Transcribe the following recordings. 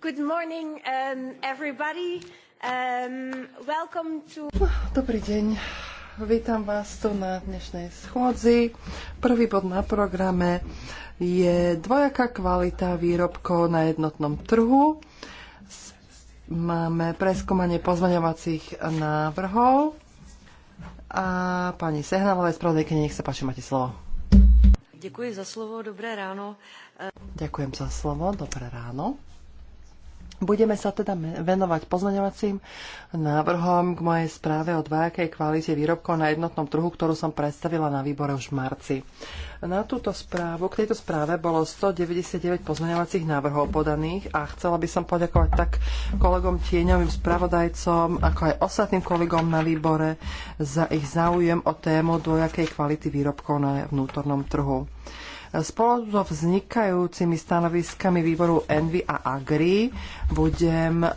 Good morning, um, everybody. Um, welcome to... Dobrý deň. Vítam vás tu na dnešnej schôdzi. Prvý bod na programe je dvojaká kvalita výrobkov na jednotnom trhu. Máme preskúmanie pozmeňovacích návrhov. A pani Sehnalová, spravodajky, nech sa páči, máte slovo. Ďakujem za slovo, dobré ráno. Ďakujem za slovo, dobré ráno. Budeme sa teda venovať pozmeňovacím návrhom k mojej správe o dvajakej kvalite výrobkov na jednotnom trhu, ktorú som predstavila na výbore už v marci. Na túto správu, k tejto správe bolo 199 pozmeňovacích návrhov podaných a chcela by som poďakovať tak kolegom tieňovým spravodajcom, ako aj ostatným kolegom na výbore za ich záujem o tému dvojakej kvality výrobkov na vnútornom trhu. Spolu so vznikajúcimi stanoviskami výboru Envy a Agri budem eh,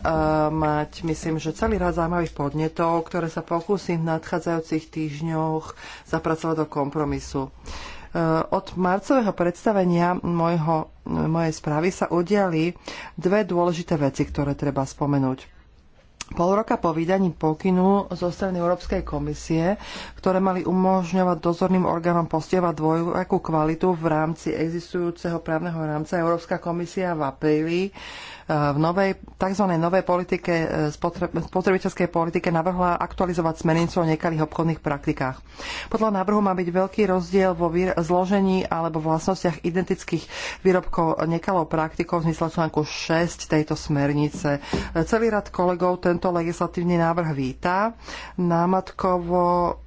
mať, myslím, že celý rád zaujímavých podnetov, ktoré sa pokúsim v nadchádzajúcich týždňoch zapracovať do kompromisu eh, od marcového predstavenia mojho, mojej správy sa udiali dve dôležité veci, ktoré treba spomenúť. Pol roka po vydaní pokynu zo strany Európskej komisie, ktoré mali umožňovať dozorným orgánom postievať dvojakú kvalitu v rámci existujúceho právneho rámca, Európska komisia v apríli v novej, tzv. novej politike, e, spotrebiteľskej politike navrhla aktualizovať smernicu o nekalých obchodných praktikách. Podľa návrhu má byť veľký rozdiel vo zložení alebo vlastnostiach identických výrobkov nekalou praktikou v zmysle článku 6 tejto smernice. Celý rad kolegov tento legislatívny návrh víta. Námatkovo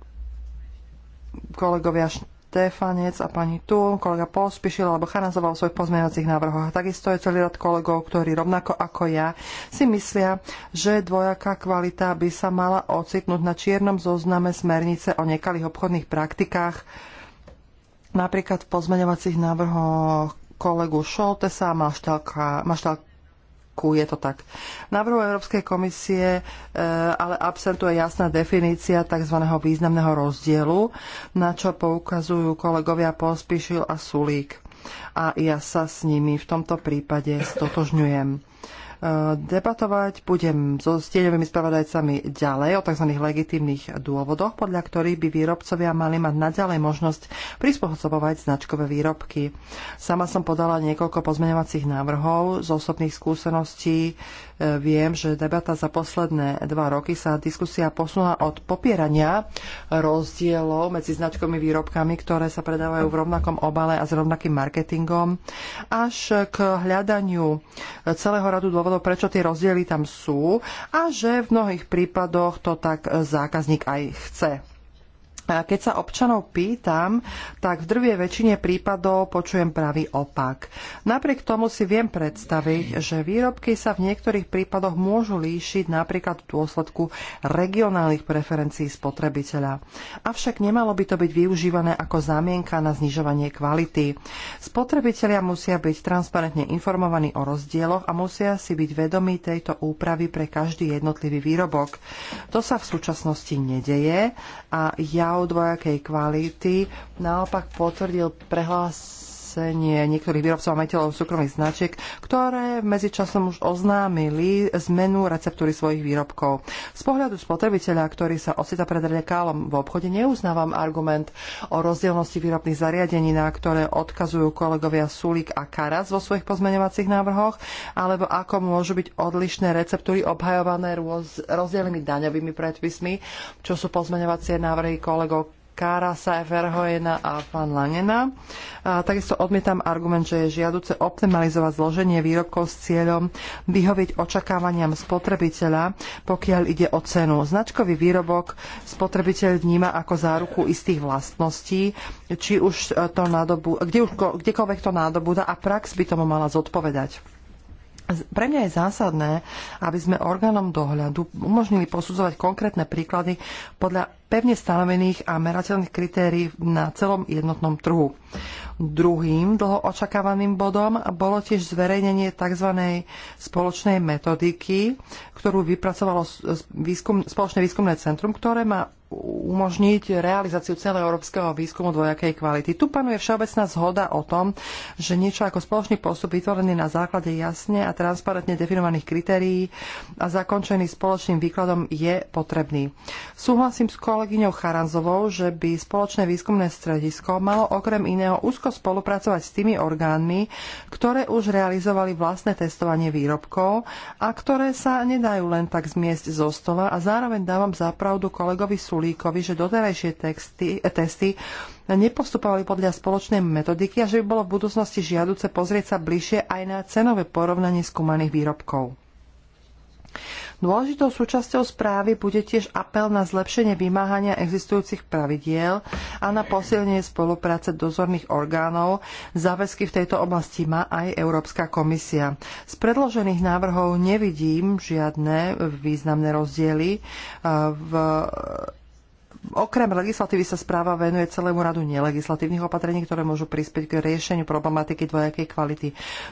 kolegovia Štefanec a pani Tún, kolega Pospišil alebo Charanzová o svojich pozmeňovacích návrhoch. A takisto je celý rad kolegov, ktorí rovnako ako ja si myslia, že dvojaká kvalita by sa mala ocitnúť na čiernom zozname smernice o nekalých obchodných praktikách, napríklad v pozmeňovacích návrhoch kolegu Šoltesa, Maštalka, Maštalka ku, je to tak. návrhu Európskej komisie e, ale absentuje jasná definícia tzv. významného rozdielu, na čo poukazujú kolegovia Pospíšil a Sulík. A ja sa s nimi v tomto prípade stotožňujem debatovať. Budem so stieňovými spravodajcami ďalej o tzv. legitímnych dôvodoch, podľa ktorých by výrobcovia mali mať naďalej možnosť prispôsobovať značkové výrobky. Sama som podala niekoľko pozmeňovacích návrhov z osobných skúseností viem, že debata za posledné dva roky sa diskusia posunula od popierania rozdielov medzi značkovými výrobkami, ktoré sa predávajú v rovnakom obale a s rovnakým marketingom, až k hľadaniu celého radu dôvodov, prečo tie rozdiely tam sú a že v mnohých prípadoch to tak zákazník aj chce. Keď sa občanov pýtam, tak v drvie väčšine prípadov počujem pravý opak. Napriek tomu si viem predstaviť, že výrobky sa v niektorých prípadoch môžu líšiť napríklad v dôsledku regionálnych preferencií spotrebiteľa. Avšak nemalo by to byť využívané ako zámienka na znižovanie kvality. Spotrebitelia musia byť transparentne informovaní o rozdieloch a musia si byť vedomí tejto úpravy pre každý jednotlivý výrobok. To sa v súčasnosti nedeje a ja správu dvojakej kvality naopak potvrdil prehlas vyhlásenie niektorých výrobcov a majiteľov súkromných značiek, ktoré medzičasom už oznámili zmenu receptúry svojich výrobkov. Z pohľadu spotrebiteľa, ktorý sa ocita pred rekálom v obchode, neuznávam argument o rozdielnosti výrobných zariadení, na ktoré odkazujú kolegovia Sulik a Karas vo svojich pozmeňovacích návrhoch, alebo ako môžu byť odlišné receptúry obhajované rozdielnymi daňovými predpismi, čo sú pozmeňovacie návrhy kolegov Karasa, Verhojena a pán Lanena. A takisto odmietam argument, že je žiaduce optimalizovať zloženie výrobkov s cieľom vyhovieť očakávaniam spotrebiteľa, pokiaľ ide o cenu. Značkový výrobok spotrebiteľ vníma ako záruku istých vlastností, či už to nádobu, kde už, kdekoľvek to dá a prax by tomu mala zodpovedať. Pre mňa je zásadné, aby sme orgánom dohľadu umožnili posudzovať konkrétne príklady podľa pevne stanovených a merateľných kritérií na celom jednotnom trhu. Druhým dlho očakávaným bodom bolo tiež zverejnenie tzv. spoločnej metodiky, ktorú vypracovalo výskum, spoločné výskumné centrum, ktoré má umožniť realizáciu celého európskeho výskumu dvojakej kvality. Tu panuje všeobecná zhoda o tom, že niečo ako spoločný postup vytvorený na základe jasne a transparentne definovaných kritérií a zakončený spoločným výkladom je potrebný. Súhlasím s kolegyňou Charanzovou, že by spoločné výskumné stredisko malo okrem iného úzko spolupracovať s tými orgánmi, ktoré už realizovali vlastné testovanie výrobkov a ktoré sa nedajú len tak zmiesť zo stola a zároveň dávam zapravdu kolegovi Suli Sulíkovi, že doterajšie texty, testy nepostupovali podľa spoločnej metodiky a že by bolo v budúcnosti žiaduce pozrieť sa bližšie aj na cenové porovnanie skúmaných výrobkov. Dôležitou súčasťou správy bude tiež apel na zlepšenie vymáhania existujúcich pravidiel a na posilnenie spolupráce dozorných orgánov. Záväzky v tejto oblasti má aj Európska komisia. Z predložených návrhov nevidím žiadne významné rozdiely eh, v Okrem legislatívy sa správa venuje celému radu nelegislatívnych opatrení, ktoré môžu prispieť k riešeniu problematiky dvojakej kvality.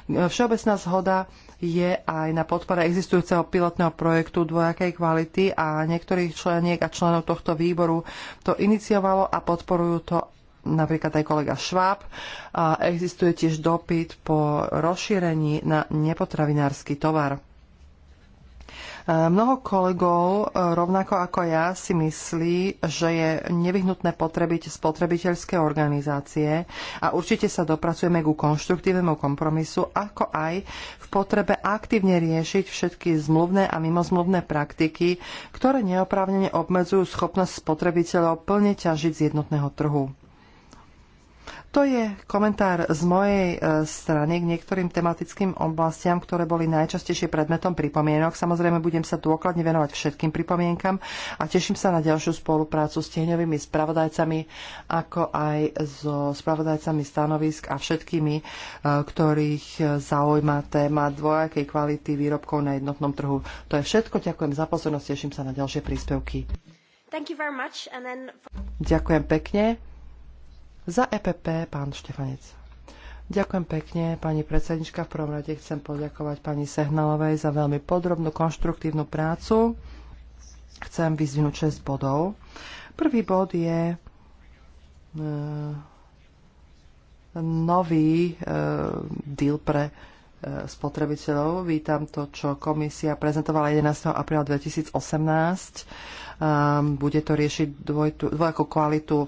Všeobecná zhoda je aj na podpore existujúceho pilotného projektu dvojakej kvality a niektorých členiek a členov tohto výboru to iniciovalo a podporujú to napríklad aj kolega Šváb. existuje tiež dopyt po rozšírení na nepotravinársky tovar. Mnoho kolegov, e, rovnako ako ja, si myslí, že je nevyhnutné potrebiť spotrebiteľské organizácie a určite sa dopracujeme ku konštruktívnemu kompromisu, ako aj v potrebe aktívne riešiť všetky zmluvné a mimozmluvné praktiky, ktoré neoprávnene obmedzujú schopnosť spotrebiteľov plne ťažiť z jednotného trhu. To je komentár z mojej e, strany k niektorým tematickým oblastiam, ktoré boli najčastejšie predmetom pripomienok. Samozrejme, budem sa dôkladne venovať všetkým pripomienkam a teším sa na ďalšiu spoluprácu s tieňovými spravodajcami, ako aj so spravodajcami stanovisk a všetkými, e, ktorých zaujíma téma dvojakej kvality výrobkov na jednotnom trhu. To je všetko. Ďakujem za pozornosť. Teším sa na ďalšie príspevky. Then... Ďakujem pekne. Za EPP pán Štefanec. Ďakujem pekne, pani predsednička. V prvom rade chcem poďakovať pani Sehnalovej za veľmi podrobnú, konštruktívnu prácu. Chcem vyzvinúť 6 bodov. Prvý bod je e, nový e, deal pre e, spotrebiteľov. Vítam to, čo komisia prezentovala 11. apríla 2018 Ehm, bude to riešiť dvojtu, dvojakú kvalitu e,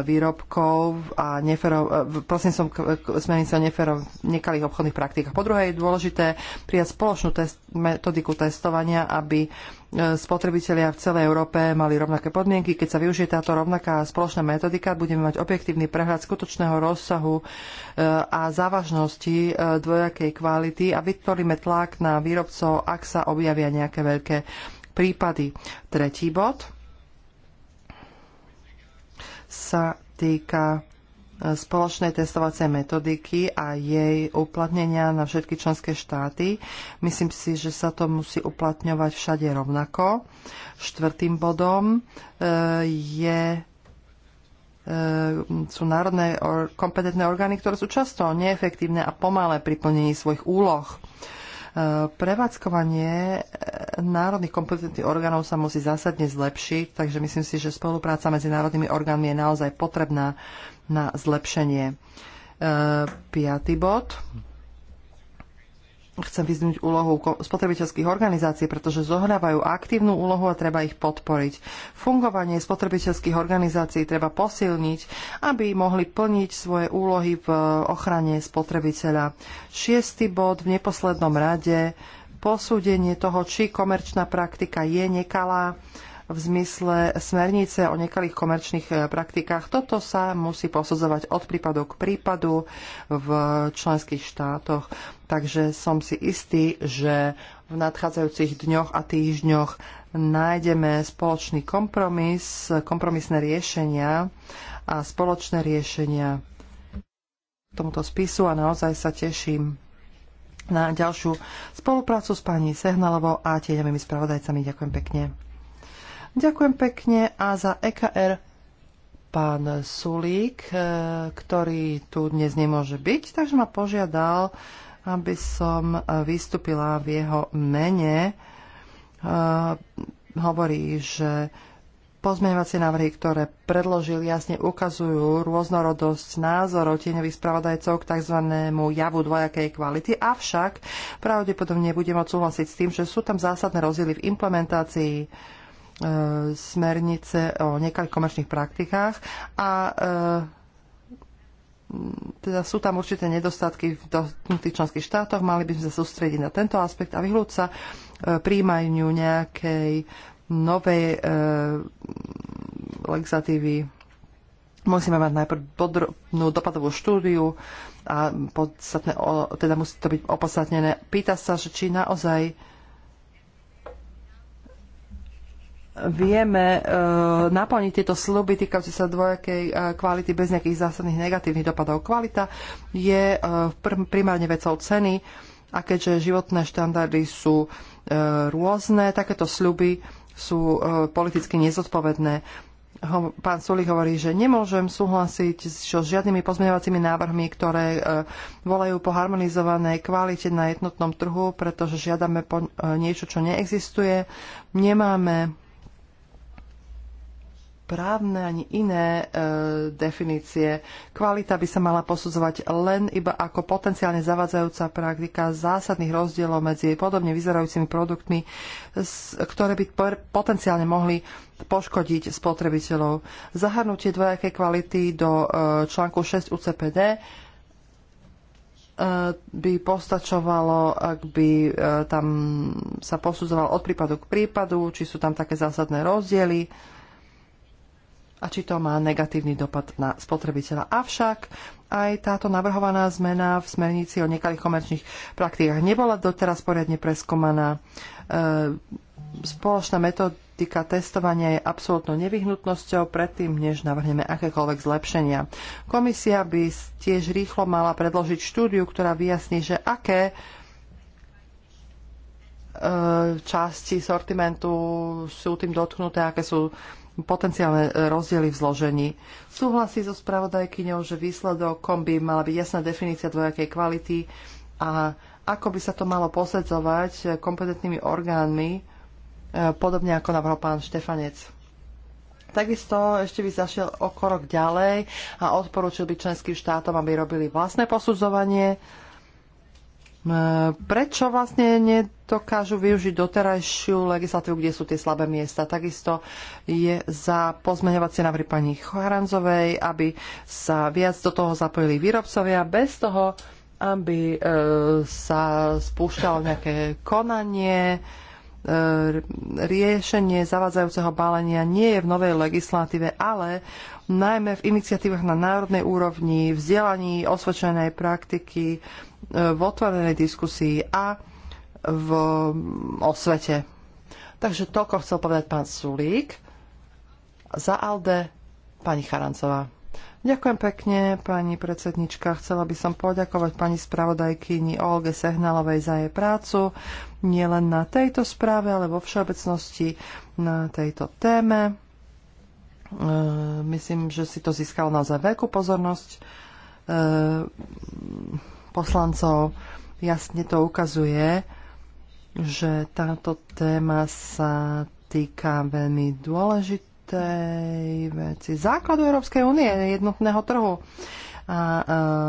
výrobkov a neferov, e, prosím som smernica o neferov, nekalých obchodných praktikách. Po druhé je dôležité prijať spoločnú test, metodiku testovania, aby e, spotrebitelia v celej Európe mali rovnaké podmienky. Keď sa využije táto rovnaká spoločná metodika, budeme mať objektívny prehľad skutočného rozsahu a závažnosti dvojakej kvality a vytvoríme tlak na výrobcov, ak sa objavia nejaké veľké prípady. Tretí bod sa týka e, spoločnej testovacej metodiky a jej uplatnenia na všetky členské štáty. Myslím si, že sa to musí uplatňovať všade rovnako. Štvrtým bodom e, je e, sú národné kompetentné orgány, ktoré sú často neefektívne a pomalé pri plnení svojich úloh. Prevádzkovanie e, národných kompetentných orgánov sa musí zásadne zlepšiť, takže myslím si, že spolupráca medzi národnými orgánmi je naozaj potrebná na zlepšenie. E, piatý bod chcem vyznúť úlohu spotrebiteľských organizácií, pretože zohrávajú aktívnu úlohu a treba ich podporiť. Fungovanie spotrebiteľských organizácií treba posilniť, aby mohli plniť svoje úlohy v ochrane spotrebiteľa. Šiestý bod v neposlednom rade posúdenie toho, či komerčná praktika je nekalá v zmysle smernice o nekalých komerčných e, praktikách. Toto sa musí posudzovať od prípadu k prípadu v členských štátoch. Takže som si istý, že v nadchádzajúcich dňoch a týždňoch nájdeme spoločný kompromis, kompromisné riešenia a spoločné riešenia tomuto spisu a naozaj sa teším na ďalšiu spoluprácu s pani Sehnalovou a tieňovými spravodajcami. Ďakujem pekne. Ďakujem pekne a za EKR pán Sulík, e, ktorý tu dnes nemôže byť, takže ma požiadal, aby som e, vystúpila v jeho mene. E, hovorí, že pozmeňovacie návrhy, ktoré predložil, jasne ukazujú rôznorodosť názorov tieňových spravodajcov k tzv. javu dvojakej kvality, avšak pravdepodobne budem odsúhlasiť s tým, že sú tam zásadné rozdiely v implementácii smernice o nekalých komerčných praktikách a e, teda sú tam určité nedostatky v dotknutých členských štátoch, mali by sme sa sústrediť na tento aspekt a vyhľúť sa e, príjmaniu nejakej novej e, legislatívy. Musíme mať najprv podrobnú dopadovú štúdiu a podstatné, o, teda musí to byť opodstatnené. Pýta sa, že či naozaj vieme e, naplniť tieto sluby týkajúce sa dvojakej e, kvality bez nejakých zásadných negatívnych dopadov. Kvalita je e, primárne vecou ceny a keďže životné štandardy sú rôzne, takéto sluby sú politicky nezodpovedné. Pán Suli hovorí, že nemôžem súhlasiť s so žiadnymi pozmeňovacími návrhmi, ktoré volajú po harmonizovanej kvalite na jednotnom trhu, pretože žiadame po niečo, čo neexistuje. Nemáme právne ani iné e, definície. Kvalita by sa mala posudzovať len iba ako potenciálne zavadzajúca praktika zásadných rozdielov medzi podobne vyzerajúcimi produktmi, s, ktoré by potenciálne mohli poškodiť spotrebiteľov. Zahrnutie dvojakej kvality do e, článku 6 UCPD e, by postačovalo, ak by e, tam sa posudzoval od prípadu k prípadu, či sú tam také zásadné rozdiely a či to má negatívny dopad na spotrebiteľa. Avšak aj táto navrhovaná zmena v smernici o nekalých komerčných praktikách nebola doteraz poriadne preskomaná. E, spoločná metodika testovania je absolútnou nevyhnutnosťou predtým, než navrhneme akékoľvek zlepšenia. Komisia by tiež rýchlo mala predložiť štúdiu, ktorá vyjasní, že aké e, časti sortimentu sú tým dotknuté, aké sú potenciálne e, rozdiely v zložení. Súhlasí so spravodajkyňou, že výsledokom by mala byť jasná definícia dvojakej kvality a ako by sa to malo posedzovať e, kompetentnými orgánmi, e, podobne ako navrhol pán Štefanec. Takisto ešte by zašiel o krok ďalej a odporúčil by členským štátom, aby robili vlastné posudzovanie Ehm, prečo vlastne nedokážu využiť doterajšiu legislatívu, kde sú tie slabé miesta. Takisto je za pozmeňovacie návrhy pani Choranzovej, aby sa viac do toho zapojili výrobcovia bez toho, aby e, sa spúšťalo nejaké konanie. E, riešenie zavádzajúceho balenia nie je v novej legislatíve, ale najmä v iniciatívach na národnej úrovni, vzdelaní osvedčenej praktiky, v otvorenej diskusii a v osvete. Takže toľko chcel povedať pán Sulík. Za Alde pani Charancová. Ďakujem pekne, pani predsednička. Chcela by som poďakovať pani spravodajkyni Olge Sehnalovej za jej prácu, nielen na tejto správe, ale vo všeobecnosti na tejto téme. E, myslím, že si to získalo naozaj veľkú pozornosť e, poslancov. Jasne to ukazuje, že táto téma sa týka veľmi dôležitej veci. Základu Európskej únie, jednotného trhu a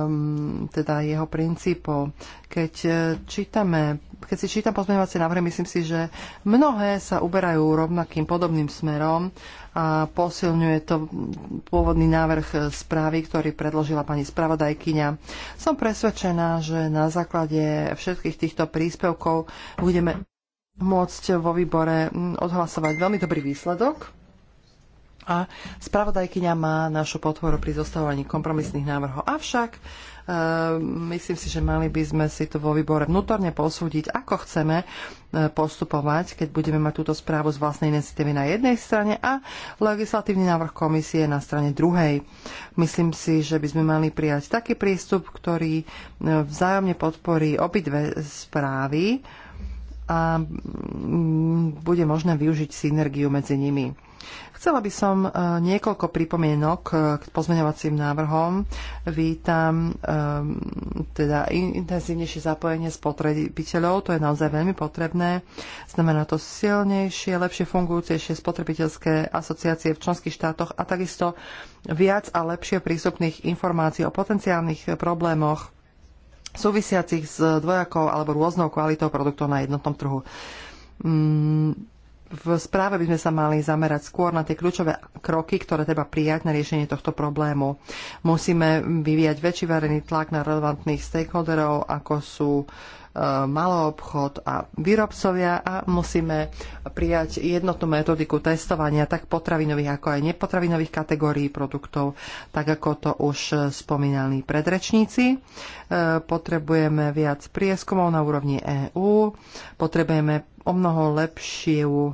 um, teda jeho princípov. Keď eh, čítame, keď si čítam pozmeňovacie návrhy, myslím si, že mnohé sa uberajú rovnakým podobným smerom a posilňuje to pôvodný návrh správy, ktorý predložila pani spravodajkyňa. Som presvedčená, že na základe všetkých týchto príspevkov budeme môcť vo výbore odhlasovať veľmi dobrý výsledok a spravodajkyňa má našu podporu pri zostavovaní kompromisných návrhov. Avšak e, myslím si, že mali by sme si to vo výbore vnútorne posúdiť, ako chceme e, postupovať, keď budeme mať túto správu z vlastnej iniciatívy na jednej strane a legislatívny návrh komisie na strane druhej. Myslím si, že by sme mali prijať taký prístup, ktorý e, vzájomne podporí obidve správy a bude možné využiť synergiu medzi nimi. Chcela by som e, niekoľko pripomienok e, k pozmeňovacím návrhom. Vítam e, teda intenzívnejšie zapojenie spotrebiteľov, to je naozaj veľmi potrebné. Znamená to silnejšie, lepšie fungujúcejšie spotrebiteľské asociácie v členských štátoch a takisto viac a lepšie prístupných informácií o potenciálnych problémoch súvisiacich s dvojakou alebo rôznou kvalitou produktov na jednotnom trhu mm, v správe by sme sa mali zamerať skôr na tie kľúčové kroky, ktoré treba prijať na riešenie tohto problému. Musíme vyvíjať väčší verejný tlak na relevantných stakeholderov, ako sú e, maloobchod a výrobcovia a musíme prijať jednotnú metodiku testovania tak potravinových ako aj nepotravinových kategórií produktov, tak ako to už spomínali predrečníci. E, potrebujeme viac prieskumov na úrovni EÚ, potrebujeme o mnoho lepšiu e,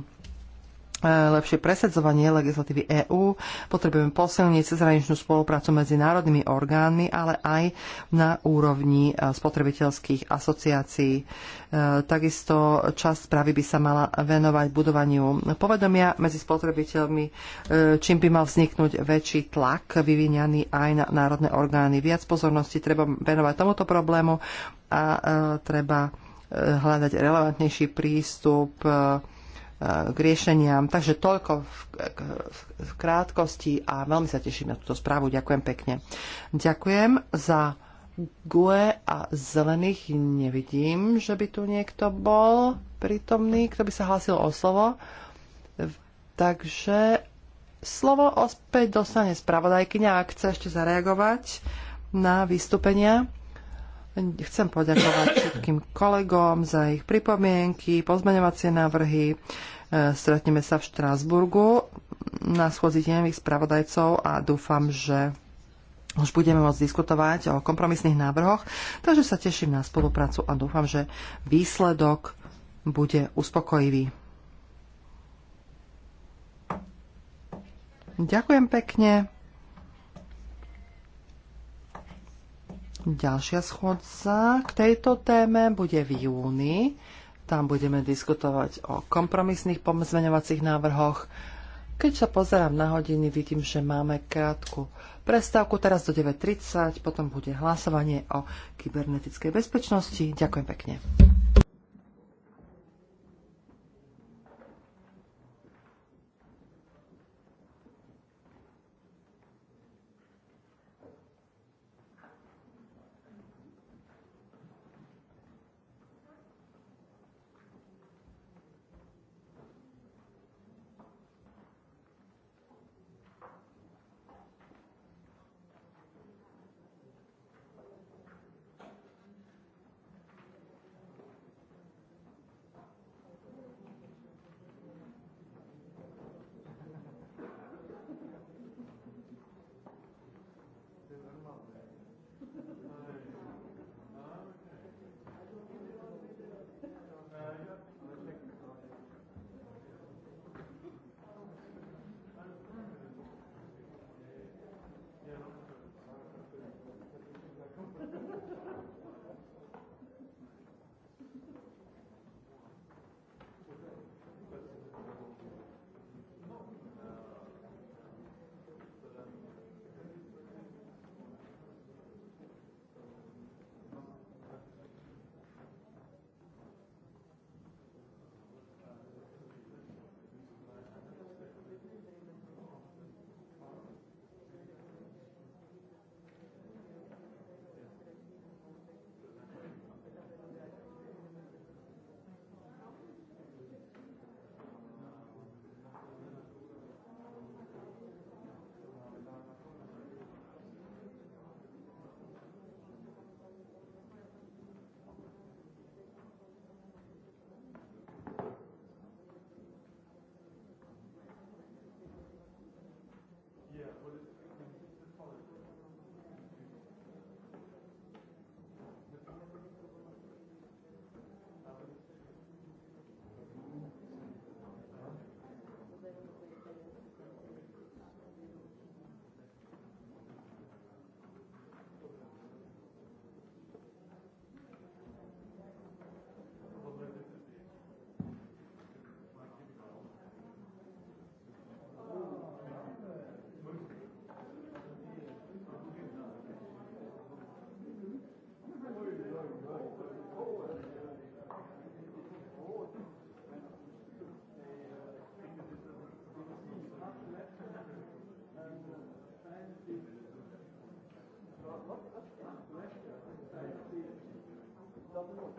lepšie presadzovanie legislatívy EÚ, potrebujeme posilniť cezhraničnú spoluprácu medzi národnými orgánmi, ale aj na úrovni e, spotrebiteľských asociácií. E, takisto časť správy by sa mala venovať budovaniu povedomia medzi spotrebiteľmi, čím by mal vzniknúť väčší tlak vyvíňaný aj na národné orgány. Viac pozornosti treba venovať tomuto problému a treba hľadať relevantnejší prístup e, k riešeniam. Takže toľko v, krátkosti a veľmi sa teším na túto správu. Ďakujem pekne. Ďakujem za GUE a zelených nevidím, že by tu niekto bol prítomný, kto by sa hlásil o slovo. Takže slovo ospäť dostane spravodajkyňa, ak chce ešte zareagovať na vystúpenia. Chcem poďakovať všetkým kolegom za ich pripomienky, pozmeňovacie návrhy. E, Stretneme sa v Štrásburgu na schôdzi tieňových spravodajcov a dúfam, že už budeme môcť diskutovať o kompromisných návrhoch, takže sa teším na spoluprácu a dúfam, že výsledok bude uspokojivý. Ďakujem pekne. Ďalšia schôdza k tejto téme bude v júni. Tam budeme diskutovať o kompromisných pomzmeňovacích návrhoch. Keď sa pozerám na hodiny, vidím, že máme krátku prestávku teraz do 9.30, potom bude hlasovanie o kybernetickej bezpečnosti. Ďakujem pekne. Yeah.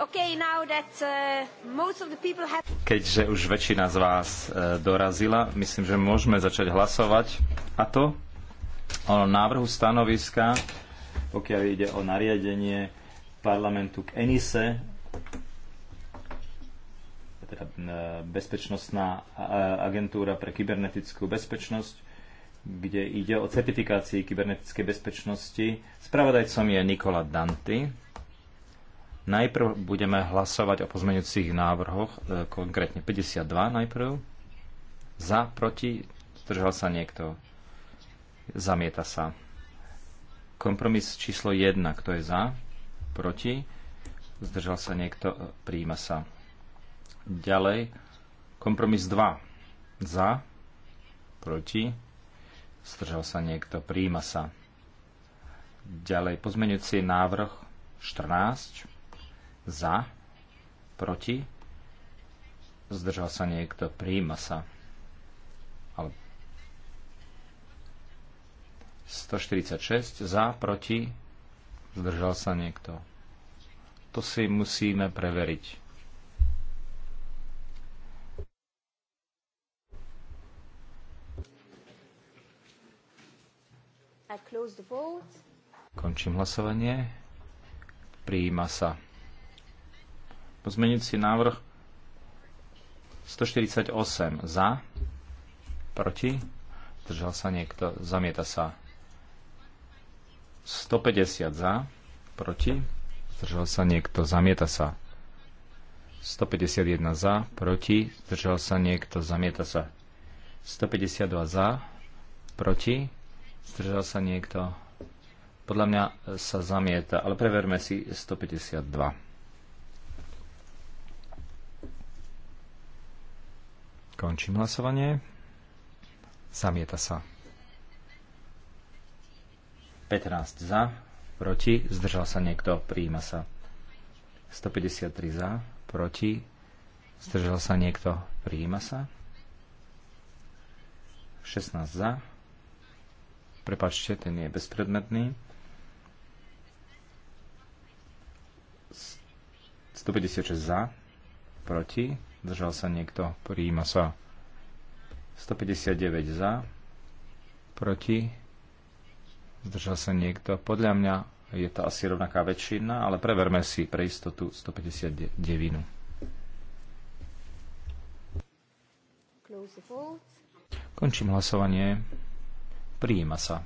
Uh, Keďže už väčšina z vás e, dorazila, myslím, že môžeme začať hlasovať. A to o návrhu stanoviska, pokiaľ ide o nariadenie parlamentu k ENISE, teda e, Bezpečnostná e, agentúra pre kybernetickú bezpečnosť, kde ide o certifikácii kybernetickej bezpečnosti. Spravodajcom je Nikola Danty. Najprv budeme hlasovať o pozmeňujúcich návrhoch, e, konkrétne 52 najprv. Za, proti, zdržal sa niekto. Zamieta sa. Kompromis číslo 1, kto je za, proti, zdržal sa niekto, e, príjima sa. Ďalej, kompromis 2, za, proti, zdržal sa niekto, príjima sa. Ďalej, pozmeňujúci návrh 14, za. Proti. Zdržal sa niekto. príjma sa. Ale 146. Za. Proti. Zdržal sa niekto. To si musíme preveriť. Končím hlasovanie. Prijíma sa. Pozmeniť si návrh 148 za, proti, zdržal sa niekto, zamieta sa. 150 za, proti, zdržal sa niekto, zamieta sa. 151 za, proti, zdržal sa niekto, zamieta sa. 152 za, proti, zdržal sa niekto. Podľa mňa sa zamieta, ale preverme si 152. Končím hlasovanie. Zamieta sa. 15 za, proti, zdržal sa niekto, prijíma sa. 153 za, proti, zdržal sa niekto, prijíma sa. 16 za, prepačte, ten je bezpredmetný. 156 za, proti, Zdržal sa niekto? Prijíma sa. 159 za. Proti. Zdržal sa niekto? Podľa mňa je to asi rovnaká väčšina, ale preverme si pre istotu 159. Končím hlasovanie. Prijíma sa.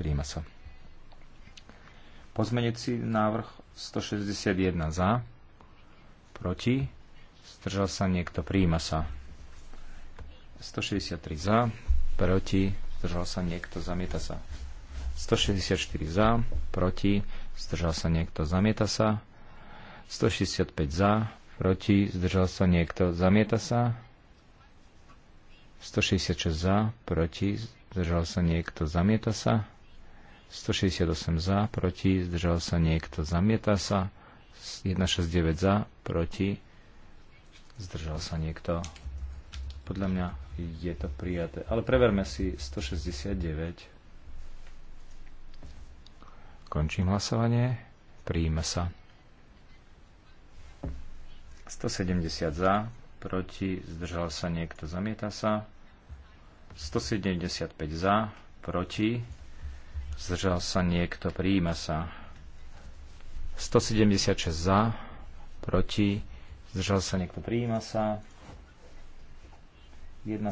Prijíma sa. Pozmenujúci návrh 161 za, proti, Zdržal sa niekto? Príjima sa. 163 za. Proti. Zdržal sa niekto? Zamieta sa. 164 za. Proti. Zdržal sa niekto? Zamieta sa. 165 za. Proti. Zdržal sa niekto? Zamieta sa. 166 za. Proti. Zdržal sa niekto? Zamieta sa. 168 za, proti, zdržal sa niekto, zamieta sa, 169 za, proti, Zdržal sa niekto? Podľa mňa je to prijaté. Ale preverme si 169. Končím hlasovanie. Príjme sa. 170 za, proti, zdržal sa niekto, zamieta sa. 175 za, proti, zdržal sa niekto, príjme sa. 176 za, proti, Zdržal sa niekto, prijíma sa. 7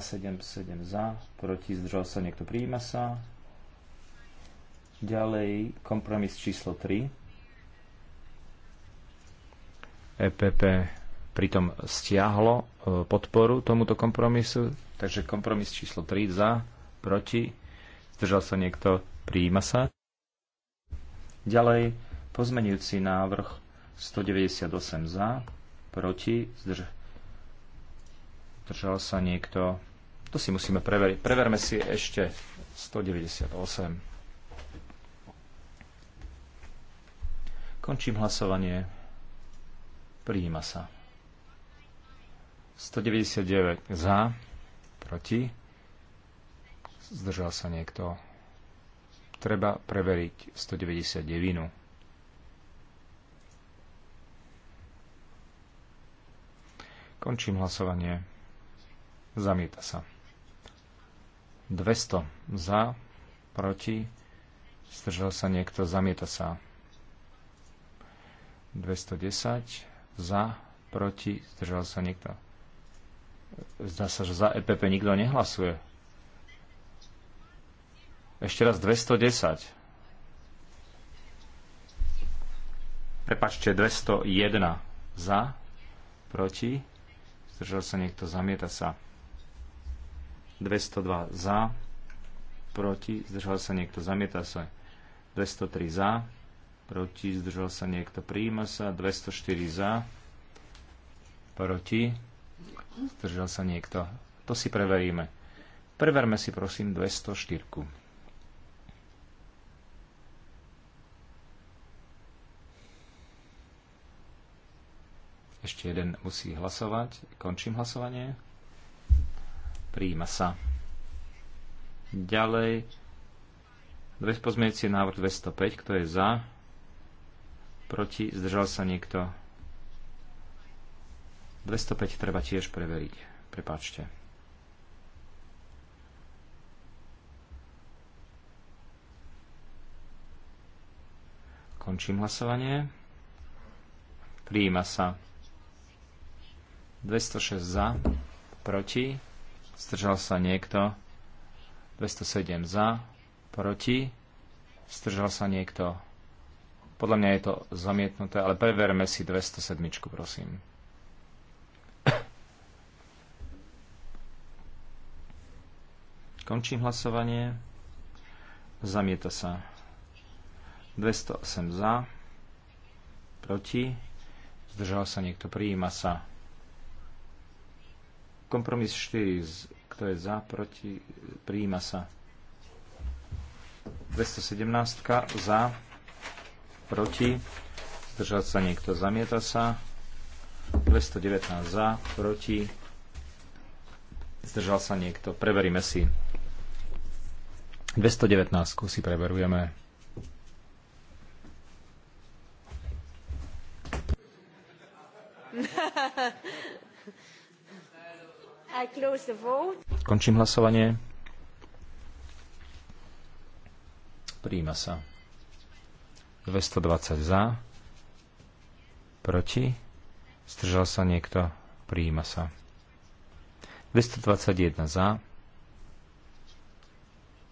za, proti, zdržal sa niekto, prijíma sa. Ďalej kompromis číslo 3. EPP pritom stiahlo e, podporu tomuto kompromisu, takže kompromis číslo 3 za, proti, zdržal sa niekto, prijíma sa. Ďalej pozmenujúci návrh 198 za, proti, zdrž... držal sa niekto. To si musíme preveriť. Preverme si ešte 198. Končím hlasovanie. Prijíma sa. 199 za, proti. Zdržal sa niekto. Treba preveriť 199. Končím hlasovanie. Zamieta sa. 200 za, proti, zdržal sa niekto, zamieta sa. 210 za, proti, zdržal sa niekto. Zdá sa, že za EPP nikto nehlasuje. Ešte raz 210. Prepačte, 201 za, proti, zdržal sa niekto, zamieta sa. 202 za, proti, zdržal sa niekto, zamieta sa. 203 za, proti, zdržal sa niekto, prijíma sa. 204 za, proti, zdržal sa niekto. To si preveríme. Preverme si prosím 204. Ešte jeden musí hlasovať. Končím hlasovanie. Príjima sa. Ďalej je návrh 205. Kto je za? Proti? Zdržal sa niekto? 205 treba tiež preveriť. Prepáčte. Končím hlasovanie. Príjima sa. 206 za, proti, zdržal sa niekto. 207 za, proti, zdržal sa niekto. Podľa mňa je to zamietnuté, ale preverme si 207, prosím. Končím hlasovanie. Zamieta sa. 208 za. Proti. Zdržal sa niekto. Prijíma sa. Kompromis 4, kto je za, proti, prijíma sa. 217 za, proti, zdržať sa niekto, zamieta sa. 219 za, proti, zdržal sa niekto. Preveríme si. 219 si preverujeme. Končím hlasovanie. Príjima sa. 220 za. Proti. Stržal sa niekto. Príjima sa. 221 za.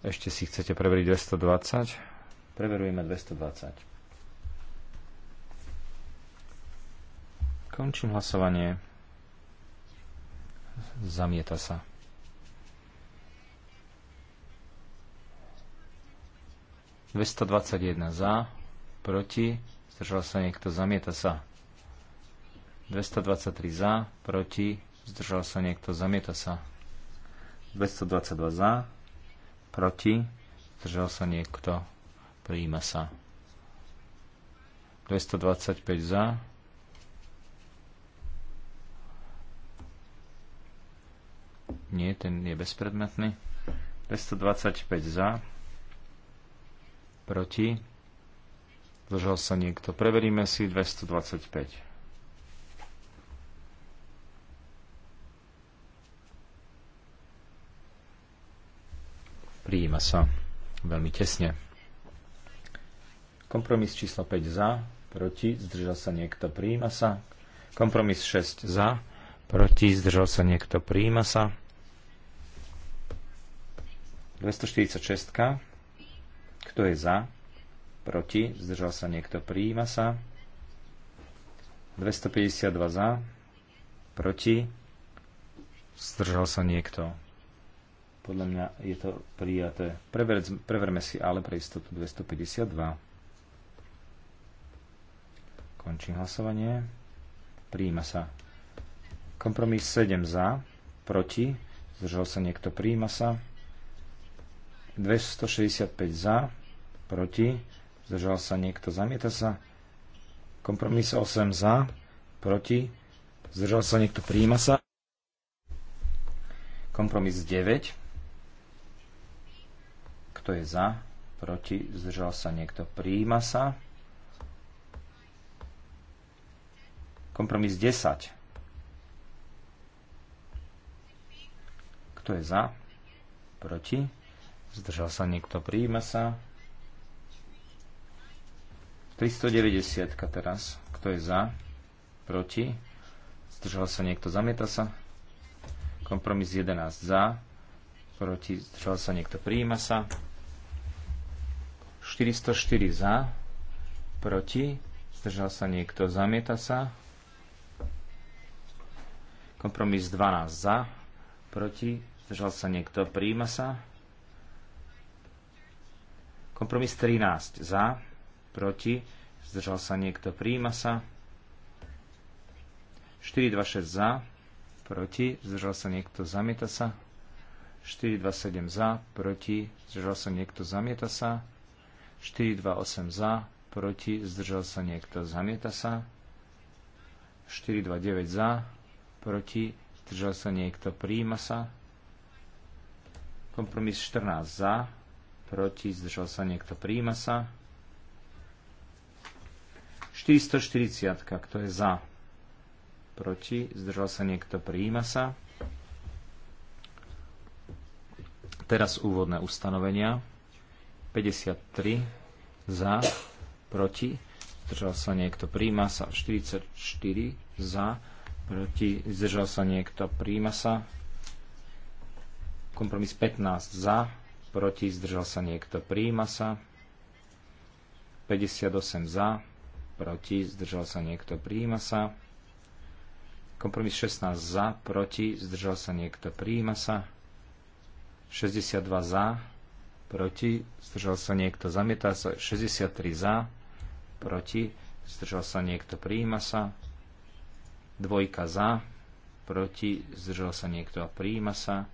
Ešte si chcete preveriť 220? Preverujeme 220. Končím hlasovanie. Zamieta sa. 221 za, proti, zdržal sa niekto, zamieta sa. 223 za, proti, zdržal sa niekto, zamieta sa. 222 za, proti, zdržal sa niekto, prijíma sa. 225 za, Nie, ten je bezpredmetný. 225 za. Proti. Zdržal sa niekto. Preveríme si 225. Prijíma sa veľmi tesne. Kompromis číslo 5 za, proti, zdržal sa niekto, prijíma sa. Kompromis 6 za, proti, zdržal sa niekto, prijíma sa. 246. Kto je za? Proti? Zdržal sa niekto? Prijíma sa. 252 za. Proti? Zdržal sa niekto? Podľa mňa je to prijaté. Prever, preverme si ale pre istotu 252. Končím hlasovanie. Prijíma sa. Kompromis 7 za. Proti? Zdržal sa niekto? Prijíma sa. 265 za, proti, zdržal sa niekto, zamieta sa. Kompromis 8 za, proti, zdržal sa niekto, príjima sa. Kompromis 9. Kto je za, proti, zdržal sa niekto, príjima sa. Kompromis 10. Kto je za? Proti? Zdržal sa niekto, príjme sa. 390 teraz. Kto je za? Proti? Zdržal sa niekto, zamieta sa. Kompromis 11 za. Proti? Zdržal sa niekto, príjme sa. 404 za. Proti? Zdržal sa niekto, zamieta sa. Kompromis 12 za. Proti? Zdržal sa niekto, príjme sa. Kompromis 13 za, proti, zdržal sa niekto, príjima sa. 426 za, proti, zdržal sa niekto, zamieta sa. 427 za, proti, zdržal sa niekto, zamieta sa. 428 za, proti, zdržal sa niekto, zamieta sa. 429 za, proti, zdržal sa niekto, príjima sa. Kompromis 14 za, proti, zdržal sa niekto, príjima sa. 440, kto je za, proti, zdržal sa niekto, príjima sa. Teraz úvodné ustanovenia. 53 za, proti, zdržal sa niekto, príjima sa. 44 za, proti, zdržal sa niekto, príjima sa. Kompromis 15 za, proti, zdržal sa niekto, príjima sa. 58 za, proti, zdržal sa niekto, príjima sa. Kompromis 16 za, proti, zdržal sa niekto, príjima sa. 62 za, proti, zdržal sa niekto, zamietá sa. 63 za, proti, zdržal sa niekto, príjima sa. Dvojka za, proti, zdržal sa niekto, príjima sa.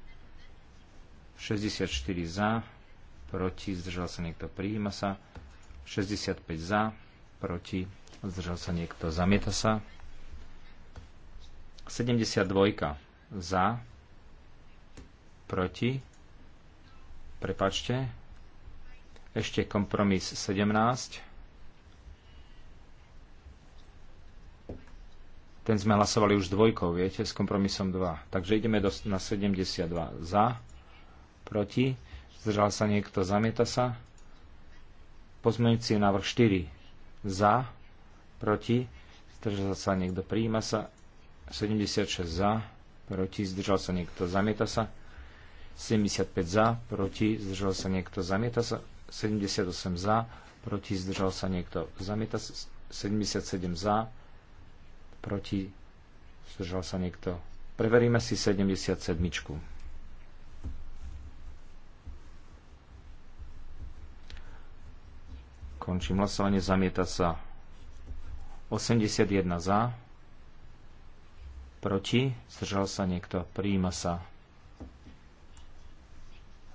64 za, proti, zdržal sa niekto, prijíma sa. 65 za, proti, zdržal sa niekto, zamieta sa. 72 za, proti, prepačte, ešte kompromis 17. Ten sme hlasovali už dvojkou, viete, s kompromisom 2. Takže ideme do, na 72 za, proti, zdržal sa niekto, zamieta sa. Pozmeňujúci návrh 4 za, proti, zdržal sa niekto, prijíma sa. 76 za, proti, zdržal sa niekto, zamieta sa. 75 za, proti, zdržal sa niekto, zamieta sa. 78 za, proti, zdržal sa niekto, zamieta sa. 77 za, proti, zdržal sa niekto. Preveríme si 77. Končím hlasovanie. Zamieta sa 81 za. Proti. Zdržal sa niekto. Prijíma sa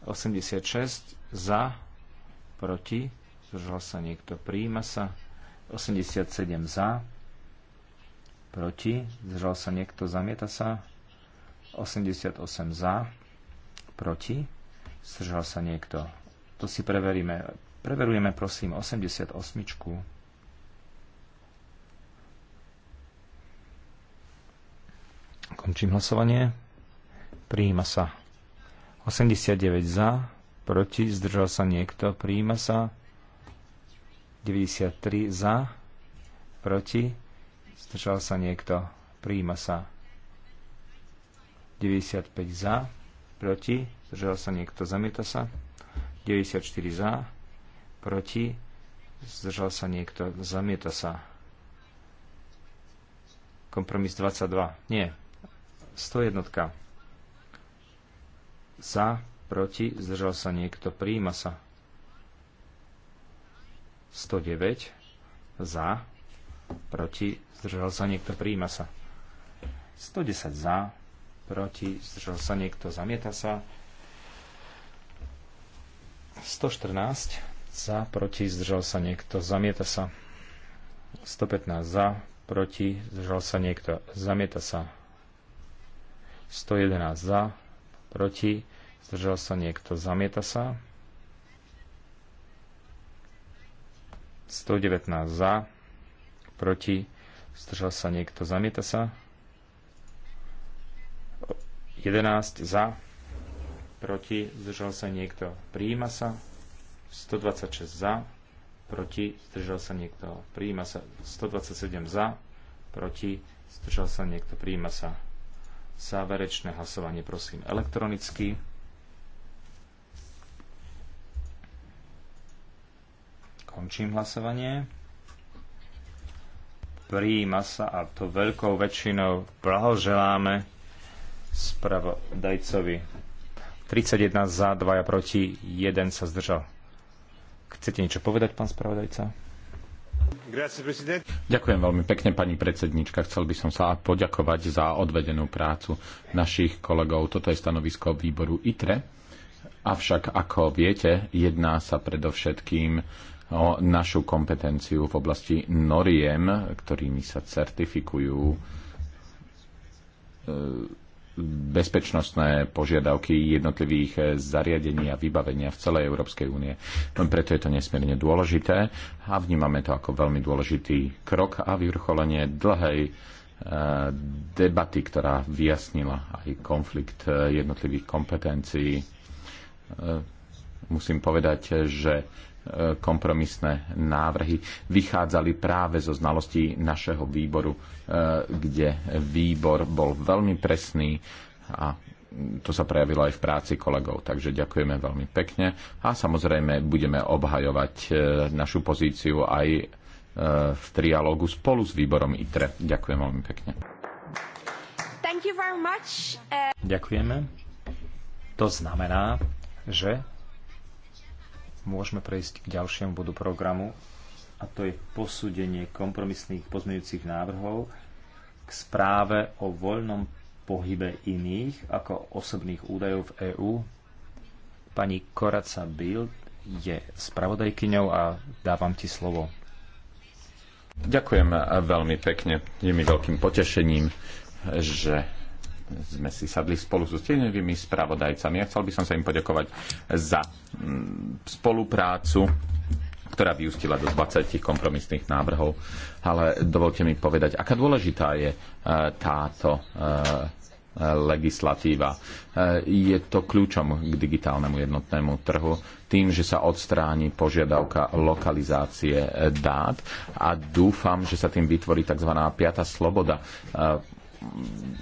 86 za. Proti. Zdržal sa niekto. Prijíma sa 87 za. Proti. Zdržal sa niekto. Zamieta sa 88 za. Proti. Zdržal sa niekto. To si preveríme. Preverujeme prosím 88. Končím hlasovanie. Prijíma sa. 89 za, proti, zdržal sa niekto, prijíma sa. 93 za, proti, zdržal sa niekto, prijíma sa. 95 za, proti, zdržal sa niekto, zamieta sa. 94 za, proti, zdržal sa niekto, zamieta sa. Kompromis 22, nie, 101. Za, proti, zdržal sa niekto, príjima sa. 109, za, proti, zdržal sa niekto, príjima sa. 110 za, proti, zdržal sa niekto, zamieta sa. 114 za, proti, zdržal sa niekto, zamieta sa. 115 za, proti, zdržal sa niekto, zamieta sa. 111 za, proti, zdržal sa niekto, zamieta sa. 119 za, proti, zdržal sa niekto, zamieta sa. 11 za, proti, zdržal sa niekto, prijíma sa. 126 za, proti, zdržal sa niekto, prijíma sa 127 za, proti, zdržal sa niekto, prijíma sa. Záverečné hlasovanie prosím elektronicky. Končím hlasovanie. Prijíma sa a to veľkou väčšinou blahoželáme spravodajcovi. 31 za, 2 proti, 1 sa zdržal. Chcete niečo povedať, pán spravodajca? Ďakujem veľmi pekne, pani predsednička. Chcel by som sa poďakovať za odvedenú prácu našich kolegov. Toto je stanovisko výboru ITRE. Avšak, ako viete, jedná sa predovšetkým o našu kompetenciu v oblasti noriem, ktorými sa certifikujú e, bezpečnostné požiadavky jednotlivých zariadení a vybavenia v celej Európskej únie. Preto je to nesmierne dôležité a vnímame to ako veľmi dôležitý krok a vyvrcholenie dlhej eh, debaty, ktorá vyjasnila aj konflikt eh, jednotlivých kompetencií. Eh, musím povedať, že kompromisné návrhy vychádzali práve zo znalostí našeho výboru, e, kde výbor bol veľmi presný a to sa prejavilo aj v práci kolegov. Takže ďakujeme veľmi pekne a samozrejme budeme obhajovať e, našu pozíciu aj e, v trialógu spolu s výborom ITRE. Ďakujem veľmi pekne. Ďakujeme. To znamená, že môžeme prejsť k ďalšiemu bodu programu a to je posúdenie kompromisných pozmeňujúcich návrhov k správe o voľnom pohybe iných ako osobných údajov v EÚ. Pani Koraca Bild je spravodajkyňou a dávam ti slovo. Ďakujem veľmi pekne. Je mi veľkým potešením, že sme si sadli spolu so stieňovými spravodajcami. Ja chcel by som sa im poďakovať za mm, spoluprácu ktorá vyústila do 20 kompromisných návrhov. Ale dovolte mi povedať, aká dôležitá je e, táto e, legislatíva. E, je to kľúčom k digitálnemu jednotnému trhu tým, že sa odstráni požiadavka lokalizácie dát a dúfam, že sa tým vytvorí tzv. piata sloboda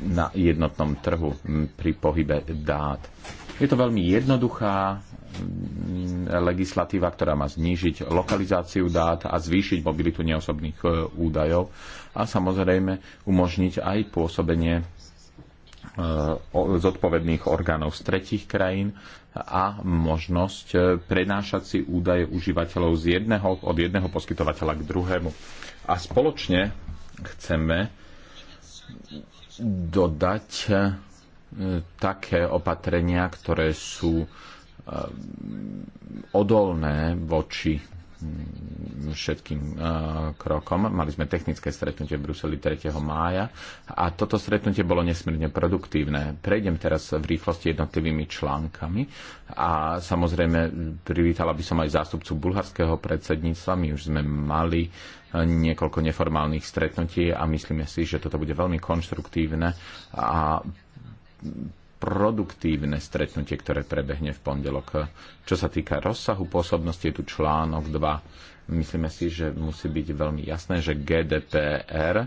na jednotnom trhu pri pohybe dát. Je to veľmi jednoduchá legislatíva, ktorá má znížiť lokalizáciu dát a zvýšiť mobilitu neosobných e, údajov a samozrejme umožniť aj pôsobenie e, zodpovedných orgánov z tretich krajín a možnosť e, prenášať si údaje užívateľov z jedného, od jedného poskytovateľa k druhému. A spoločne chceme dodať e, také opatrenia, ktoré sú e, odolné voči Mm, všetkým eh, krokom. Mali sme technické stretnutie v Bruseli 3. mája a toto stretnutie bolo nesmierne produktívne. Prejdem teraz v rýchlosti jednotlivými článkami a samozrejme privítala by som aj zástupcu bulharského predsedníctva. My už sme mali eh, niekoľko neformálnych stretnutí a myslíme si, že toto bude veľmi konštruktívne a produktívne stretnutie, ktoré prebehne v pondelok. Čo sa týka rozsahu pôsobnosti, je tu článok 2. Myslíme si, že musí byť veľmi jasné, že GDPR, e,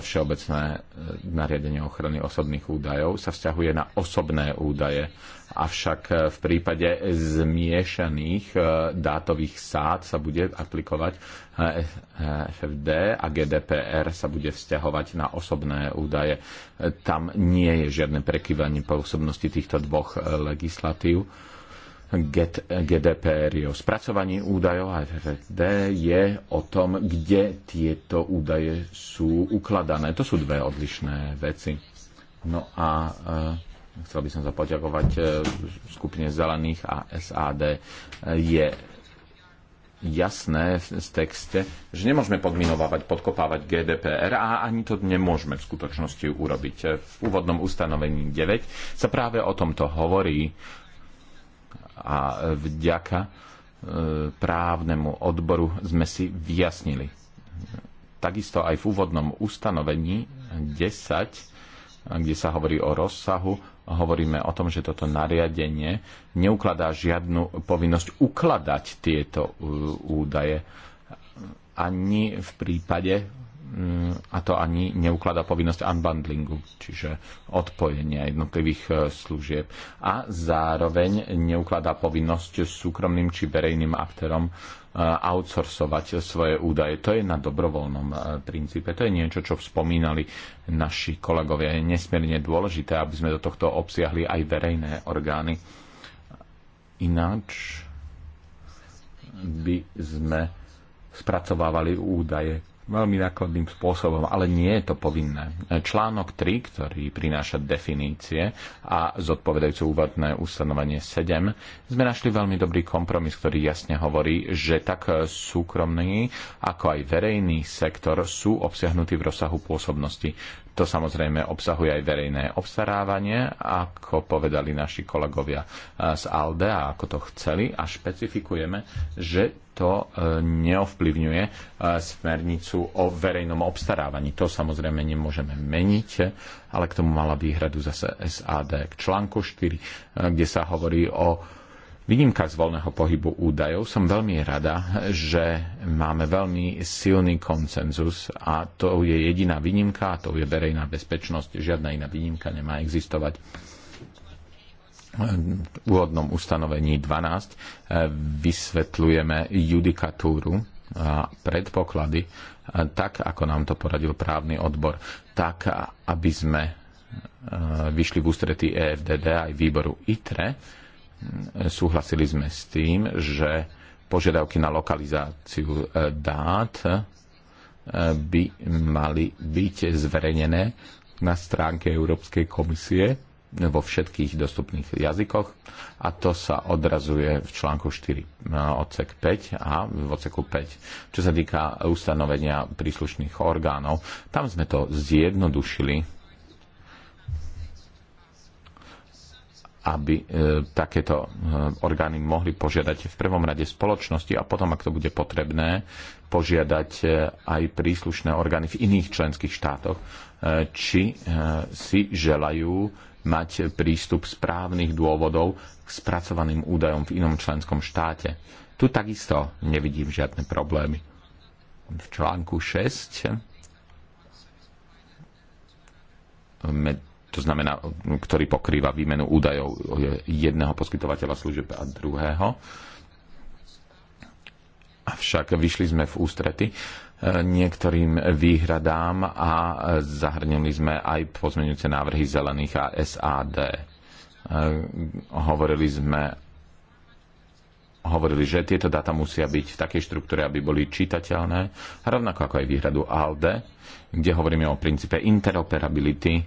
Všeobecné e, nariadenie ochrany osobných údajov, sa vzťahuje na osobné údaje Avšak e, v prípade zmiešaných e, dátových sád sa bude aplikovať e, FFD a GDPR sa bude vzťahovať na osobné údaje. Tam nie je žiadne prekyvanie pôsobnosti týchto dvoch legislatív. GDPR je o spracovaní údajov a FFD je o tom, kde tieto údaje sú ukladané. To sú dve odlišné veci. No a Chcel by som sa poďakovať e, skupine Zelených a SAD. E, je jasné v texte, že nemôžeme podminovávať, podkopávať GDPR a ani to nemôžeme v skutočnosti urobiť. E, v úvodnom ustanovení 9 sa práve o tomto hovorí a vďaka právnemu odboru sme si vyjasnili. Takisto aj v úvodnom ustanovení 10 kde sa hovorí o rozsahu hovoríme o tom, že toto nariadenie neukladá žiadnu povinnosť ukladať tieto uh, údaje ani v prípade a to ani neukladá povinnosť unbundlingu, čiže odpojenia jednotlivých e, služieb. A zároveň neukladá povinnosť súkromným či verejným aktérom e, outsourcovať svoje údaje. To je na dobrovoľnom e, princípe. To je niečo, čo spomínali naši kolegovia. Je nesmierne dôležité, aby sme do tohto obsiahli aj verejné orgány. Ináč by sme spracovávali údaje veľmi nákladným spôsobom, ale nie je to povinné. Článok 3, ktorý prináša definície a zodpovedajúce úvodné ustanovanie 7, sme našli veľmi dobrý kompromis, ktorý jasne hovorí, že tak súkromný ako aj verejný sektor sú obsiahnutí v rozsahu pôsobnosti to samozrejme obsahuje aj verejné obstarávanie, ako povedali naši kolegovia e, z ALDE a ako to chceli a špecifikujeme, že to e, neovplyvňuje e, smernicu o verejnom obstarávaní. To samozrejme nemôžeme meniť, ale k tomu mala výhradu zase SAD k článku 4, kde sa hovorí o výnimkách z voľného pohybu údajov som veľmi rada, že máme veľmi silný koncenzus a to je jediná výnimka, a to je verejná bezpečnosť. Žiadna iná výnimka nemá existovať. V úvodnom ustanovení 12 eh, vysvetlujeme judikatúru a predpoklady, eh, tak ako nám to poradil právny odbor, tak aby sme eh, vyšli v ústretí EFDD aj výboru ITRE, súhlasili sme s tým, že požiadavky na lokalizáciu e, dát e, by mali byť zverejnené na stránke Európskej komisie vo všetkých dostupných jazykoch a to sa odrazuje v článku 4 e, odsek 5 a v odseku 5. Čo sa týka ustanovenia príslušných orgánov, tam sme to zjednodušili aby e, takéto e, orgány mohli požiadať v prvom rade spoločnosti a potom, ak to bude potrebné, požiadať e, aj príslušné orgány v iných členských štátoch, či si želajú mať prístup správnych dôvodov k spracovaným údajom v inom členskom štáte. Tu takisto nevidím žiadne problémy. V článku 6 med to znamená, ktorý pokrýva výmenu údajov jedného poskytovateľa služieb a druhého. Avšak vyšli sme v ústrety e, niektorým výhradám a zahrnili sme aj pozmeňujúce návrhy zelených a SAD. E, hovorili sme hovorili, že tieto dáta musia byť v takej štruktúre, aby boli čitateľné, rovnako ako aj výhradu ALDE, kde hovoríme o princípe interoperability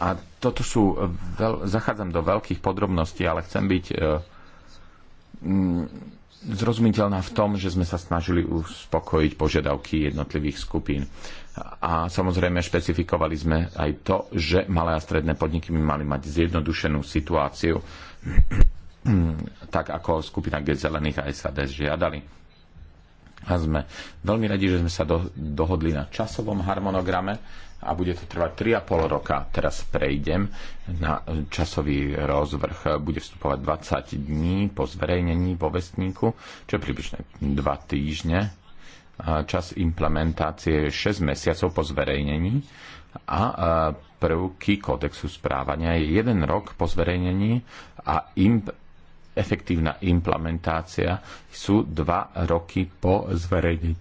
a toto sú, e, veľ, zachádzam do veľkých podrobností, ale chcem byť e, m, mm, zrozumiteľná v tom, že sme sa snažili uspokojiť požiadavky jednotlivých skupín. A samozrejme špecifikovali sme aj to, že malé a stredné podniky by mali mať zjednodušenú situáciu, tak ako skupina G zelených a SAD žiadali. A sme veľmi radi, že sme sa do, dohodli na časovom harmonograme a bude to trvať 3,5 roka. Teraz prejdem na časový rozvrh. Bude vstupovať 20 dní po zverejnení vo vestníku, čo je približne 2 týždne. Čas implementácie je 6 mesiacov po zverejnení a prvky kódexu správania je 1 rok po zverejnení a imp- efektívna implementácia sú 2 roky po zverejnení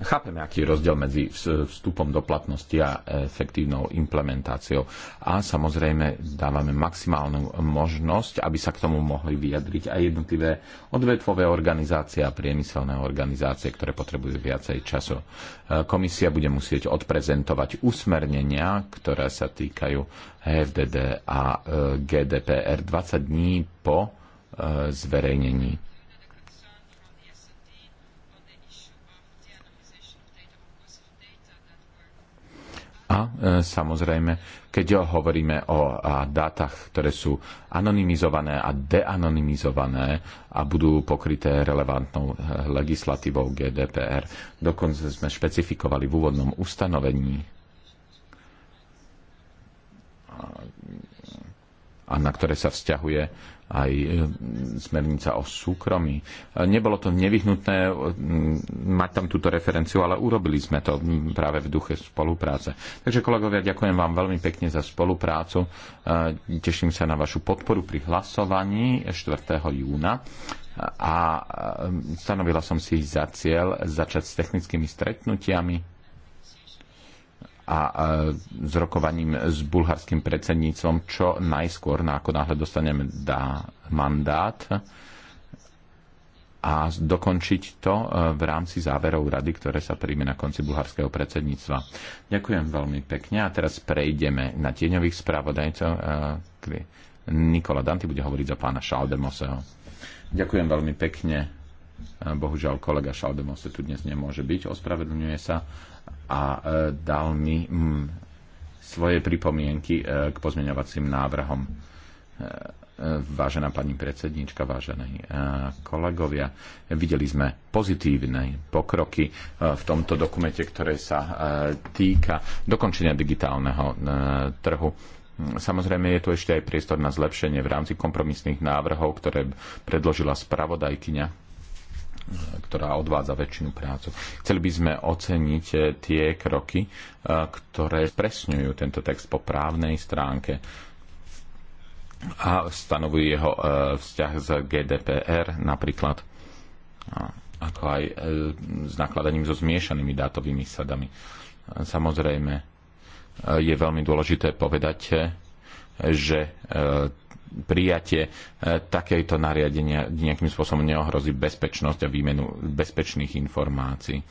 Chápeme, aký je rozdiel medzi vstupom do platnosti a efektívnou implementáciou. A samozrejme dávame maximálnu možnosť, aby sa k tomu mohli vyjadriť aj jednotlivé odvetvové organizácie a priemyselné organizácie, ktoré potrebujú viacej času. E, komisia bude musieť odprezentovať usmernenia, ktoré sa týkajú FDD a e, GDPR 20 dní po e, zverejnení A e, samozrejme, keď hovoríme o dátach, ktoré sú anonymizované a deanonymizované a budú pokryté relevantnou e, legislatívou GDPR, dokonca sme špecifikovali v úvodnom ustanovení a na ktoré sa vzťahuje aj e, smernica o súkromí. E, nebolo to nevyhnutné e, mať tam túto referenciu, ale urobili sme to práve v duche spolupráce. Takže kolegovia, ďakujem vám veľmi pekne za spoluprácu. Teším sa na vašu podporu pri hlasovaní 4. júna a stanovila som si za cieľ začať s technickými stretnutiami a s rokovaním s bulharským predsedníctvom čo najskôr, na ako náhle dostaneme dá mandát a dokončiť to e, v rámci záverov rady, ktoré sa príjme na konci bulharského predsedníctva. Ďakujem veľmi pekne a teraz prejdeme na tieňových správodajcov. E, Nikola Danty bude hovoriť za pána Šaldemoseho. Ďakujem veľmi pekne. E, bohužiaľ kolega Šaldemose tu dnes nemôže byť, ospravedlňuje sa a e, dal mi mm, svoje pripomienky e, k pozmeňovacím návrhom. E, vážená pani predsednička, vážení kolegovia, videli sme pozitívne pokroky v tomto dokumente, ktoré sa týka dokončenia digitálneho trhu. Samozrejme je tu ešte aj priestor na zlepšenie v rámci kompromisných návrhov, ktoré predložila spravodajkyňa ktorá odvádza väčšinu prácu. Chceli by sme oceniť eh, tie kroky, eh, ktoré presňujú tento text po právnej stránke a stanovujú jeho eh, vzťah s GDPR napríklad, ako aj s nakladaním so zmiešanými dátovými sadami. Samozrejme, je veľmi dôležité povedať, že e, prijatie e, takéto nariadenia nejakým spôsobom neohrozí bezpečnosť a výmenu bezpečných informácií. E,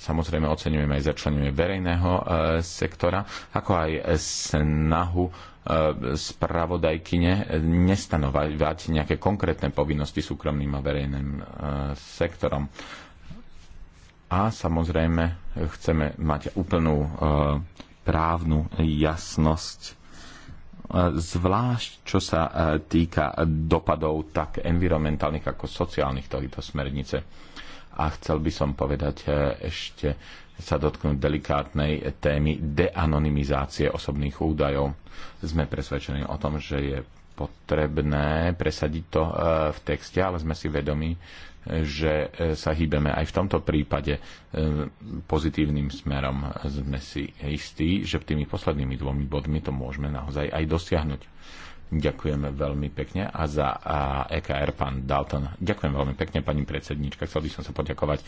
samozrejme oceňujeme aj začlenenie verejného sektora, ako aj snahu spravodajkyne nestanovať nejaké konkrétne povinnosti súkromným a verejným sektorom. A samozrejme chceme mať úplnú právnu jasnosť zvlášť čo sa e, týka dopadov tak environmentálnych ako sociálnych tohto smernice. A chcel by som povedať e, ešte sa dotknúť delikátnej témy deanonymizácie osobných údajov. Sme presvedčení o tom, že je potrebné presadiť to e, v texte, ale sme si vedomi, že e, sa hýbeme aj v tomto prípade e, pozitívnym smerom. Sme si istí, že tými poslednými dvomi bodmi to môžeme naozaj aj dosiahnuť. Ďakujeme veľmi pekne a za EKR pán Dalton. Ďakujem veľmi pekne pani predsednička. Chcel by som sa poďakovať e,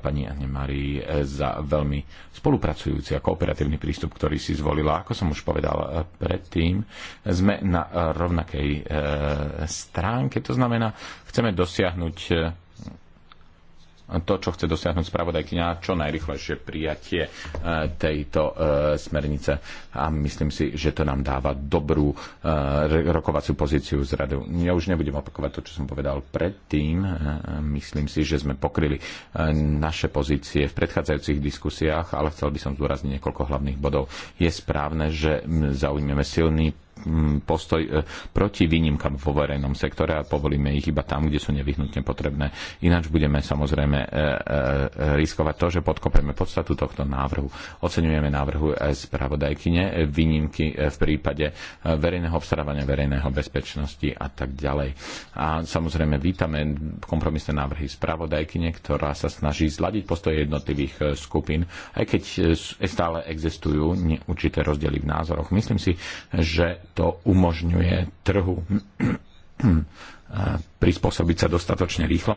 pani Anne Marii e, za veľmi spolupracujúci a kooperatívny prístup, ktorý si zvolila. Ako som už povedal e, predtým, sme na rovnakej stránke. To znamená, chceme dosiahnuť to, čo chce dosiahnuť spravodajkyňa, čo najrychlejšie prijatie e, tejto e, smernice. A myslím si, že to nám dáva dobrú e, rokovaciu pozíciu z radu. Ja už nebudem opakovať to, čo som povedal predtým. Myslím si, že sme pokryli naše pozície v predchádzajúcich diskusiách, ale chcel by som zdôrazniť niekoľko hlavných bodov. Je správne, že zaujmeme silný Mm, postoj e, proti výnimkám vo verejnom sektore a povolíme ich iba tam, kde sú nevyhnutne potrebné. Ináč budeme samozrejme e, e, riskovať to, že podkopeme podstatu tohto návrhu. Oceňujeme návrhu spravodajkyne, výnimky v prípade verejného obstarávania, verejného bezpečnosti a tak ďalej. A samozrejme vítame kompromisné návrhy spravodajkyne, ktorá sa snaží zladiť postoje jednotlivých skupín, aj keď stále existujú určité rozdiely v názoroch. Myslím si, že to umožňuje trhu prispôsobiť sa dostatočne rýchlo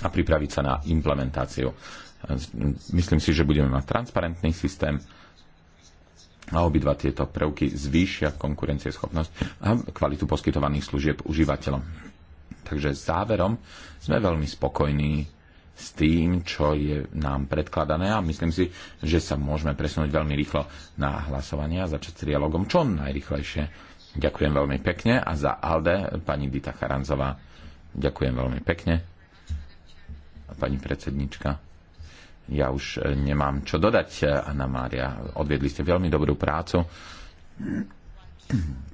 a pripraviť sa na implementáciu. Myslím si, že budeme mať transparentný systém a obidva tieto prvky zvýšia konkurencieschopnosť a kvalitu poskytovaných služieb užívateľom. Takže záverom sme veľmi spokojní s tým, čo je nám predkladané a myslím si, že sa môžeme presunúť veľmi rýchlo na hlasovanie a začať s dialogom čo najrychlejšie. Ďakujem veľmi pekne a za Alde pani Dita Charanzová. Ďakujem veľmi pekne. Pani predsednička, ja už e, nemám čo dodať, Anna Mária. Odviedli ste veľmi dobrú prácu.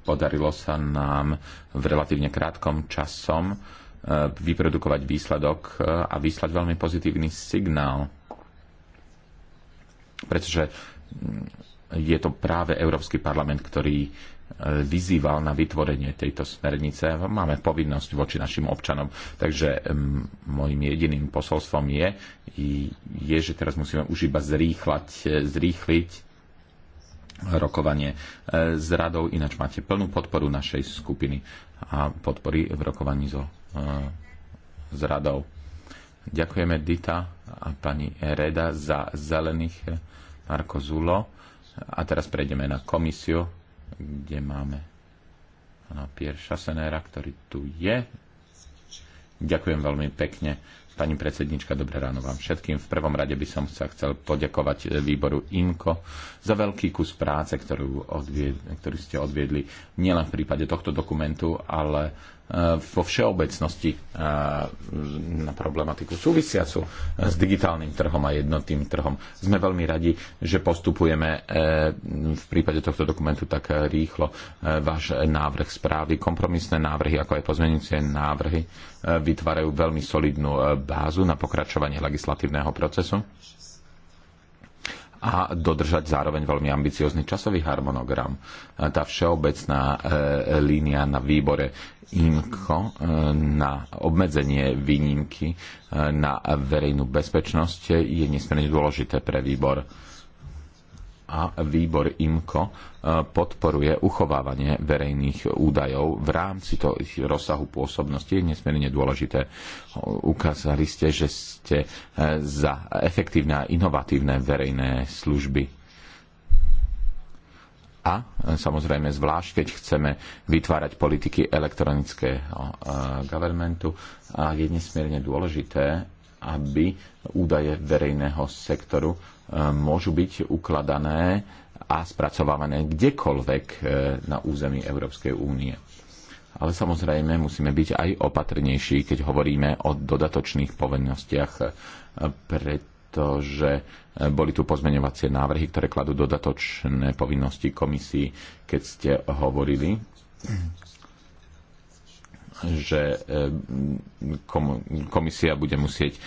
Podarilo sa nám v relatívne krátkom časom vyprodukovať výsledok eh, a vyslať veľmi pozitívny signál. Pretože mm, je to práve Európsky parlament, ktorý eh, vyzýval na vytvorenie tejto smernice. Máme povinnosť voči našim občanom. Takže môjim jediným posolstvom je, je, že teraz musíme už iba zrýchlať, eh, zrýchliť rokovanie s radou, ináč máte plnú podporu našej skupiny a podpory v rokovaní so z radou. Ďakujeme Dita a pani Reda za zelených eh, Marko Zulo. A teraz prejdeme na komisiu, kde máme pána Pier Šasenéra, ktorý tu je. Ďakujem veľmi pekne. Pani predsednička, dobré ráno vám všetkým. V prvom rade by som sa chcel poďakovať eh, výboru IMKO za veľký kus práce, ktorú, odvied, ktorý ste odviedli nielen v prípade tohto dokumentu, ale Eh, vo všeobecnosti eh, na problematiku súvisiacu eh, s digitálnym trhom a jednotným trhom. Sme veľmi radi, že postupujeme v prípade tohto dokumentu tak rýchlo. Váš návrh správy, kompromisné návrhy, ako aj pozmenujúce návrhy vytvárajú veľmi solidnú bázu na pokračovanie legislatívneho procesu a dodržať zároveň veľmi ambiciózny časový harmonogram. E, tá všeobecná e, línia na výbore IMCO e, na obmedzenie výnimky na verejnú bezpečnosť je nesmierne dôležité pre výbor a výbor IMCO e, podporuje uchovávanie verejných údajov v rámci toho ich rozsahu pôsobnosti. Je nesmierne dôležité. Ukázali ste, že ste e, za efektívne a inovatívne verejné služby a e, samozrejme zvlášť, keď chceme vytvárať politiky elektronického governmentu, a je nesmierne dôležité, aby údaje verejného sektoru E, môžu byť ukladané a spracovávané kdekoľvek e, na území Európskej únie. Ale samozrejme musíme byť aj opatrnejší, keď hovoríme o dodatočných povinnostiach, e, pretože boli tu pozmeňovacie návrhy, ktoré kladú dodatočné povinnosti komisii, keď ste hovorili že eh, komisia bude musieť eh,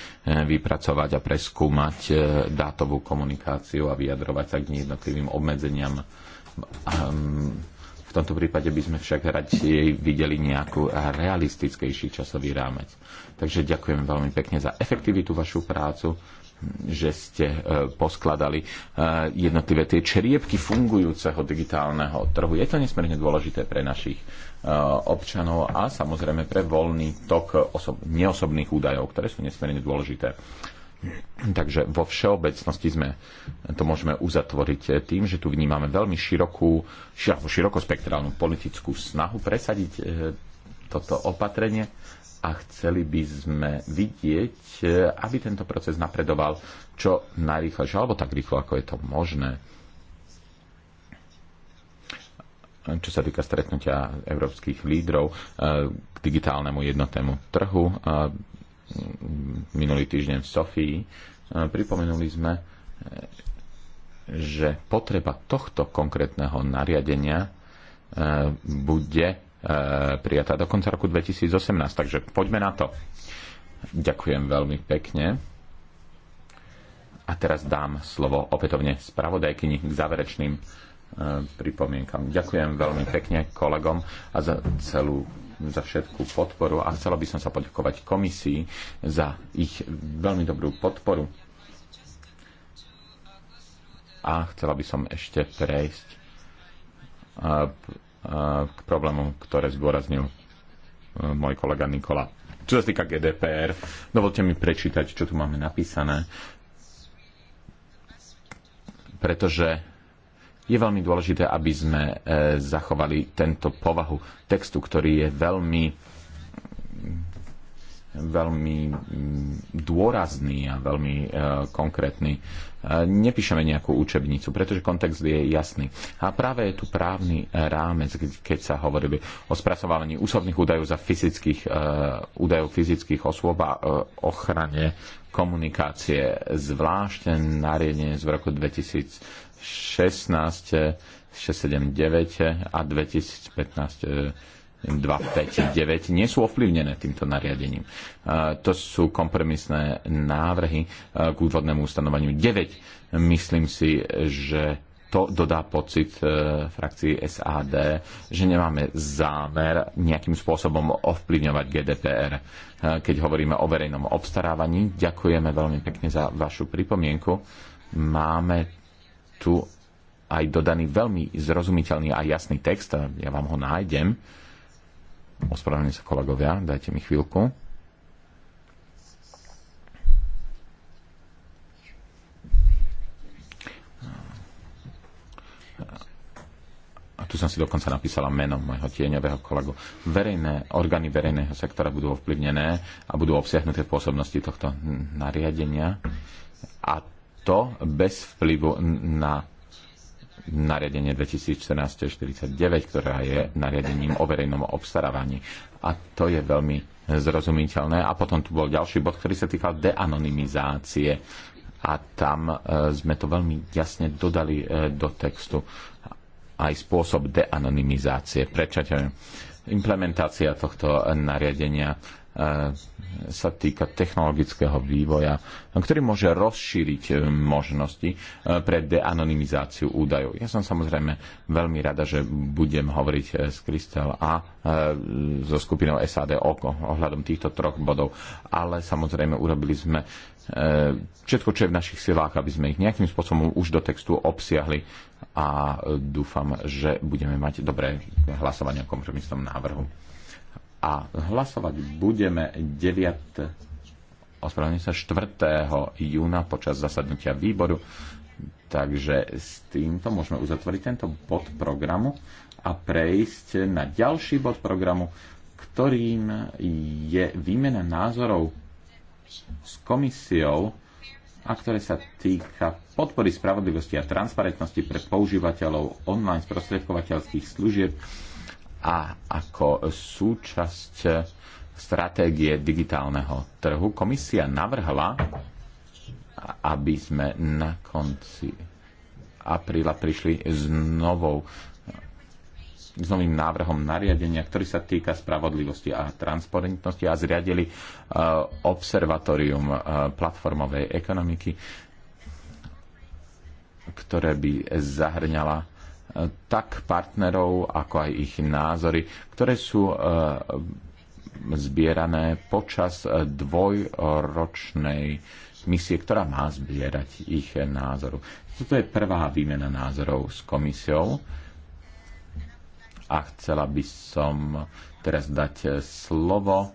vypracovať a preskúmať eh, dátovú komunikáciu a vyjadrovať sa k jednotlivým obmedzeniam. Mm, v tomto prípade by sme však radšej videli nejakú realistickejší časový rámec. Takže ďakujem veľmi pekne za efektivitu vašu prácu že ste e, poskladali e, jednotlivé tie čeriebky fungujúceho digitálneho trhu. Je to nesmierne dôležité pre našich e, občanov a samozrejme pre voľný tok osob- neosobných údajov, ktoré sú nesmierne dôležité. Takže vo všeobecnosti sme, to môžeme uzatvoriť tým, že tu vnímame veľmi širokú, širokospektrálnu politickú snahu presadiť toto opatrenie a chceli by sme vidieť, e, aby tento proces napredoval čo najrýchlejšie, alebo tak rýchlo, ako je to možné. Čo sa týka stretnutia európskych lídrov e, k digitálnemu jednotnému trhu, e, minulý týždeň v Sofii pripomenuli sme, že potreba tohto konkrétneho nariadenia bude E, prijatá do konca roku 2018, takže poďme na to. Ďakujem veľmi pekne. A teraz dám slovo opätovne spravodajkyni k záverečným e, pripomienkam. Ďakujem veľmi pekne kolegom a za celú za všetkú podporu a chcela by som sa poďakovať komisii za ich veľmi dobrú podporu. A chcela by som ešte prejsť e, k problémom, ktoré zdôraznil e, môj kolega Nikola. Čo sa týka GDPR, dovolte mi prečítať, čo tu máme napísané, pretože je veľmi dôležité, aby sme e, zachovali tento povahu textu, ktorý je veľmi veľmi mm, dôrazný a veľmi e, konkrétny. E, nepíšeme nejakú učebnicu, pretože kontext je jasný. A práve je tu právny e, rámec, keď sa hovorí o spracovávaní úsobných údajov za fyzických, údajov fyzických osôb a ochrane komunikácie, zvlášť nariadenie z roku 2016 679 a 2015 2, 5, 9 nie sú ovplyvnené týmto nariadením. To sú kompromisné návrhy e, k úvodnému ustanovaniu 9. Myslím si, že to dodá pocit e, frakcii SAD, že nemáme zámer nejakým spôsobom ovplyvňovať GDPR. E, keď hovoríme o verejnom obstarávaní, ďakujeme veľmi pekne za vašu pripomienku. Máme tu aj dodaný veľmi zrozumiteľný a jasný text, ja vám ho nájdem, Ospravedlňujem sa kolegovia, dajte mi chvíľku. A tu som si dokonca napísala meno môjho tieňového kolegu. Verejné, orgány verejného sektora budú ovplyvnené a budú obsiahnuté pôsobnosti tohto nariadenia. A to bez vplyvu na nariadenie 2014-49, ktorá je nariadením o verejnom obstarávaní. A to je veľmi zrozumiteľné. A potom tu bol ďalší bod, ktorý sa týkal deanonymizácie. A tam e, sme to veľmi jasne dodali e, do textu aj spôsob deanonymizácie. Prečo implementácia tohto nariadenia E, sa týka technologického vývoja, ktorý môže rozšíriť e, možnosti e, pre deanonymizáciu údajov. Ja som samozrejme veľmi rada, že budem hovoriť s Kristel a so skupinou SAD oko ohľadom týchto troch bodov, ale samozrejme urobili sme všetko, čo je v našich silách, aby sme ich nejakým spôsobom už do textu obsiahli a dúfam, že budeme mať dobré hlasovanie o kompromisnom návrhu a hlasovať budeme 9. ospravedlňujem sa 4. júna počas zasadnutia výboru. Takže s týmto môžeme uzatvoriť tento bod programu a prejsť na ďalší bod programu, ktorým je výmena názorov s komisiou a ktoré sa týka podpory spravodlivosti a transparentnosti pre používateľov online sprostredkovateľských služieb a ako súčasť stratégie digitálneho trhu komisia navrhla, aby sme na konci apríla prišli s novou s novým návrhom nariadenia, ktorý sa týka spravodlivosti a transparentnosti a zriadili e, observatórium e, platformovej ekonomiky, ktoré by zahrňala E, tak partnerov, ako aj ich názory, ktoré sú e, zbierané počas e, dvojročnej misie, ktorá má zbierať ich názoru. Toto je prvá výmena názorov s komisiou a chcela by som teraz dať slovo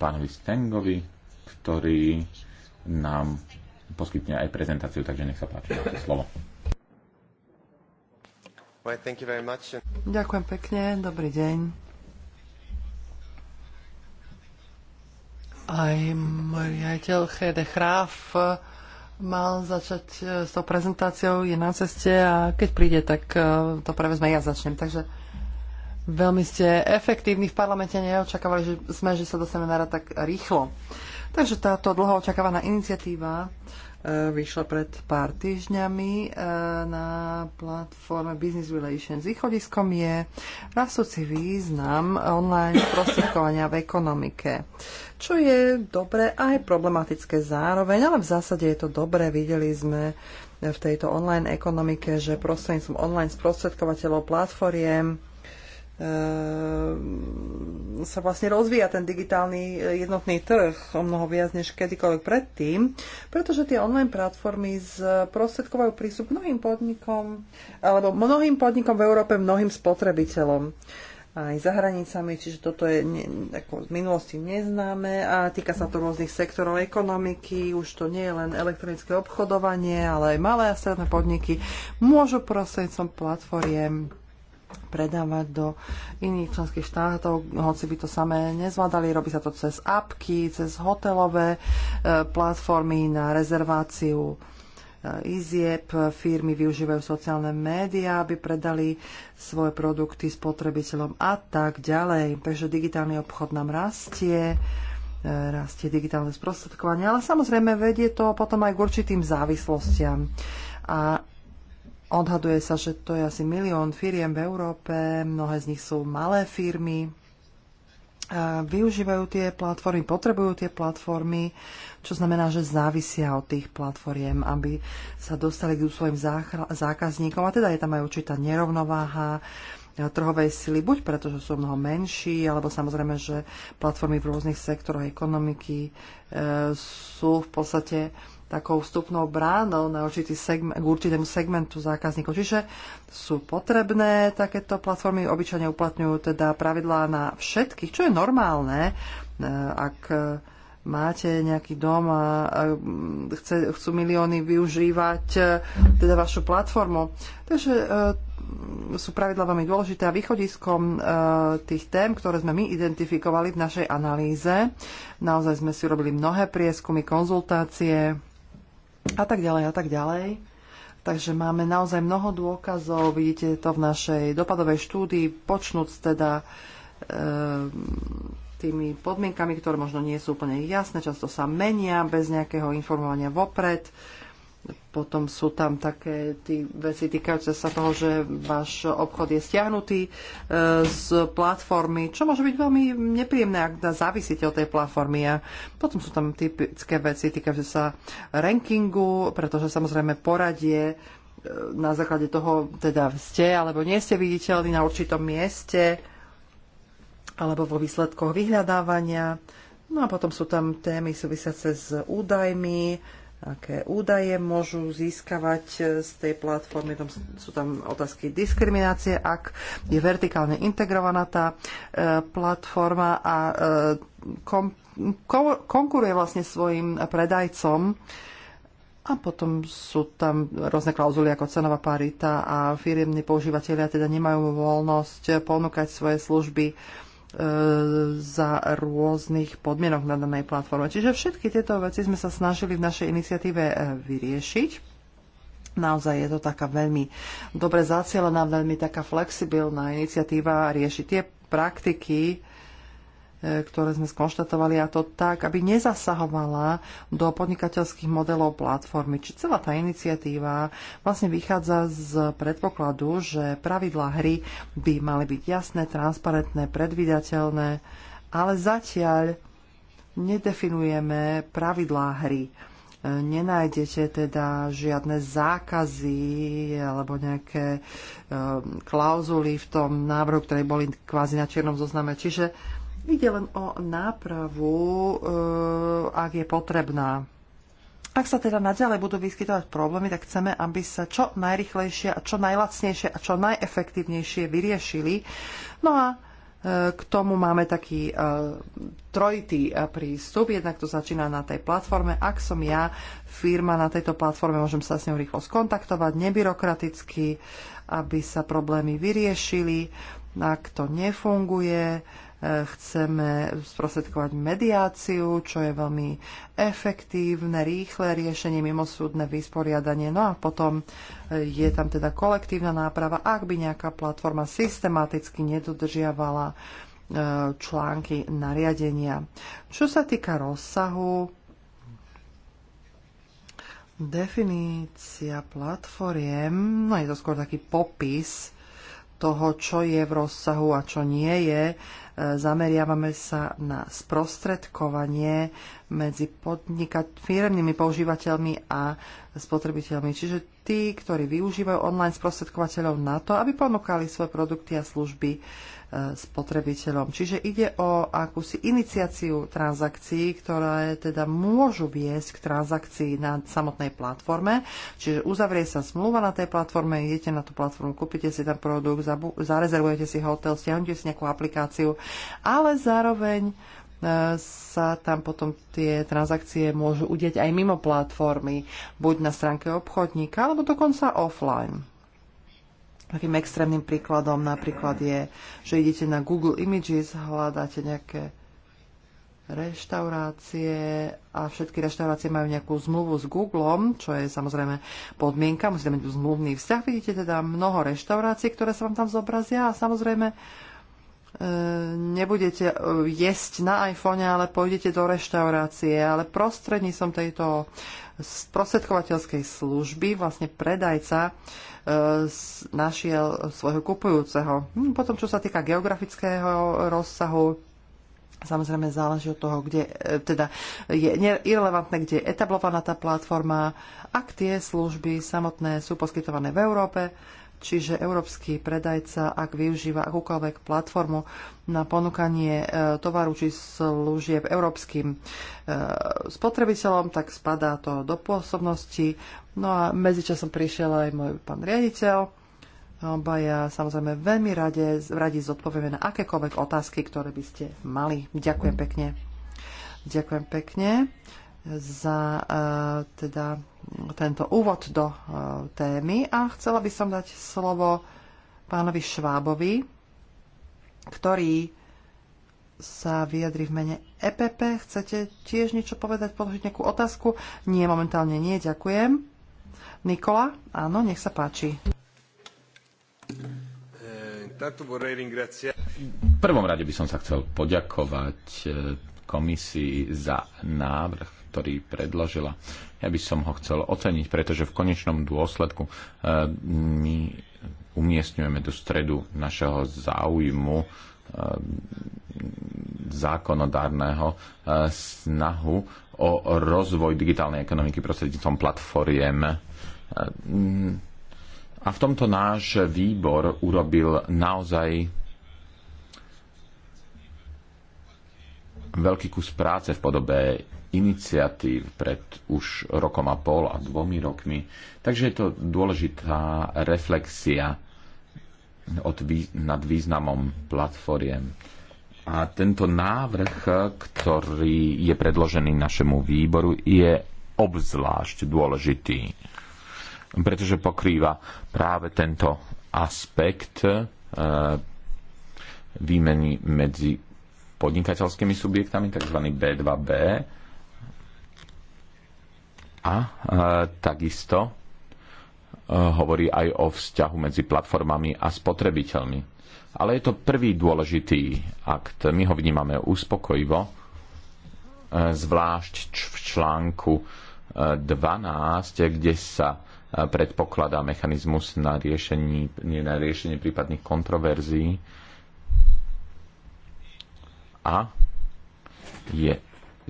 pánovi Stengovi, ktorý nám poskytne aj prezentáciu, takže nech sa páči, máte slovo. Ďakujem pekne, dobrý deň. Aj môj riaditeľ Hede Hraf mal začať eh, s tou prezentáciou, je na ceste a keď príde, tak eh, to prevezme ja začnem. Takže veľmi ste efektívni v parlamente, neočakávali že sme, že sa dostaneme na tak rýchlo. Takže táto dlho očakávaná iniciatíva E, vyšla pred pár týždňami e, na platforme Business Relations. Východiskom je rastúci význam online prostredkovania v ekonomike, čo je dobre aj problematické zároveň, ale v zásade je to dobré. Videli sme v tejto online ekonomike, že prostredníctvom online sprostredkovateľov platformiem Ehm, sa vlastne rozvíja ten digitálny e, jednotný trh o mnoho viac než kedykoľvek predtým, pretože tie online platformy sprostredkovajú prístup mnohým podnikom, alebo mnohým podnikom v Európe, mnohým spotrebiteľom aj za hranicami, čiže toto je ne, ako z minulosti neznáme a týka sa to rôznych sektorov ekonomiky, už to nie je len elektronické obchodovanie, ale aj malé a stredné podniky môžu prostrednícom platformiem predávať do iných členských štátov, hoci by to samé nezvládali. Robí sa to cez apky, cez hotelové e, platformy na rezerváciu e, izieb. Firmy využívajú sociálne médiá, aby predali svoje produkty spotrebiteľom a tak ďalej. Takže digitálny obchod nám rastie e, rastie digitálne sprostredkovanie, ale samozrejme vedie to potom aj k určitým závislostiam. A Odhaduje sa, že to je asi milión firiem v Európe, mnohé z nich sú malé firmy, využívajú tie platformy, potrebujú tie platformy, čo znamená, že závisia od tých platformiem, aby sa dostali k svojim zákazníkom. A teda je tam aj určitá nerovnováha e, trhovej sily, buď preto, že sú mnoho menší, alebo samozrejme, že platformy v rôznych sektoroch ekonomiky e, sú v podstate takou vstupnou bránou na určitý segment, k určitému segmentu zákazníkov. Čiže sú potrebné takéto platformy, obyčajne uplatňujú teda pravidlá na všetkých, čo je normálne, e, ak e, máte nejaký dom a e, chce, chcú milióny využívať teda vašu platformu. Takže sú pravidla veľmi dôležité a východiskom tých tém, ktoré sme my identifikovali v našej analýze, naozaj sme si robili mnohé prieskumy, konzultácie, a tak ďalej a tak ďalej. Takže máme naozaj mnoho dôkazov, vidíte to v našej dopadovej štúdii, počnúc teda e, tými podmienkami, ktoré možno nie sú úplne jasné, často sa menia bez nejakého informovania vopred. E, potom sú tam také tí veci týkajúce sa toho, že váš obchod je stiahnutý e, z platformy, čo môže byť veľmi nepríjemné, ak závisíte od tej platformy. A potom sú tam typické veci týkajúce sa rankingu, pretože samozrejme poradie e, na základe toho teda ste alebo nie ste viditeľní na určitom mieste alebo vo výsledkoch vyhľadávania. No a potom sú tam témy súvisiace s údajmi, aké údaje môžu získavať eh, z tej platformy. Tam sú tam otázky diskriminácie, ak je vertikálne integrovaná tá eh, platforma a eh, kom, ko, konkuruje vlastne svojim predajcom. A potom sú tam rôzne klauzuly ako cenová parita a firiemní používateľia teda nemajú voľnosť ponúkať svoje služby E, za rôznych podmienok na danej platforme. Čiže všetky tieto veci sme sa snažili v našej iniciatíve e, vyriešiť. Naozaj je to taká veľmi dobre zacielená, veľmi taká flexibilná iniciatíva riešiť. tie praktiky, ktoré sme skonštatovali a to tak, aby nezasahovala do podnikateľských modelov platformy. Či celá tá iniciatíva vlastne vychádza z predpokladu, že pravidlá hry by mali byť jasné, transparentné, predvydateľné, ale zatiaľ nedefinujeme pravidlá hry. Nenájdete teda žiadne zákazy alebo nejaké ehm, klauzuly v tom návrhu, ktoré boli kvázi na čiernom zozname. Čiže Ide len o nápravu, eh, ak je potrebná. Ak sa teda naďalej budú vyskytovať problémy, tak chceme, aby sa čo najrychlejšie a čo najlacnejšie a čo najefektívnejšie vyriešili. No a eh, k tomu máme taký eh, trojitý prístup. Jednak to začína na tej platforme. Ak som ja firma na tejto platforme, môžem sa s ňou rýchlo skontaktovať, nebyrokraticky, aby sa problémy vyriešili. Ak to nefunguje, chceme sprostredkovať mediáciu, čo je veľmi efektívne, rýchle riešenie, mimosúdne vysporiadanie. No a potom e, je tam teda kolektívna náprava, ak by nejaká platforma systematicky nedodržiavala e, články nariadenia. Čo sa týka rozsahu, definícia platformiem, no je to skôr taký popis, toho, čo je v rozsahu a čo nie je. E, zameriavame sa na sprostredkovanie medzi podnikat- firemnými používateľmi a spotrebiteľmi. Čiže tí, ktorí využívajú online sprostredkovateľov na to, aby ponúkali svoje produkty a služby spotrebiteľom. Čiže ide o akúsi iniciáciu transakcií, ktoré teda môžu viesť k transakcii na samotnej platforme. Čiže uzavrie sa zmluva na tej platforme, idete na tú platformu, kúpite si tam produkt, zarezervujete si hotel, stiahnete si nejakú aplikáciu, ale zároveň e, sa tam potom tie transakcie môžu udeť aj mimo platformy, buď na stránke obchodníka, alebo dokonca offline. Takým extrémnym príkladom napríklad je, že idete na Google Images, hľadáte nejaké reštaurácie a všetky reštaurácie majú nejakú zmluvu s Googlem, čo je samozrejme podmienka, musíte mať zmluvný vzťah. Vidíte teda mnoho reštaurácií, ktoré sa vám tam zobrazia a samozrejme e, nebudete e, jesť na iPhone, ale pôjdete do reštaurácie, ale prostredníctvom tejto sprostredkovateľskej služby vlastne predajca e, našiel svojho kupujúceho. Hm, potom, čo sa týka geografického rozsahu, Samozrejme záleží od toho, kde e, teda je irrelevantné, kde je etablovaná tá platforma. Ak tie služby samotné sú poskytované v Európe, Čiže európsky predajca, ak využíva akúkoľvek platformu na ponúkanie e, tovaru či služieb európskym e, spotrebiteľom, tak spadá to do pôsobnosti. No a medzičasom prišiel aj môj pán riaditeľ. ja samozrejme veľmi rade, radi zodpovieme na akékoľvek otázky, ktoré by ste mali. Ďakujem pekne. Ďakujem pekne za uh, teda tento úvod do e, témy a chcela by som dať slovo pánovi Švábovi, ktorý sa vyjadri v mene EPP. Chcete tiež niečo povedať, položiť nejakú otázku? Nie, momentálne nie, ďakujem. Nikola, áno, nech sa páči. V prvom rade by som sa chcel poďakovať e, komisii za návrh, ktorý predložila. Ja by som ho chcel oceniť, pretože v konečnom dôsledku e, my umiestňujeme do stredu našeho záujmu e, zákonodárneho e, snahu o rozvoj digitálnej ekonomiky prostredníctvom platformiem. A v tomto náš výbor urobil naozaj veľký kus práce v podobe iniciatív pred už rokom a pol a dvomi rokmi. Takže je to dôležitá reflexia od, nad významom platformiem. A tento návrh, ktorý je predložený našemu výboru, je obzvlášť dôležitý, pretože pokrýva práve tento aspekt e, výmeny medzi podnikateľskými subjektami, tzv. B2B, a e, takisto e, hovorí aj o vzťahu medzi platformami a spotrebiteľmi. Ale je to prvý dôležitý akt. My ho vnímame uspokojivo, e, zvlášť v článku 12, e, kde sa e, predpokladá mechanizmus na riešenie, na riešenie prípadných kontroverzií a je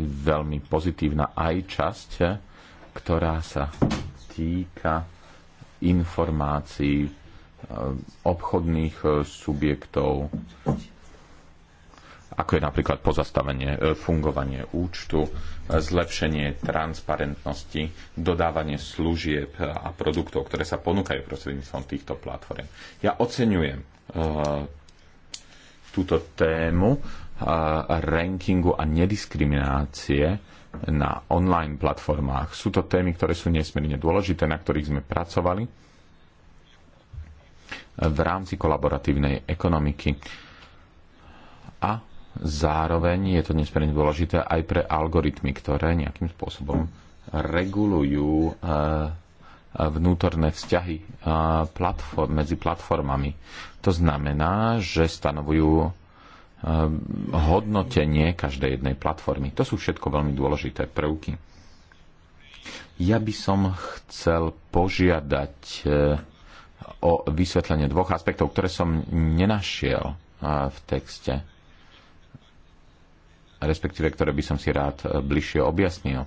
veľmi pozitívna aj časť, ktorá sa týka informácií eh, obchodných eh, subjektov, ako je napríklad pozastavenie eh, fungovanie účtu, zlepšenie transparentnosti, dodávanie služieb a produktov, ktoré sa ponúkajú prostredníctvom týchto platform. Ja oceňujem túto tému rankingu a nediskriminácie na online platformách. Sú to témy, ktoré sú nesmierne dôležité, na ktorých sme pracovali v rámci kolaboratívnej ekonomiky. A zároveň je to nesmierne dôležité aj pre algoritmy, ktoré nejakým spôsobom regulujú eh, vnútorné vzťahy eh, platform, medzi platformami. To znamená, že stanovujú Ehm, hodnotenie každej jednej platformy. To sú všetko veľmi dôležité prvky. Ja by som chcel požiadať e, o vysvetlenie dvoch aspektov, ktoré som nenašiel e, v texte, respektíve ktoré by som si rád e, bližšie objasnil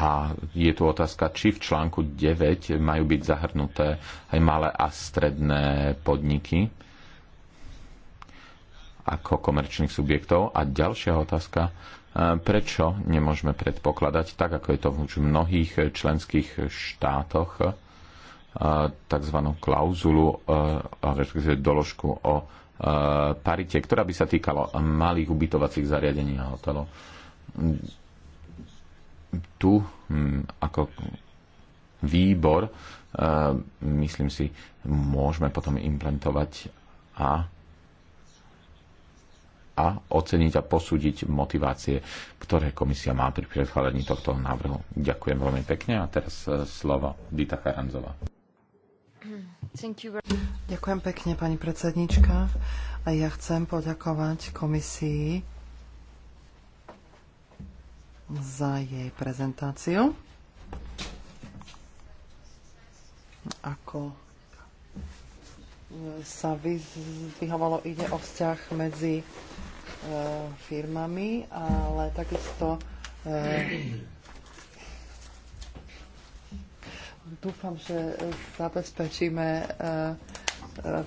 a je tu otázka, či v článku 9 majú byť zahrnuté aj malé a stredné podniky ako komerčných subjektov. A ďalšia otázka, e, prečo nemôžeme predpokladať, tak ako je to v mnohých členských štátoch, e, tzv. klauzulu, e, respektíve doložku o parite, ktorá by sa týkala malých ubytovacích zariadení a hotelov tu mm, ako výbor, e, myslím si, môžeme potom implementovať a a oceniť a posúdiť motivácie, ktoré komisia má pri predkladaní tohto návrhu. Ďakujem veľmi pekne a teraz e, slovo Dita Charanzová. Ďakujem pekne, pani predsednička. A ja chcem poďakovať komisii za jej prezentáciu. Ako sa vyhovalo, ide o vzťah medzi e, firmami, ale takisto e, dúfam, že zabezpečíme e,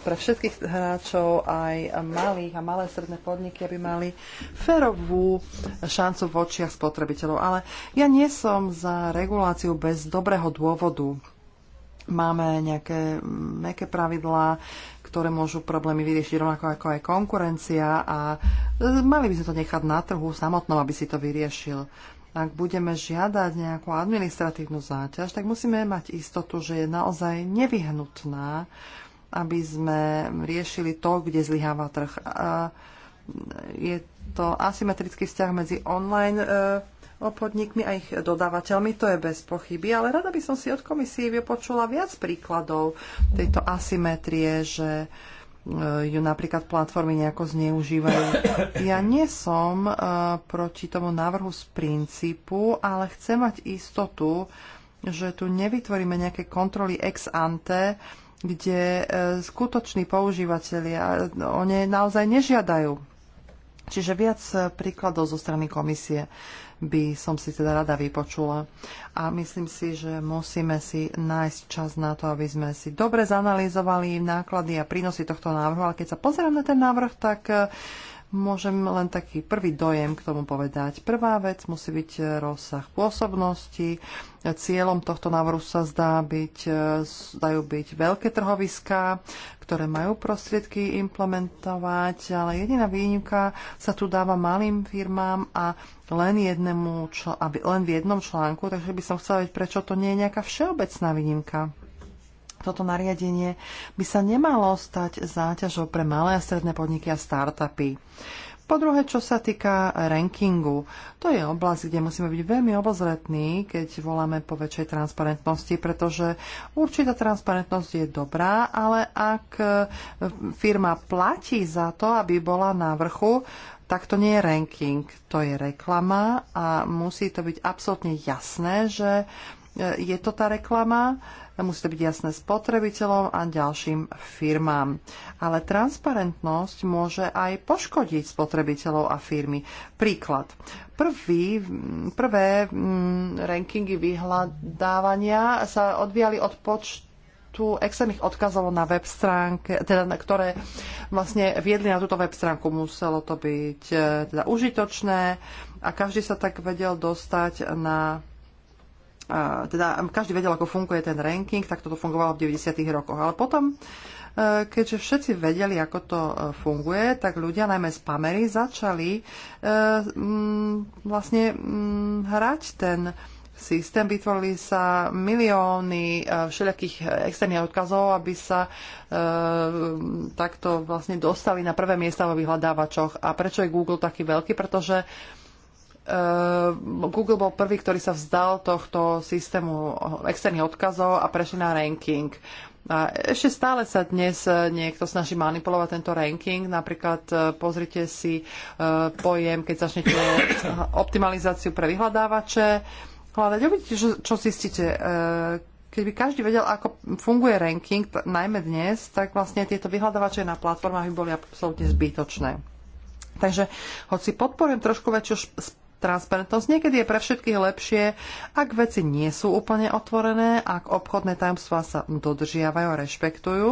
pre všetkých hráčov, aj malých a malé stredné podniky, aby mali férovú šancu v očiach spotrebiteľov. Ale ja nie som za reguláciu bez dobrého dôvodu. Máme nejaké meké pravidlá, ktoré môžu problémy vyriešiť rovnako ako aj konkurencia a e, mali by sme to nechať na trhu samotnom, aby si to vyriešil ak budeme žiadať nejakú administratívnu záťaž, tak musíme mať istotu, že je naozaj nevyhnutná aby sme riešili to, kde zlyháva trh. A je to asymetrický vzťah medzi online e, obchodníkmi a ich dodávateľmi, to je bez pochyby, ale rada by som si od komisie vypočula viac príkladov tejto asymetrie, že e, ju napríklad platformy nejako zneužívajú. Ja nie som e, proti tomu návrhu z princípu, ale chcem mať istotu, že tu nevytvoríme nejaké kontroly ex ante, kde e, skutoční používateľia o ne naozaj nežiadajú. Čiže viac e, príkladov zo strany komisie by som si teda rada vypočula. A myslím si, že musíme si nájsť čas na to, aby sme si dobre zanalýzovali náklady a prínosy tohto návrhu. Ale keď sa pozerám na ten návrh, tak e, Môžem len taký prvý dojem k tomu povedať. Prvá vec musí byť eh, rozsah pôsobnosti. Cieľom tohto návrhu sa zdá byť, zdajú eh, byť veľké trhoviská, ktoré majú prostriedky implementovať, ale jediná výnimka sa tu dáva malým firmám a len, jednému, čl- aby, len v jednom článku, takže by som chcela vedieť, prečo to nie je nejaká všeobecná výnimka toto nariadenie by sa nemalo stať záťažou pre malé a stredné podniky a startupy. Po druhé, čo sa týka rankingu, to je oblasť, kde musíme byť veľmi obozretní, keď voláme po väčšej transparentnosti, pretože určitá transparentnosť je dobrá, ale ak e, firma platí za to, aby bola na vrchu, tak to nie je ranking, to je reklama a musí to byť absolútne jasné, že e, je to tá reklama musí to byť jasné spotrebiteľom a ďalším firmám. Ale transparentnosť môže aj poškodiť spotrebiteľov a firmy. Príklad. Prvý, prvé mm, rankingy vyhľadávania sa odvíjali od počtu tu externých odkazov na web stránke, teda na, ktoré vlastne viedli na túto web stránku. Muselo to byť e, teda užitočné a každý sa tak vedel dostať na teda každý vedel, ako funguje ten ranking, tak toto fungovalo v 90. rokoch. Ale potom, e, keďže všetci vedeli, ako to e, funguje, tak ľudia, najmä z Pamery, začali e, vlastne hrať ten systém, vytvorili sa milióny všelijakých externých odkazov, aby sa e, takto vlastne dostali na prvé miesta vo vyhľadávačoch. A prečo je Google taký veľký? Pretože Eh, Google bol prvý, ktorý sa vzdal tohto systému externých odkazov a prešiel na ranking. A ešte stále sa dnes eh, niekto snaží manipulovať tento ranking. Napríklad eh, pozrite si pojem, keď začnete optimalizáciu pre vyhľadávače. Hľadať, uvidíte, čo zistíte. Keby každý vedel, ako funguje ranking, najmä dnes, tak vlastne tieto vyhľadávače na platformách by boli absolútne zbytočné. Takže hoci podporujem trošku väčšiu transparentnosť. Niekedy je pre všetkých lepšie, ak veci nie sú úplne otvorené, ak obchodné tajomstvá sa dodržiavajú a rešpektujú.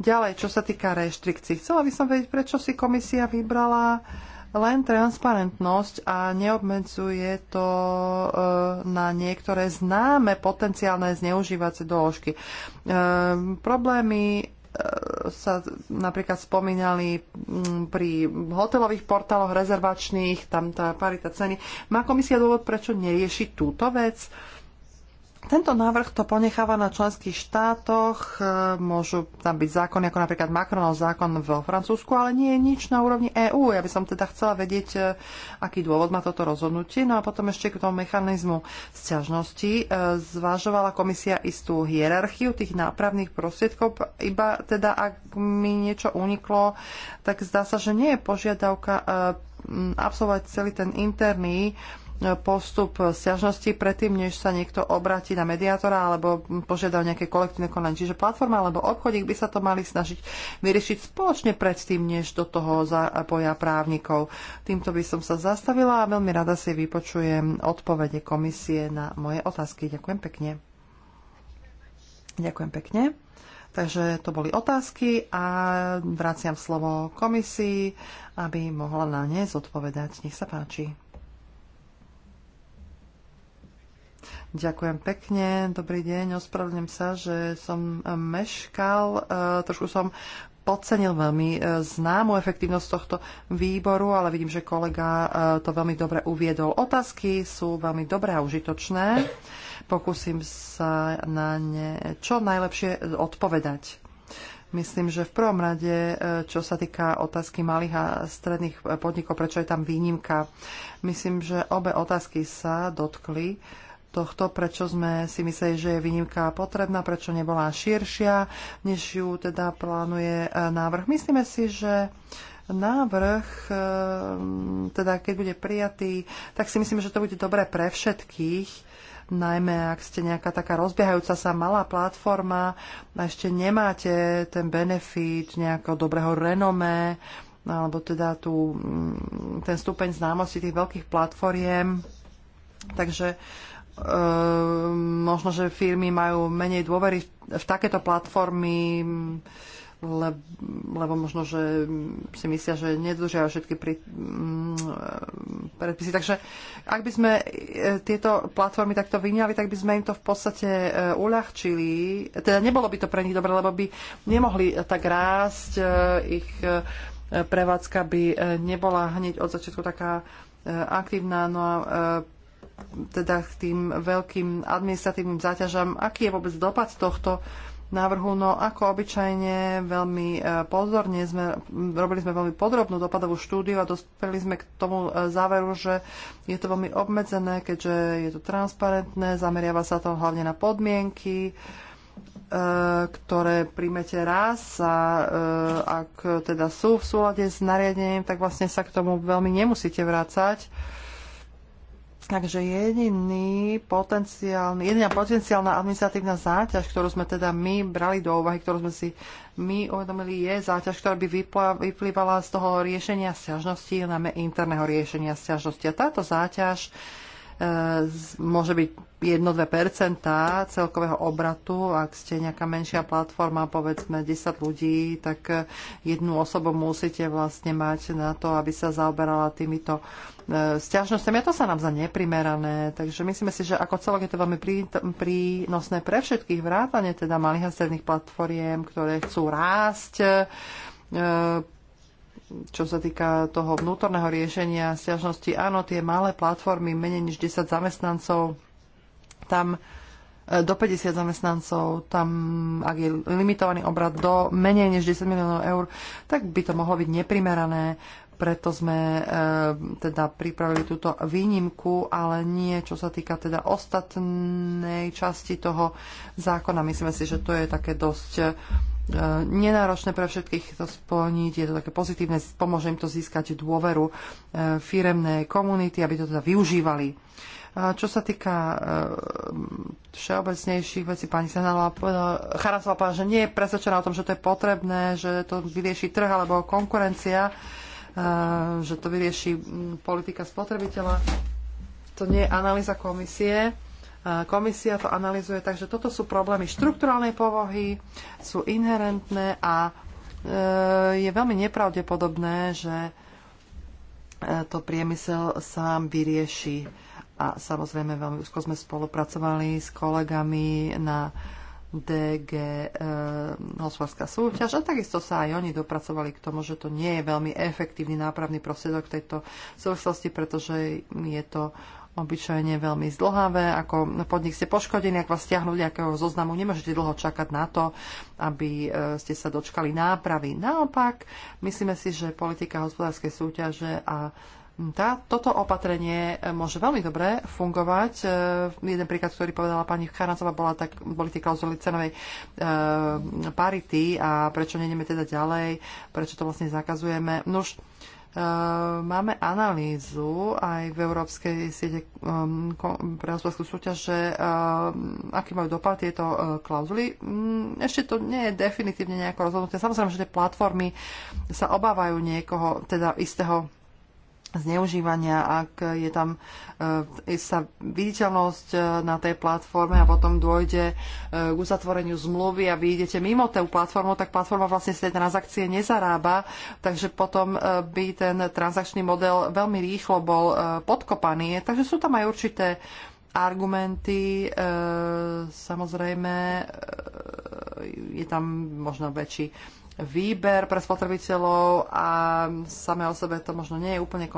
Ďalej, čo sa týka reštrikcií, chcela by som vedieť, prečo si komisia vybrala len transparentnosť a neobmedzuje to e, na niektoré známe potenciálne zneužívacie doložky. E, problémy E, sa napríklad spomínali mm, pri hotelových portáloch rezervačných, tam tá parita ceny. Má komisia dôvod, prečo nerieši túto vec? Tento návrh to ponecháva na členských štátoch, e, môžu tam byť zákony ako napríklad Macronov zákon vo Francúzsku, ale nie je nič na úrovni EÚ. Ja by som teda chcela vedieť, e, aký dôvod má toto rozhodnutie. No a potom ešte k tomu mechanizmu sťažnosti. E, Zvážovala komisia istú hierarchiu tých nápravných prostriedkov, iba teda ak mi niečo uniklo, tak zdá sa, že nie je požiadavka absolvovať celý ten interný uh, postup sťažnosti predtým, než sa niekto obráti na mediátora alebo požiada o nejaké kolektívne konanie. Čiže platforma alebo obchodník by sa to mali snažiť vyriešiť spoločne predtým, než do toho zapoja právnikov. Týmto by som sa zastavila a veľmi rada si vypočujem odpovede komisie na moje otázky. Ďakujem pekne. Ďakujem pekne. Takže to boli otázky a vraciam slovo komisii, aby mohla na ne zodpovedať. Nech sa páči. Ďakujem pekne, dobrý deň, ospravedlňujem sa, že som eh, meškal, eh, trošku som podcenil veľmi eh, známu efektívnosť tohto výboru, ale vidím, že kolega to veľmi dobre uviedol. Otázky sú veľmi dobré a užitočné. Pokúsim sa na ne čo najlepšie odpovedať. Myslím, že v prvom rade, čo sa týka otázky malých a stredných podnikov, prečo je tam výnimka, myslím, že obe otázky sa dotkli tohto, prečo sme si mysleli, že je výnimka potrebná, prečo nebola širšia, než ju teda plánuje e, návrh. Myslíme si, že návrh, e, teda keď bude prijatý, tak si myslím, že to bude dobré pre všetkých, najmä ak ste nejaká taká rozbiehajúca sa malá platforma a ešte nemáte ten benefit nejakého dobrého renome, alebo teda tú, mm, ten stupeň známosti tých veľkých platformiem. Takže Ehm, možno, že firmy majú menej dôvery v takéto platformy, le, lebo možno, že si myslia, že nedodržiavajú všetky pri, m, mm, predpisy. Takže ak by sme e, tieto platformy takto vyňali, tak by sme im to v podstate e, uľahčili. Teda nebolo by to pre nich dobré, lebo by nemohli e, tak rásť. Ich prevádzka by nebola hneď od začiatku taká aktívna. No a teda k tým veľkým administratívnym záťažam, aký je vôbec dopad tohto návrhu. No ako obyčajne veľmi e, pozorne sme, robili sme veľmi podrobnú dopadovú štúdiu a dospeli sme k tomu e, záveru, že je to veľmi obmedzené, keďže je to transparentné, zameriava sa to hlavne na podmienky, e, ktoré príjmete raz a ak teda sú v súlade s nariadením, tak vlastne sa k tomu veľmi nemusíte vrácať Takže jediný potenciálny, jediná potenciálna administratívna záťaž, ktorú sme teda my brali do úvahy, ktorú sme si my uvedomili, je záťaž, ktorá by vyplývala z toho riešenia sťažnosti, najmä interného riešenia sťažnosti. A táto záťaž uh, môže byť 1-2% celkového obratu. Ak ste nejaká menšia platforma, povedzme 10 ľudí, tak eh, jednu osobu musíte vlastne mať na to, aby sa zaoberala týmito eh, sťažnosťami. A to sa nám za neprimerané. Takže myslíme si, že ako celok je to veľmi prínosné pre všetkých vrátane teda malých a stredných platformiem, ktoré chcú rásť eh, čo sa týka toho vnútorného riešenia stiažnosti, áno, tie malé platformy, menej než 10 zamestnancov, tam e, do 50 zamestnancov, tam ak je limitovaný obrad do menej než 10 miliónov eur, tak by to mohlo byť neprimerané preto sme e, teda pripravili túto výnimku, ale nie čo sa týka teda ostatnej časti toho zákona. Myslíme si, že to je také dosť e, nenáročné pre všetkých to splniť, je to také pozitívne, pomôže im to získať dôveru e, eh, firemnej komunity, aby to teda využívali. A čo sa týka e, všeobecnejších vecí, pani Senalová povedala, povedala, že nie je presvedčená o tom, že to je potrebné, že to vyrieši trh alebo konkurencia že to vyrieši politika spotrebiteľa. To nie je analýza komisie. Komisia to analizuje, takže toto sú problémy štrukturálnej povohy, sú inherentné a e, je veľmi nepravdepodobné, že e, to priemysel sám vyrieši. A samozrejme veľmi úzko sme spolupracovali s kolegami na uh, DG e, hospodárska súťaž a takisto sa aj oni dopracovali k tomu, že to nie je veľmi efektívny nápravný prostriedok v tejto súvislosti, pretože je to obyčajne veľmi zdlhavé, ako podnik ste poškodení, ak vás stiahnu nejakého zoznamu, nemôžete dlho čakať na to, aby e, ste sa dočkali nápravy. Naopak, myslíme si, že politika hospodárskej súťaže a tá, toto opatrenie môže veľmi dobre fungovať. E, jeden príklad, ktorý povedala pani Charancová, bola tak, boli tie klauzuly cenovej e, parity a prečo nejdeme teda ďalej, prečo to vlastne zakazujeme. Nuž, e, máme analýzu aj v Európskej siete um, pre hospodárskú súťaž, že e, aký majú dopad tieto e, klauzuly. Mm, ešte to nie je definitívne nejako rozhodnuté. Samozrejme, že tie platformy sa obávajú niekoho, teda istého zneužívania, ak je tam e, sa viditeľnosť e, na tej platforme a potom dôjde e, k uzatvoreniu zmluvy a vy idete mimo tú platformu, tak platforma vlastne z tej transakcie nezarába, takže potom e, by ten transakčný model veľmi rýchlo bol e, podkopaný. Takže sú tam aj určité argumenty, samozrejme je tam možno väčší výber pre spotrebiteľov a samé o sebe to možno nie je úplne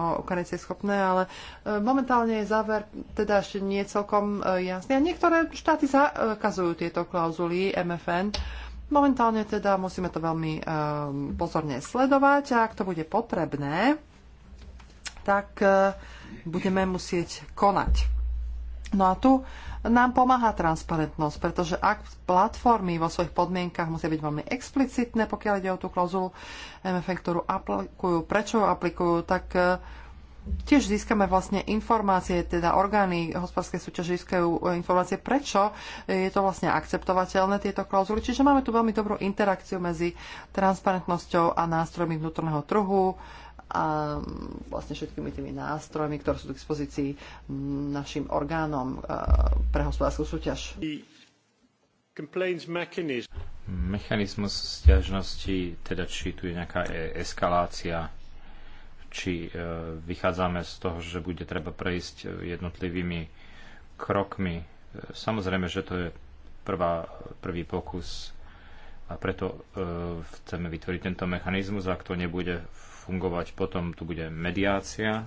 schopné, ale e, momentálne je záver teda ešte nie celkom e, jasný. A niektoré štáty zakazujú tieto klauzuly MFN. Momentálne teda musíme to veľmi e, pozorne sledovať a ak to bude potrebné, tak budeme musieť konať. No a tu nám pomáha transparentnosť, pretože ak platformy vo svojich podmienkach musia byť veľmi explicitné, pokiaľ ide o tú klauzulu MFN, ktorú aplikujú, prečo ju aplikujú, tak e, tiež získame vlastne informácie, teda orgány hospodárskej súťaže získajú e, informácie, prečo e, je to vlastne akceptovateľné tieto klauzuly. Čiže máme tu veľmi dobrú interakciu medzi transparentnosťou a nástrojmi vnútorného trhu, a mm, vlastne všetkými tými nástrojmi, ktoré sú k dispozícii našim orgánom e, pre hospodárskú súťaž. Mechanizmus stiažnosti, teda či tu je nejaká e, eskalácia, či e, vychádzame z toho, že bude treba prejsť jednotlivými krokmi. Samozrejme, že to je prvá, prvý pokus a preto chceme vytvoriť tento mechanizmus, ak to nebude v fungovať. Potom tu bude mediácia,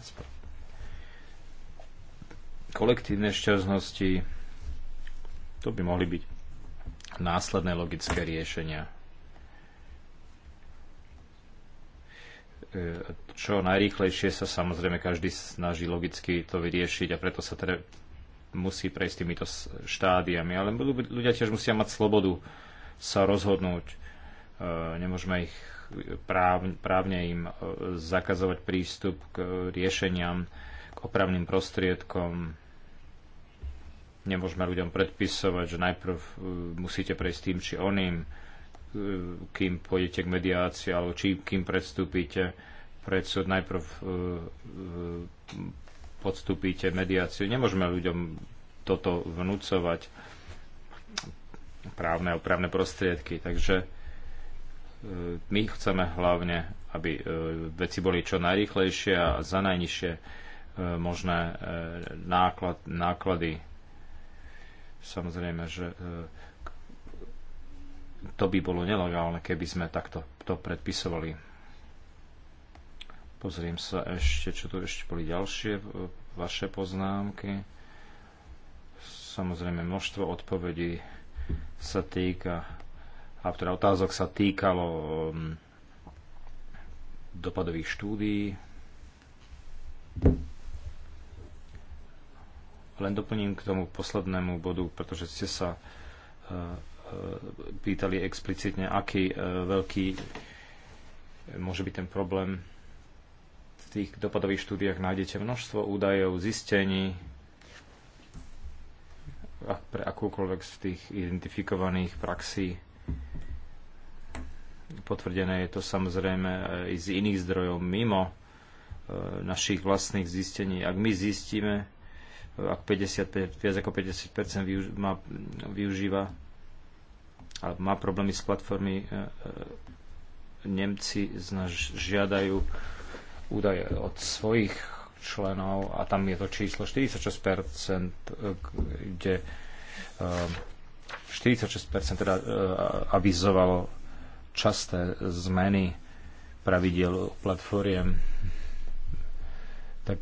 kolektívne šťastnosti. To by mohli byť následné logické riešenia. E, čo najrýchlejšie sa samozrejme každý snaží logicky to vyriešiť a preto sa teda musí prejsť týmito štádiami. Ale ľudia tiež musia mať slobodu sa rozhodnúť E, nemôžeme ich právne im e, zakazovať prístup k riešeniam, k opravným prostriedkom. Nemôžeme ľuďom predpisovať, že najprv e, musíte prejsť tým či oným, kým pôjdete k mediácii, alebo či kým predstúpite pred súd, najprv podstúpite mediáciu. Nemôžeme ľuďom toto vnúcovať právne opravné prostriedky. Takže my chceme hlavne, aby e, veci boli čo najrychlejšie a za najnižšie e, možné e, náklad, náklady. Samozrejme, že to by bolo nelegálne, keby sme takto to predpisovali. Pozriem sa ešte, čo tu ešte boli ďalšie vaše poznámky. Samozrejme, množstvo odpovedí sa týka a teda otázok sa týkalo um, dopadových štúdií. Len doplním k tomu poslednému bodu, pretože ste sa uh, uh, pýtali explicitne, aký uh, veľký môže byť ten problém. V tých dopadových štúdiách nájdete množstvo údajov, zistení, pre akúkoľvek z tých identifikovaných praxí Potvrdené je to samozrejme e, i z iných zdrojov mimo e, našich vlastných zistení. Ak my zistíme, e, ak 50, viac ako 50% využ, má, využíva a má problémy s platformy, Nemci z nás žiadajú údaje od svojich členov a tam je to číslo 46%, kde 46% teda e, avizovalo časté zmeny pravidel platformiem. Tak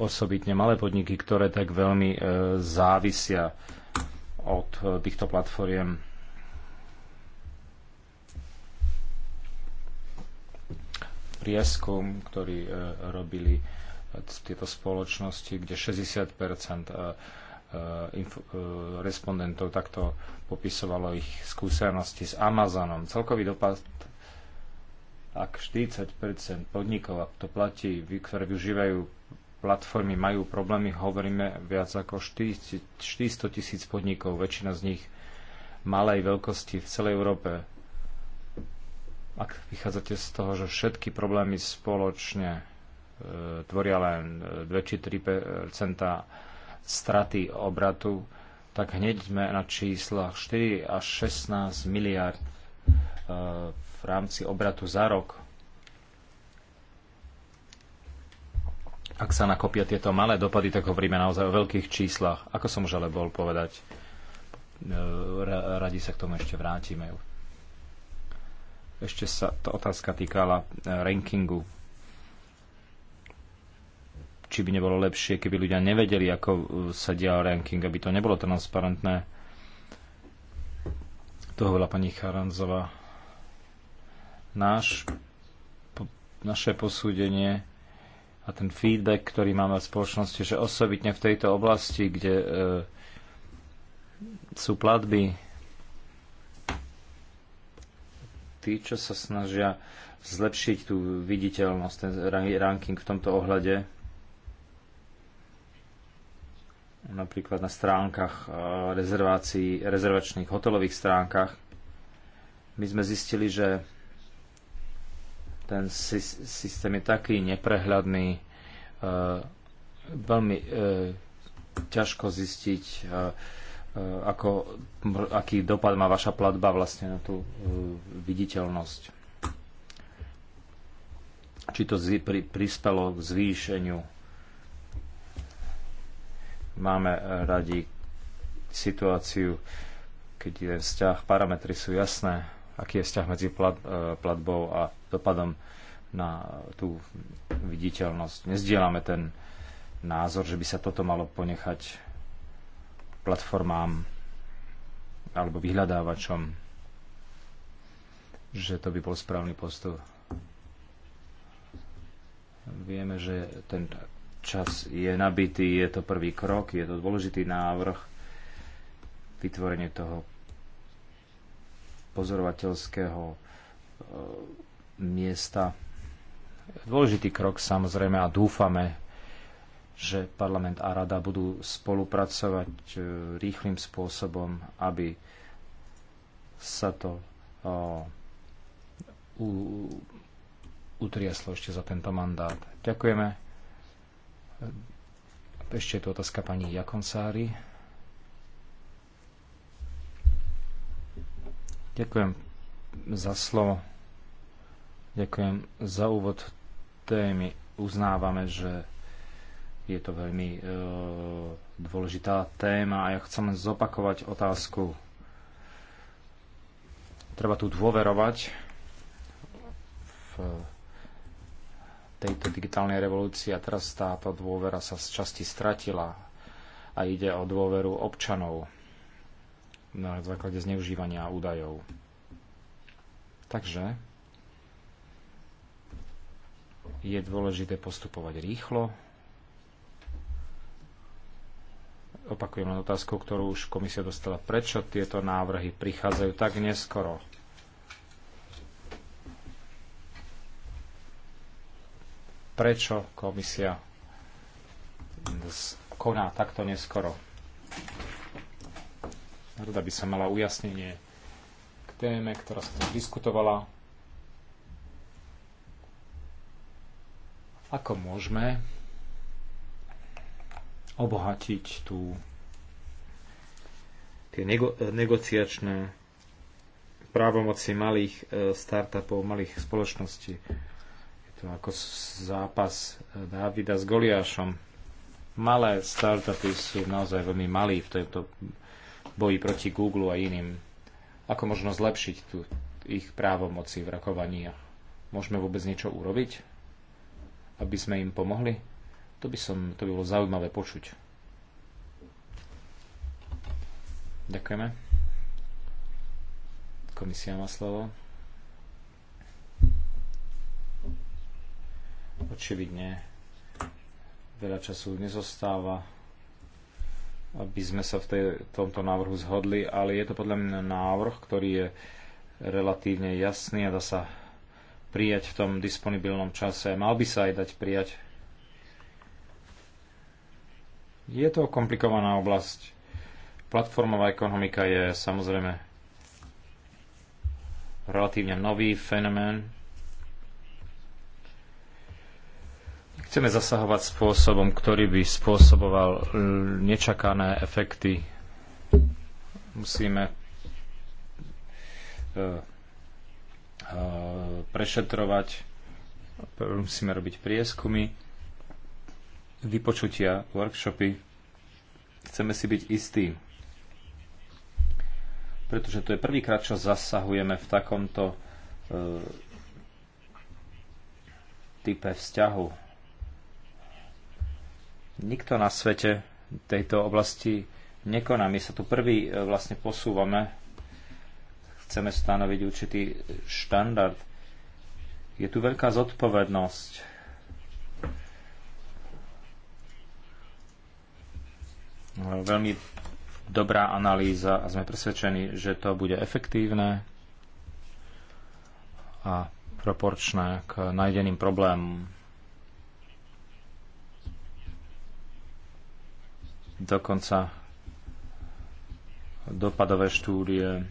osobitne malé podniky, ktoré tak veľmi e, závisia od e, týchto platformiem. Prieskum, ktorý robili tieto spoločnosti, kde 60 Eh, eh, respondentov takto popisovalo ich skúsenosti s Amazonom. Celkový dopad, ak 40 podnikov, ak to platí, ktoré využívajú platformy, majú problémy, hovoríme viac ako 400 tisíc podnikov, väčšina z nich malej veľkosti v celej Európe. Ak vychádzate z toho, že všetky problémy spoločne e, tvoria len 2 či 3 straty obratu, tak hneď sme na číslach 4 až 16 miliard eh, v rámci obratu za rok. Ak sa nakopia tieto malé dopady, tak hovoríme naozaj o veľkých číslach. Ako som už ale bol povedať, eh, radi sa k tomu ešte vrátime. Ešte sa tá otázka týkala eh, rankingu či by nebolo lepšie, keby ľudia nevedeli, ako e, sa dial ranking, aby to nebolo transparentné. To hovorila pani Charanzová. Náš, po, naše posúdenie a ten feedback, ktorý máme v spoločnosti, že osobitne v tejto oblasti, kde e, sú platby, tí, čo sa snažia zlepšiť tú viditeľnosť, ten ranking v tomto ohľade, napríklad na stránkach eh, rezervácií, rezervačných hotelových stránkach, my sme zistili, že ten systém je taký neprehľadný, eh, veľmi eh, ťažko zistiť, ako, aký dopad má vaša platba vlastne na tú viditeľnosť. Či to prispelo k zvýšeniu Máme e, radi situáciu, keď je vzťah, parametry sú jasné, aký je vzťah medzi plat, e, platbou a dopadom na tú viditeľnosť. Nezdielame ten názor, že by sa toto malo ponechať platformám alebo vyhľadávačom, že to by bol správny postup. Vieme, že ten čas je nabitý, je to prvý krok, je to dôležitý návrh vytvorenie toho pozorovateľského e, miesta. Dôležitý krok samozrejme a dúfame, že parlament a rada budú spolupracovať e, rýchlým spôsobom, aby sa to e, utriaslo ešte za tento mandát. Ďakujeme. Ešte je tu otázka pani Jakonsári. Ďakujem za slovo. Ďakujem za úvod témy. Uznávame, že je to veľmi e, dôležitá téma a ja chcem len zopakovať otázku. Treba tu dôverovať v tejto digitálnej revolúcii a teraz táto dôvera sa z časti stratila a ide o dôveru občanov na základe zneužívania údajov. Takže je dôležité postupovať rýchlo. Opakujem len otázku, ktorú už komisia dostala. Prečo tieto návrhy prichádzajú tak neskoro? prečo komisia koná takto neskoro. Rada by sa mala ujasnenie k téme, ktorá sa tu diskutovala. Ako môžeme obohatiť tú tie nego, negociačné právomoci malých e, startupov, malých spoločností to ako zápas Dávida s Goliášom. Malé startupy sú naozaj veľmi malí v tejto boji proti Google a iným. Ako možno zlepšiť tú, ich právomoci v rakovaní? Môžeme vôbec niečo urobiť, aby sme im pomohli? To by, som, to by bolo zaujímavé počuť. Ďakujeme. Komisia má slovo. Očividne veľa času nezostáva, aby sme sa v tej, tomto návrhu zhodli, ale je to podľa mňa návrh, ktorý je relatívne jasný a dá sa prijať v tom disponibilnom čase. Mal by sa aj dať prijať. Je to komplikovaná oblasť. Platformová ekonomika je samozrejme relatívne nový fenomén, Chceme zasahovať spôsobom, ktorý by spôsoboval nečakané efekty. Musíme e, e, prešetrovať, musíme robiť prieskumy, vypočutia, workshopy. Chceme si byť istí, pretože to je prvýkrát, čo zasahujeme v takomto e, type vzťahu Nikto na svete tejto oblasti nekoná. My sa tu prvý e, vlastne posúvame. Chceme stanoviť určitý štandard. Je tu veľká zodpovednosť. No, veľmi dobrá analýza a sme presvedčení, že to bude efektívne a proporčné k nájdeným problémom. dokonca dopadové štúdie.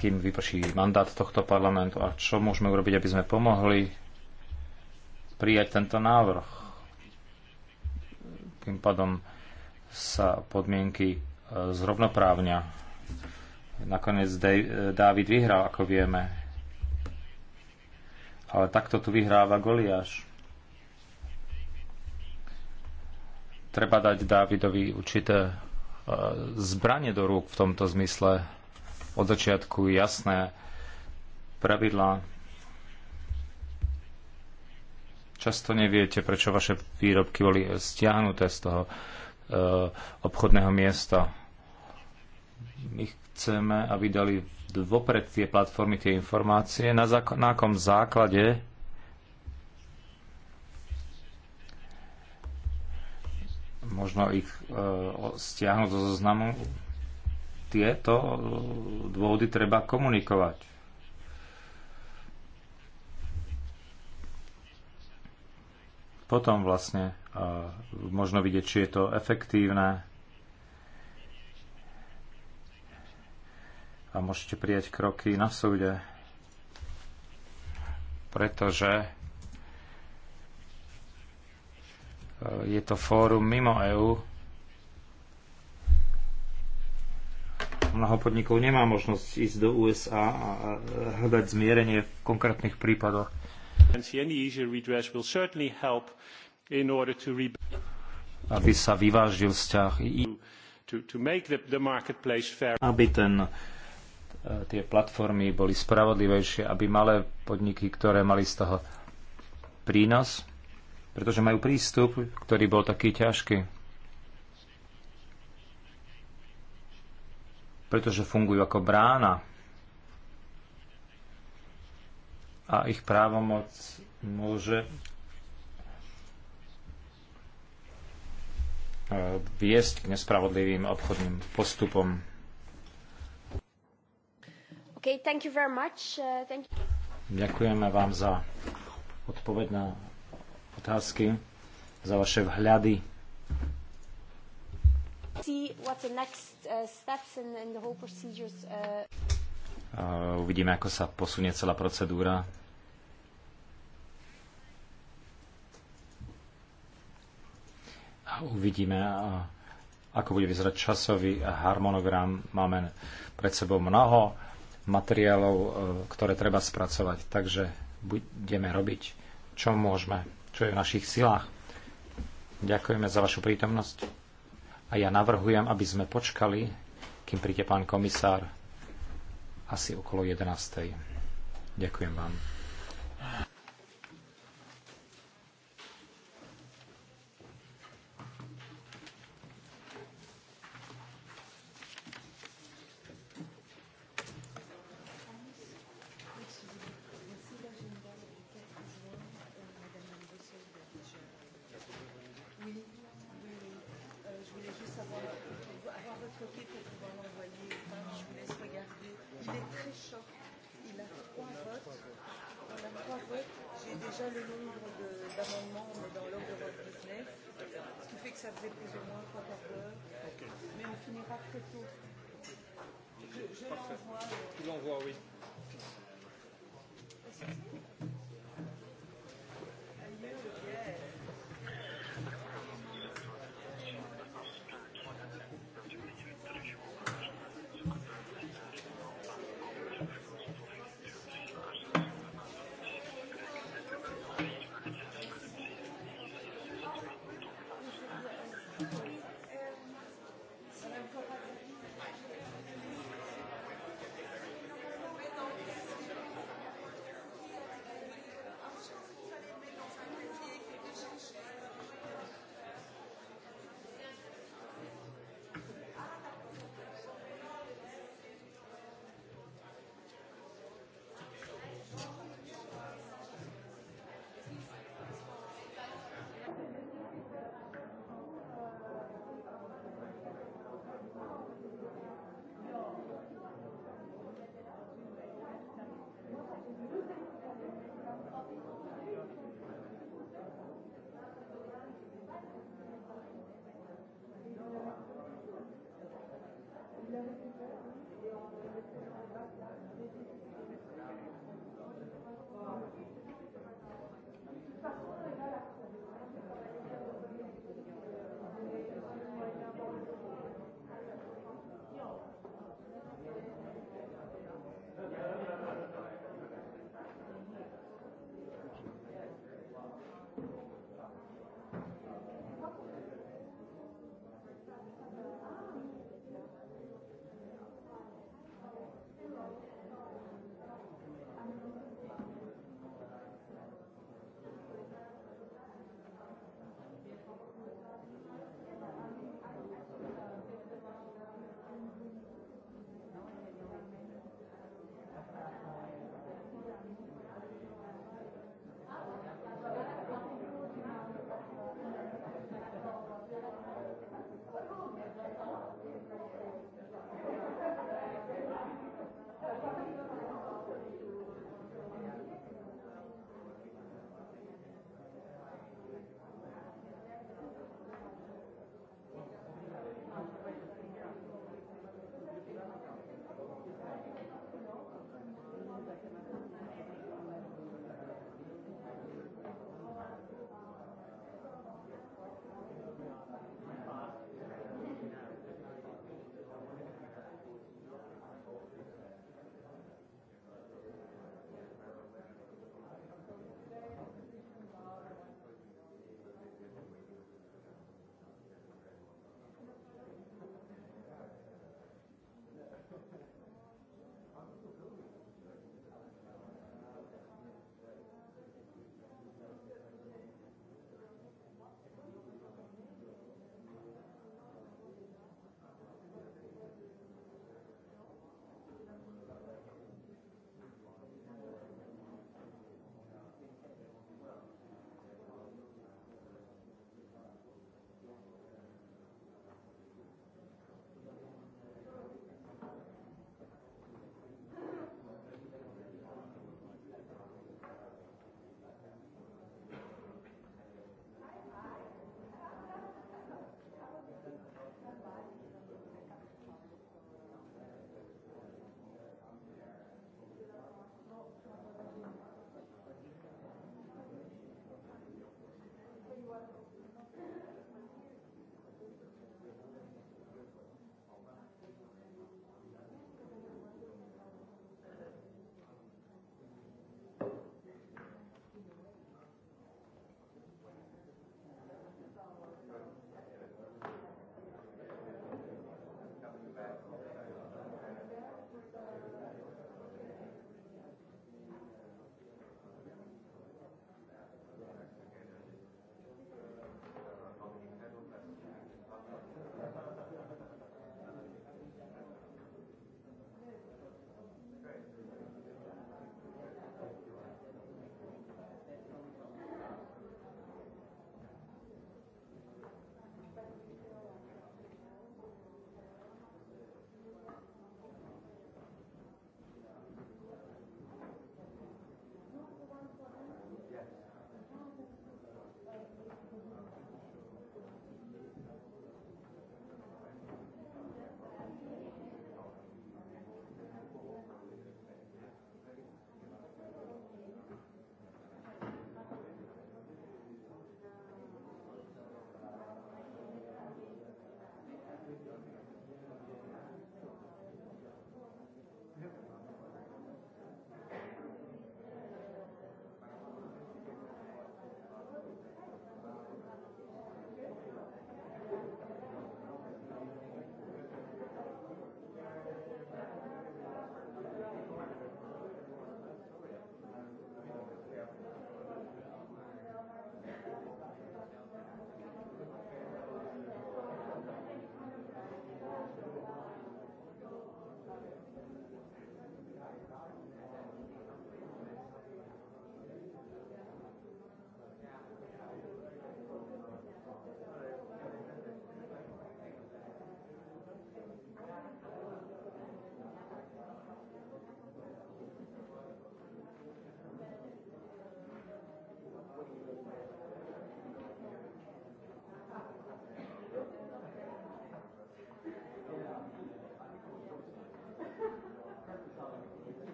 Kým vyprší mandát tohto parlamentu a čo môžeme urobiť, aby sme pomohli prijať tento návrh. Tým pádom sa podmienky e, zrovnoprávňa. Nakoniec David e, vyhral, ako vieme ale takto tu vyhráva Goliáš. Treba dať Dávidovi určité e, zbranie do rúk v tomto zmysle. Od začiatku jasné pravidlá. Často neviete, prečo vaše výrobky boli stiahnuté z toho e, obchodného miesta. My chceme, aby dali vopred tie platformy, tie informácie, na, zák- na akom základe možno ich e, stiahnuť zo zoznamu. Tieto e, dôvody treba komunikovať. Potom vlastne e, možno vidieť, či je to efektívne, a môžete prijať kroky na súde, pretože e, je to fórum mimo EÚ. Mnoho podnikov nemá možnosť ísť do USA a hľadať zmierenie v konkrétnych prípadoch. E aby sa vyvážil vzťah aby ten E, tie platformy boli spravodlivejšie, aby malé podniky, ktoré mali z toho prínos, pretože majú prístup, ktorý bol taký ťažký. Pretože fungujú ako brána. A ich právomoc môže e, viesť k nespravodlivým obchodným postupom. Okay, thank you very much. Uh, thank you. Ďakujeme vám za odpoveď na otázky, za vaše vhľady. Uh, uh, uvidíme, ako sa posunie celá procedúra. A uvidíme, ako bude vyzerať časový harmonogram. Máme pred sebou mnoho materiálov, e, ktoré treba spracovať. Takže budeme robiť, čo môžeme, čo je v našich silách. Ďakujeme za vašu prítomnosť a ja navrhujem, aby sme počkali, kým príde pán komisár asi okolo 11. Ďakujem vám.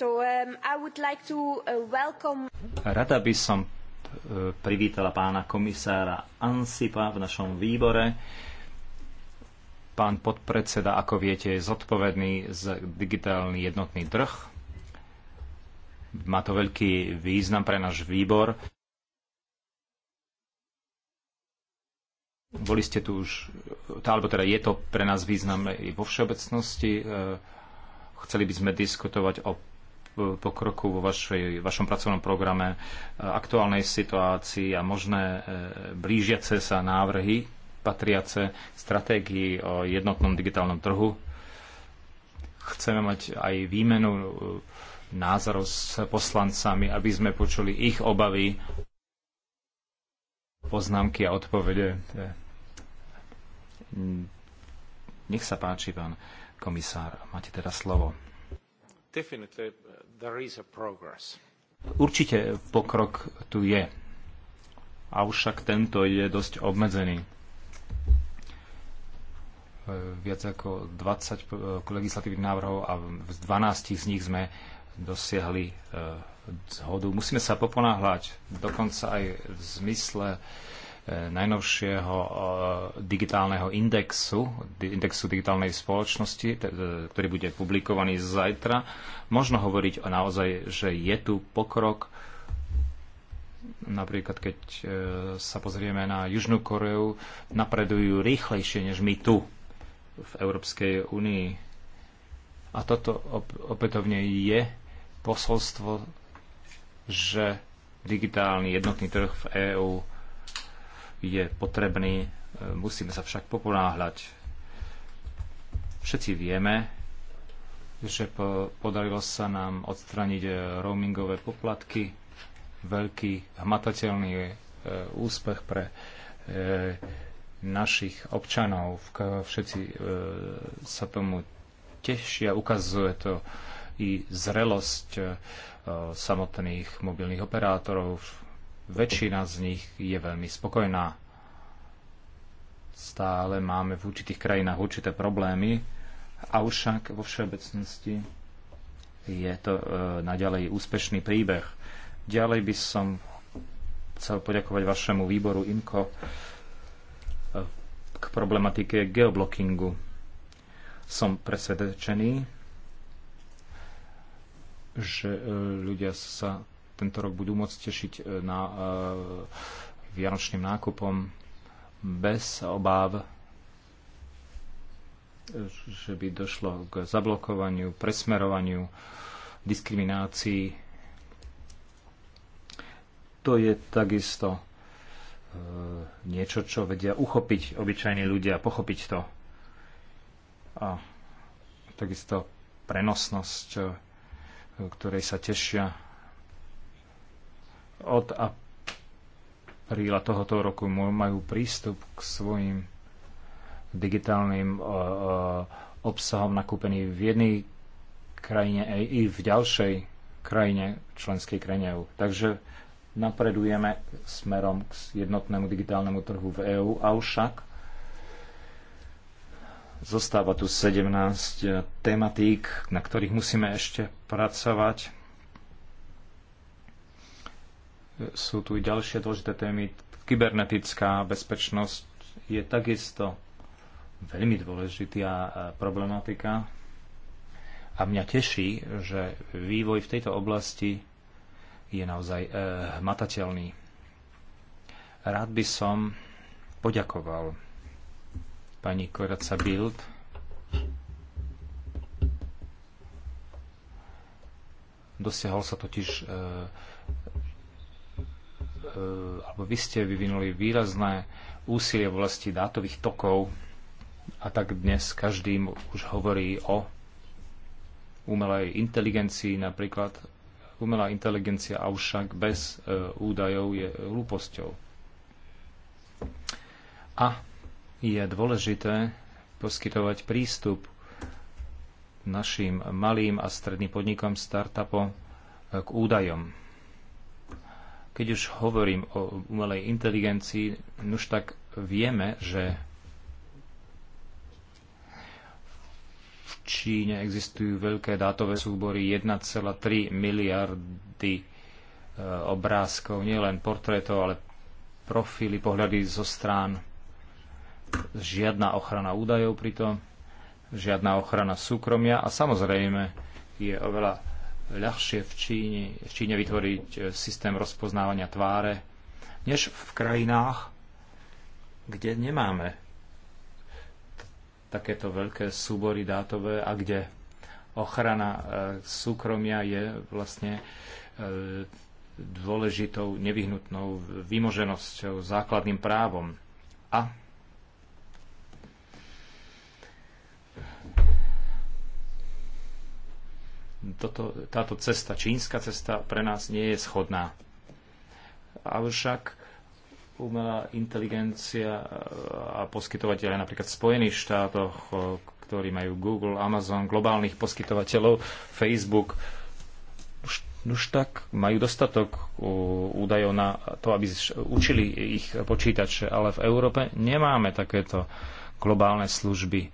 So, um, like to, uh, welcome... Rada by som e, privítala pána komisára Ansipa v našom výbore. Pán podpredseda, ako viete, je zodpovedný za digitálny jednotný trh. Má to veľký význam pre náš výbor. Boli ste tu už, e, alebo teda je to pre nás význam vo všeobecnosti. E, chceli by sme diskutovať o pokroku vo vašej, vašom pracovnom programe, e, aktuálnej situácii a možné e, blížiace sa návrhy patriace stratégii o jednotnom digitálnom trhu. Chceme mať aj výmenu e, názorov s poslancami, aby sme počuli ich obavy, poznámky a odpovede. Nech sa páči, pán komisár, máte teraz slovo. Uh, Určite pokrok tu je, avšak tento je dosť obmedzený. E, viac ako 20 e, legislatívnych návrhov a z 12 z nich sme dosiahli e, zhodu. Musíme sa poponáhľať, dokonca aj v zmysle E, najnovšieho e, digitálneho indexu, indexu digitálnej spoločnosti, e, ktorý bude publikovaný zajtra, možno hovoriť o naozaj, že je tu pokrok. Napríklad, keď sa pozrieme na Južnú Koreu, napredujú rýchlejšie než my tu v Európskej únii. A toto opätovne je posolstvo, že digitálny jednotný trh v EÚ je potrebný, e, musíme sa však poponáhľať. Všetci vieme, že podarilo sa nám odstraniť e, roamingové poplatky, veľký hmatateľný e, úspech pre našich občanov. Všetci sa tomu tešia, ukazuje to i zrelosť samotných mobilných operátorov väčšina z nich je veľmi spokojná. Stále máme v určitých krajinách určité problémy, avšak vo všeobecnosti je to e, naďalej úspešný príbeh. Ďalej by som chcel poďakovať vašemu výboru Inko e, k problematike geoblockingu. Som presvedčený, že e, ľudia sa tento rok budú môcť tešiť e, na e, vianočným nákupom bez obáv, e, že by došlo k zablokovaniu, presmerovaniu, diskriminácii. To je takisto niečo, čo vedia uchopiť obyčajní ľudia, pochopiť to. A takisto prenosnosť, ktorej sa tešia od apríla tohoto roku majú prístup k svojim digitálnym obsahom nakúpený v jednej krajine i v ďalšej krajine, členskej krajine EU. Takže napredujeme smerom k jednotnému digitálnemu trhu v EÚ, avšak zostáva tu 17 tematík, na ktorých musíme ešte pracovať sú tu i ďalšie dôležité témy. Kybernetická bezpečnosť je takisto veľmi dôležitá e, problematika. A mňa teší, že vývoj v tejto oblasti je naozaj eh, hmatateľný. Rád by som poďakoval pani Koraca Bild dosiahol sa totiž eh, Eh, alebo vy ste vyvinuli výrazné úsilie v oblasti dátových tokov a tak dnes každý už hovorí o umelej inteligencii napríklad. Umelá inteligencia avšak bez e, údajov je hlúposťou. A je dôležité poskytovať prístup našim malým a stredným podnikom, startupom eh, k údajom keď už hovorím o umelej inteligencii, už tak vieme, že v Číne existujú veľké dátové súbory 1,3 miliardy e, obrázkov, nielen portrétov, ale profily, pohľady zo strán. Žiadna ochrana údajov pritom, žiadna ochrana súkromia a samozrejme je oveľa ľahšie v Číne, v Číne vytvoriť e, systém rozpoznávania tváre, než v krajinách, kde nemáme takéto veľké súbory dátové a kde ochrana e, súkromia je vlastne e, dôležitou, nevyhnutnou vymoženosťou, základným právom. A toto, táto cesta, čínska cesta, pre nás nie je schodná. Avšak umelá inteligencia e, a poskytovateľe napríklad v Spojených štátoch, e, ktorí majú Google, Amazon, globálnych poskytovateľov, Facebook, už tak majú dostatok e, údajov na to, aby učili ich počítače, ale v Európe nemáme takéto globálne služby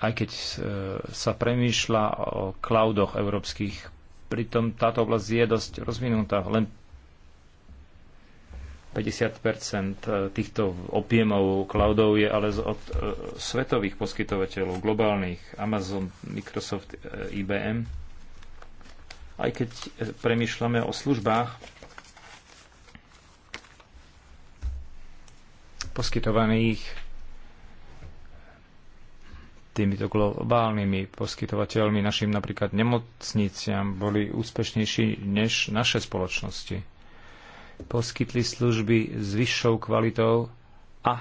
aj keď e, sa premýšľa o cloudoch európskych, pritom táto oblasť je dosť rozvinutá. Len 50 e, týchto opiemov cloudov je ale od e, svetových poskytovateľov, globálnych, Amazon, Microsoft, IBM. Aj keď premýšľame o službách poskytovaných týmito globálnymi poskytovateľmi, našim napríklad nemocniciam, boli úspešnejší než naše spoločnosti. Poskytli služby s vyššou kvalitou a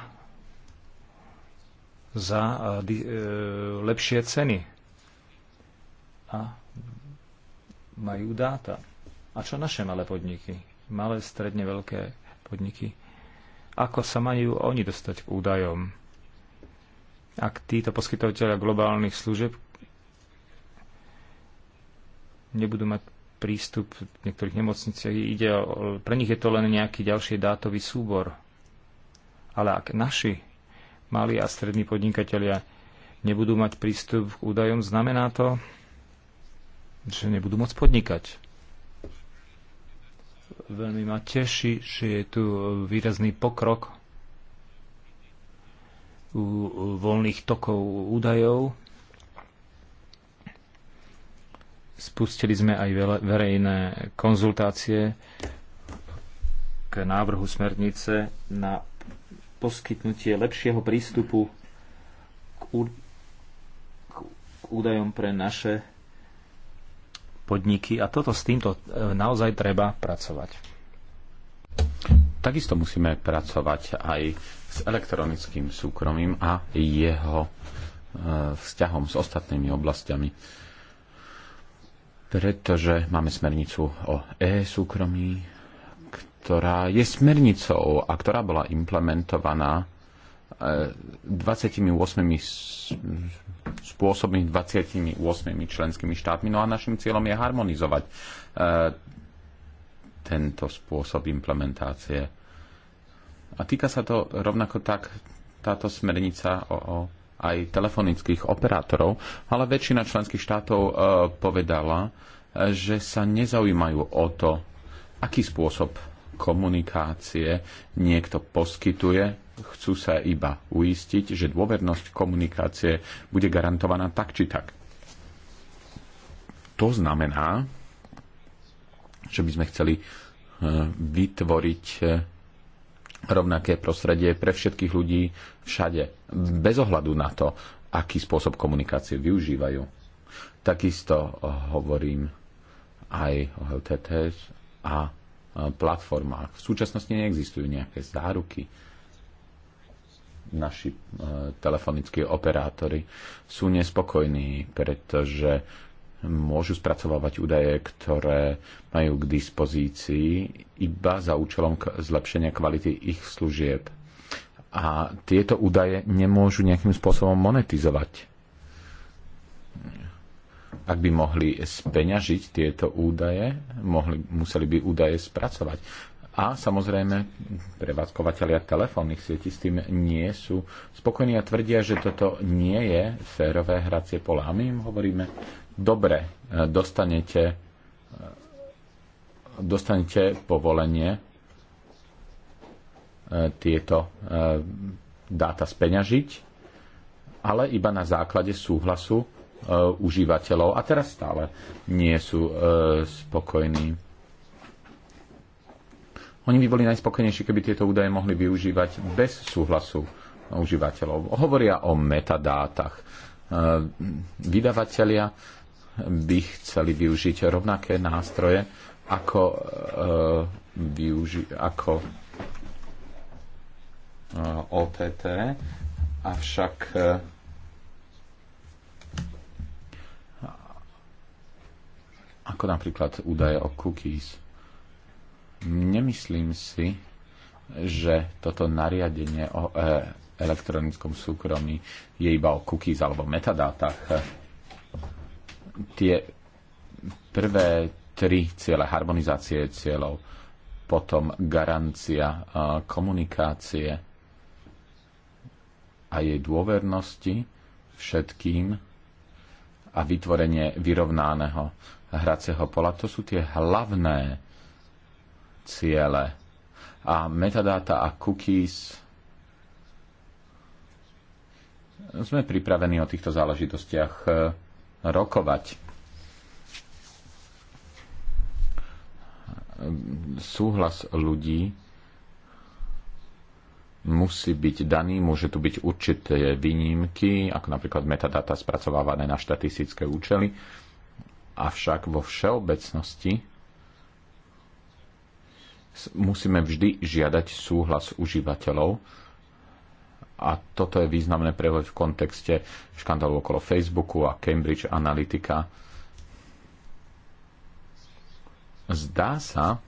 za e, lepšie ceny. A majú dáta. A čo naše malé podniky? Malé, stredne veľké podniky. Ako sa majú oni dostať k údajom? ak títo poskytovateľia globálnych služieb nebudú mať prístup v niektorých nemocniciach. Ide o, pre nich je to len nejaký ďalší dátový súbor. Ale ak naši malí a strední podnikatelia nebudú mať prístup k údajom, znamená to, že nebudú môcť podnikať. Veľmi ma teší, že je tu výrazný pokrok voľných tokov údajov. Spustili sme aj verejné konzultácie k návrhu smernice na poskytnutie lepšieho prístupu k, k údajom pre naše podniky a toto s týmto e, naozaj treba pracovať. Takisto musíme pracovať aj s elektronickým súkromím a jeho e, vzťahom s ostatnými oblastiami. Pretože máme smernicu o e-súkromí, ktorá je smernicou a ktorá bola implementovaná 28 e, spôsobmi 28 členskými štátmi. No a našim cieľom je harmonizovať e, tento spôsob implementácie a týka sa to rovnako tak táto smernica o, o aj telefonických operátorov, ale väčšina členských štátov e, povedala, e, že sa nezaujímajú o to, aký spôsob komunikácie niekto poskytuje, chcú sa iba uistiť, že dôvernosť komunikácie bude garantovaná tak či tak. To znamená, že by sme chceli e, vytvoriť e, rovnaké prostredie pre všetkých ľudí všade, bez ohľadu na to, aký spôsob komunikácie využívajú. Takisto hovorím aj o LTTS a e, platformách. V súčasnosti neexistujú nejaké záruky. Naši e, telefonickí operátori sú nespokojní, pretože môžu spracovávať údaje, ktoré majú k dispozícii iba za účelom zlepšenia kvality ich služieb. A tieto údaje nemôžu nejakým spôsobom monetizovať. Ak by mohli speňažiť tieto údaje, mohli, museli by údaje spracovať. A samozrejme, prevádzkovateľia telefónnych sietí s tým nie sú spokojní a tvrdia, že toto nie je férové hracie pole. A my im hovoríme, dobre e, dostanete, e, dostanete povolenie e, tieto dáta speňažiť, ale iba na základe súhlasu užívateľov a teraz stále nie sú spokojní. Oni by boli najspokojnejší, keby tieto údaje mohli využívať bez súhlasu užívateľov. Hovoria o metadátach. Vydavatelia by chceli využiť rovnaké nástroje, ako, e, využi- ako e, OTT, avšak e, ako napríklad údaje o cookies. Nemyslím si, že toto nariadenie o e, elektronickom súkromí je iba o cookies alebo metadátach tie prvé tri ciele, harmonizácie cieľov, potom garancia komunikácie a jej dôvernosti všetkým a vytvorenie vyrovnaného hracieho pola. To sú tie hlavné ciele. A metadata a cookies sme pripravení o týchto záležitostiach e, rokovať. Súhlas ľudí musí byť daný, môže tu byť určité výnimky, ako napríklad metadata spracovávané na štatistické účely, avšak vo všeobecnosti musíme vždy žiadať súhlas užívateľov, a toto je významné prehoď v kontexte škandálu okolo Facebooku a Cambridge Analytica. Zdá sa,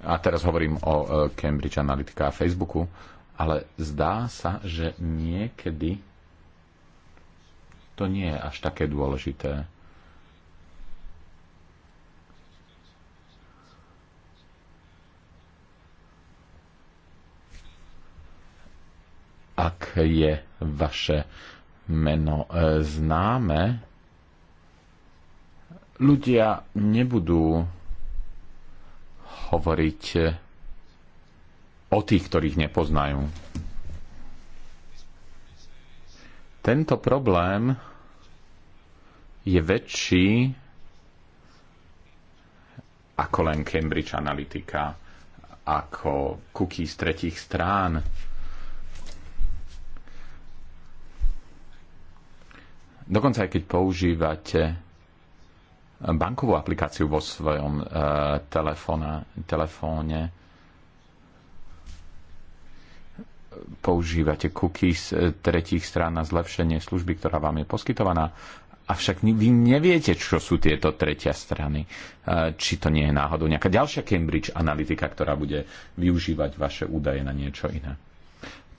a teraz hovorím o e, Cambridge Analytica a Facebooku, ale zdá sa, že niekedy to nie je až také dôležité. ak je vaše meno e, známe, ľudia nebudú hovoriť o tých, ktorých nepoznajú. Tento problém je väčší ako len Cambridge Analytica, ako cookies tretich strán Dokonca aj keď používate bankovú aplikáciu vo svojom e, telefóne, používate cookies eh, tretích strán na zlepšenie služby, ktorá vám je poskytovaná, avšak vy neviete, čo sú tieto tretia strany. Eh, či to nie je náhodou nejaká ďalšia Cambridge analytika, ktorá bude využívať vaše údaje na niečo iné.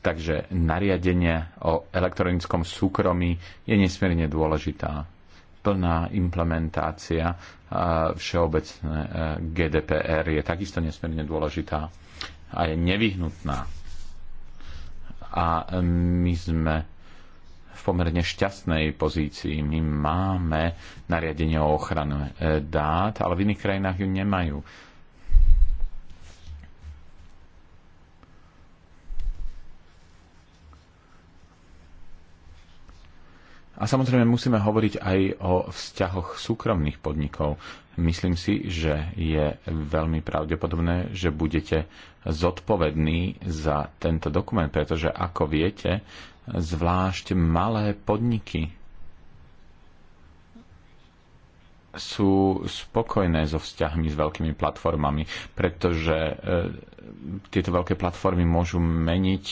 Takže nariadenie o elektronickom súkromí je nesmierne dôležitá. Plná implementácia všeobecné e, GDPR je takisto nesmierne dôležitá a je nevyhnutná. A e, my sme v pomerne šťastnej pozícii. My máme nariadenie o ochrane e, dát, ale v iných krajinách ju nemajú A samozrejme musíme hovoriť aj o vzťahoch súkromných podnikov. Myslím si, že je veľmi pravdepodobné, že budete zodpovední za tento dokument, pretože ako viete, zvlášť malé podniky sú spokojné so vzťahmi s veľkými platformami, pretože e, tieto veľké platformy môžu meniť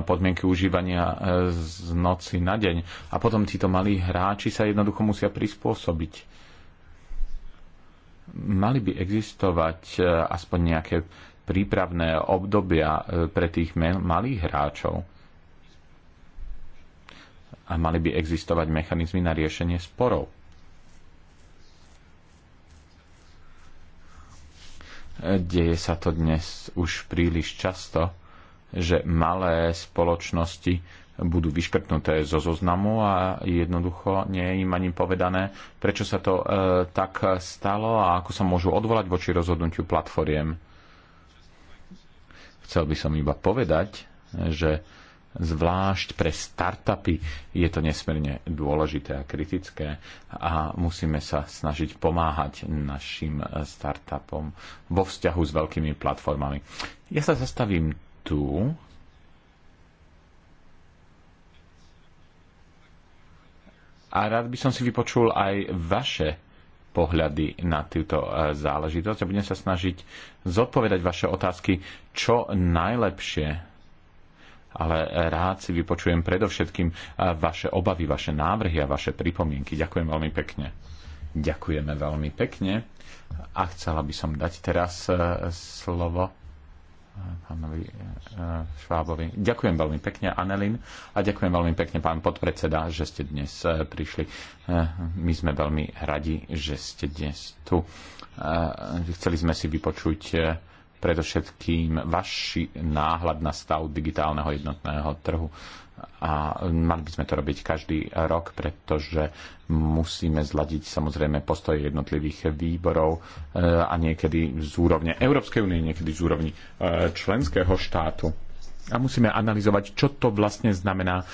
podmienky užívania e, z noci na deň. A potom títo malí hráči sa jednoducho musia prispôsobiť. Mali by existovať e, aspoň nejaké prípravné obdobia e, pre tých malých hráčov. A mali by existovať mechanizmy na riešenie sporov. Deje sa to dnes už príliš často že malé spoločnosti budú vyškrtnuté zo zoznamu a jednoducho nie je im ani povedané, prečo sa to e, tak stalo a ako sa môžu odvolať voči rozhodnutiu platformiem. Chcel by som iba povedať, že zvlášť pre startupy je to nesmierne dôležité a kritické a musíme sa snažiť pomáhať našim startupom vo vzťahu s veľkými platformami. Ja sa zastavím tu. A rád by som si vypočul aj vaše pohľady na túto e, záležitosť a budem sa snažiť zodpovedať vaše otázky čo najlepšie. Ale rád si vypočujem predovšetkým e, vaše obavy, vaše návrhy a vaše pripomienky. Ďakujem veľmi pekne. Ďakujeme veľmi pekne. A chcela by som dať teraz e, slovo pánovi eh, Švábovi. Ďakujem veľmi pekne, Anelin, a ďakujem veľmi pekne, pán podpredseda, že ste dnes eh, prišli. Eh, my sme veľmi radi, že ste dnes tu. Chceli sme si vypočuť predovšetkým vaš náhľad na stav digitálneho jednotného trhu. A mali by sme to robiť každý rok, pretože musíme zladiť samozrejme postoje jednotlivých výborov e, a niekedy z úrovne Európskej únie, niekedy z úrovni e, členského štátu a musíme analyzovať, čo to vlastne znamená e,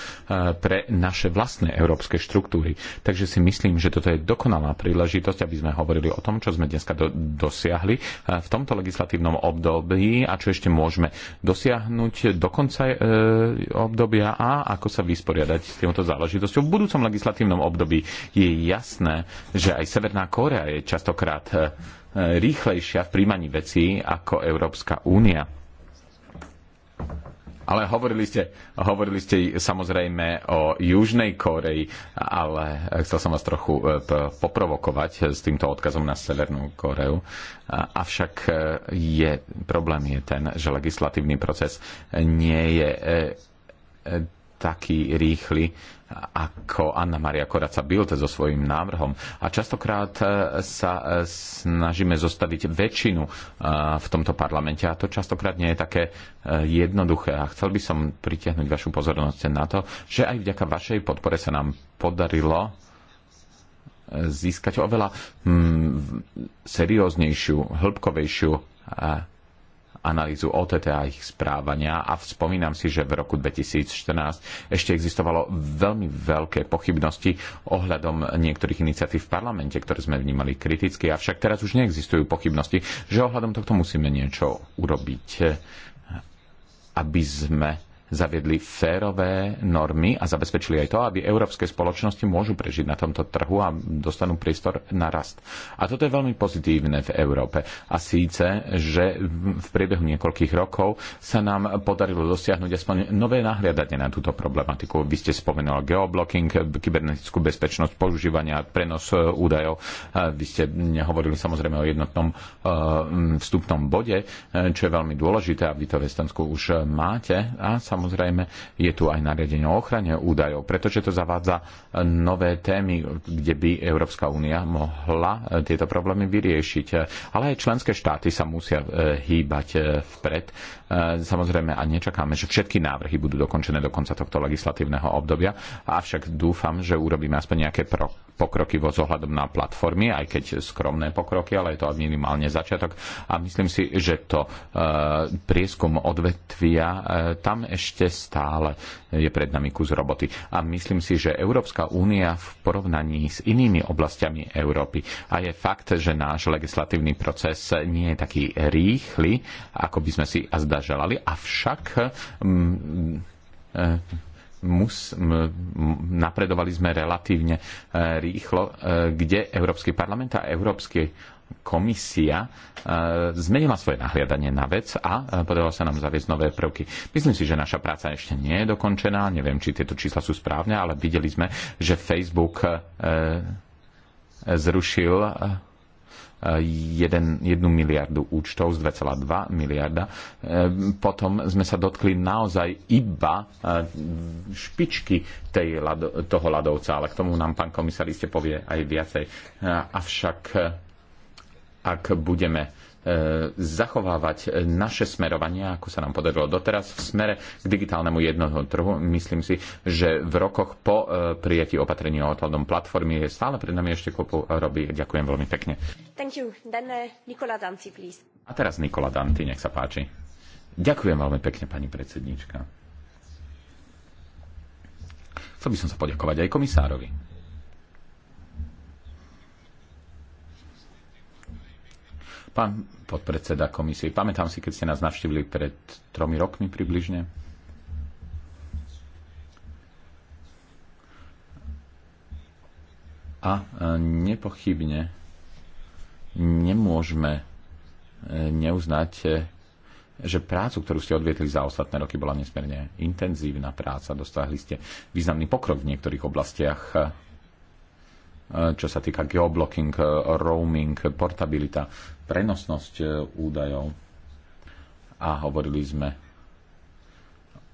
pre naše vlastné európske štruktúry. Takže si myslím, že toto je dokonalá príležitosť, aby sme hovorili o tom, čo sme dneska do, dosiahli e, v tomto legislatívnom období a čo ešte môžeme dosiahnuť do konca e, obdobia a ako sa vysporiadať s týmto záležitosťou. V budúcom legislatívnom období je jasné, že aj Severná Kórea je častokrát e, rýchlejšia v príjmaní vecí ako Európska únia ale hovorili ste, hovorili ste samozrejme o Južnej Koreji, ale chcel som vás trochu e, poprovokovať s týmto odkazom na Severnú Koreu. Avšak e, je, problém je ten, že legislatívny proces nie je e, taký rýchly ako Anna Maria Koraca Bilte so svojím návrhom. A častokrát e, sa e, snažíme zostaviť väčšinu e, v tomto parlamente a to častokrát nie je také jednoduché. A chcel by som pritiahnuť vašu pozornosť na to, že aj vďaka vašej podpore sa nám podarilo získať oveľa mm, serióznejšiu, hĺbkovejšiu analýzu OTT a ich správania a spomínam si, že v roku 2014 ešte existovalo veľmi veľké pochybnosti ohľadom niektorých iniciatív v parlamente, ktoré sme vnímali kriticky, avšak teraz už neexistujú pochybnosti, že ohľadom tohto musíme niečo urobiť, aby sme zaviedli férové normy a zabezpečili aj to, aby európske spoločnosti môžu prežiť na tomto trhu a dostanú priestor na rast. A toto je veľmi pozitívne v Európe. A síce, že v priebehu niekoľkých rokov sa nám podarilo dosiahnuť aspoň nové nahliadanie na túto problematiku. Vy ste spomenuli geoblocking, kybernetickú bezpečnosť používania, prenos e, údajov. E, vy ste nehovorili samozrejme o jednotnom e, vstupnom bode, čo je veľmi dôležité a vy to v Estonsku už máte. A samozrejme samozrejme je tu aj nariadenie o ochrane údajov, pretože to zavádza e, nové témy, kde by Európska únia mohla e, tieto problémy vyriešiť. E, ale aj členské štáty sa musia hýbať vpred. Samozrejme, a nečakáme, že všetky návrhy budú dokončené do konca tohto legislatívneho obdobia, avšak dúfam, že urobíme aspoň nejaké pro- pokroky vo zohľadom na platformy, aj keď skromné pokroky, ale je to minimálne začiatok. A myslím si, že to prieskum odvetvia tam ešte ešte stále je pred nami kus roboty. A myslím si, že Európska únia v porovnaní s inými oblastiami Európy a je fakt, že náš legislatívny proces nie je taký rýchly, ako by sme si zda želali, avšak m- mm, m- mm, mus, m, mm, napredovali sme relatívne e, rýchlo, e, kde Európsky parlament a Európsky komisia e, zmenila svoje nahliadanie na vec a e, podarilo sa nám zaviesť nové prvky. Myslím si, že naša práca ešte nie je dokončená. Neviem, či tieto čísla sú správne, ale videli sme, že Facebook e, zrušil jeden, jednu miliardu účtov z 2,2 miliarda. Potom sme sa dotkli naozaj iba špičky tej, toho ľadovca, ale k tomu nám pán komisár iste povie aj viacej. Avšak ak budeme e, zachovávať naše smerovania, ako sa nám podarilo doteraz, v smere k digitálnemu jednotnému trhu. Myslím si, že v rokoch po e, prijatí opatrení o odhľadom platformy je stále pred nami ešte kopu robí. Ďakujem veľmi pekne. Thank you. Then, uh, Nikola Danti, please. A teraz Nikola Danti, nech sa páči. Ďakujem veľmi pekne, pani predsednička. Chcel by som sa poďakovať aj komisárovi. Pán podpredseda komisie, pamätám si, keď ste nás navštívili pred tromi rokmi približne. A e, nepochybne nemôžeme e, neuznať, e, že prácu, ktorú ste odvietli za ostatné roky, bola nesmierne intenzívna práca. Dostahli ste významný pokrok v niektorých oblastiach čo sa týka geoblocking, roaming, portabilita, prenosnosť e, údajov. A hovorili sme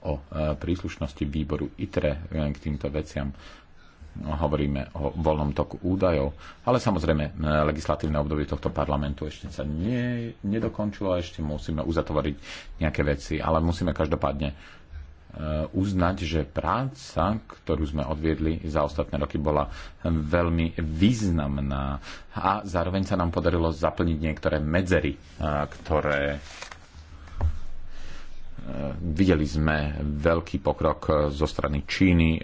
o e, príslušnosti výboru ITRE e, k týmto veciam. Hovoríme o voľnom toku údajov, ale samozrejme legislatívne obdobie tohto parlamentu ešte sa nie, nedokončilo a ešte musíme uzatvoriť nejaké veci, ale musíme každopádne Eh, uznať, že práca, ktorú sme odviedli za ostatné roky, bola veľmi významná a zároveň sa nám podarilo zaplniť niektoré medzery, eh, ktoré eh, videli sme veľký pokrok zo strany Číny,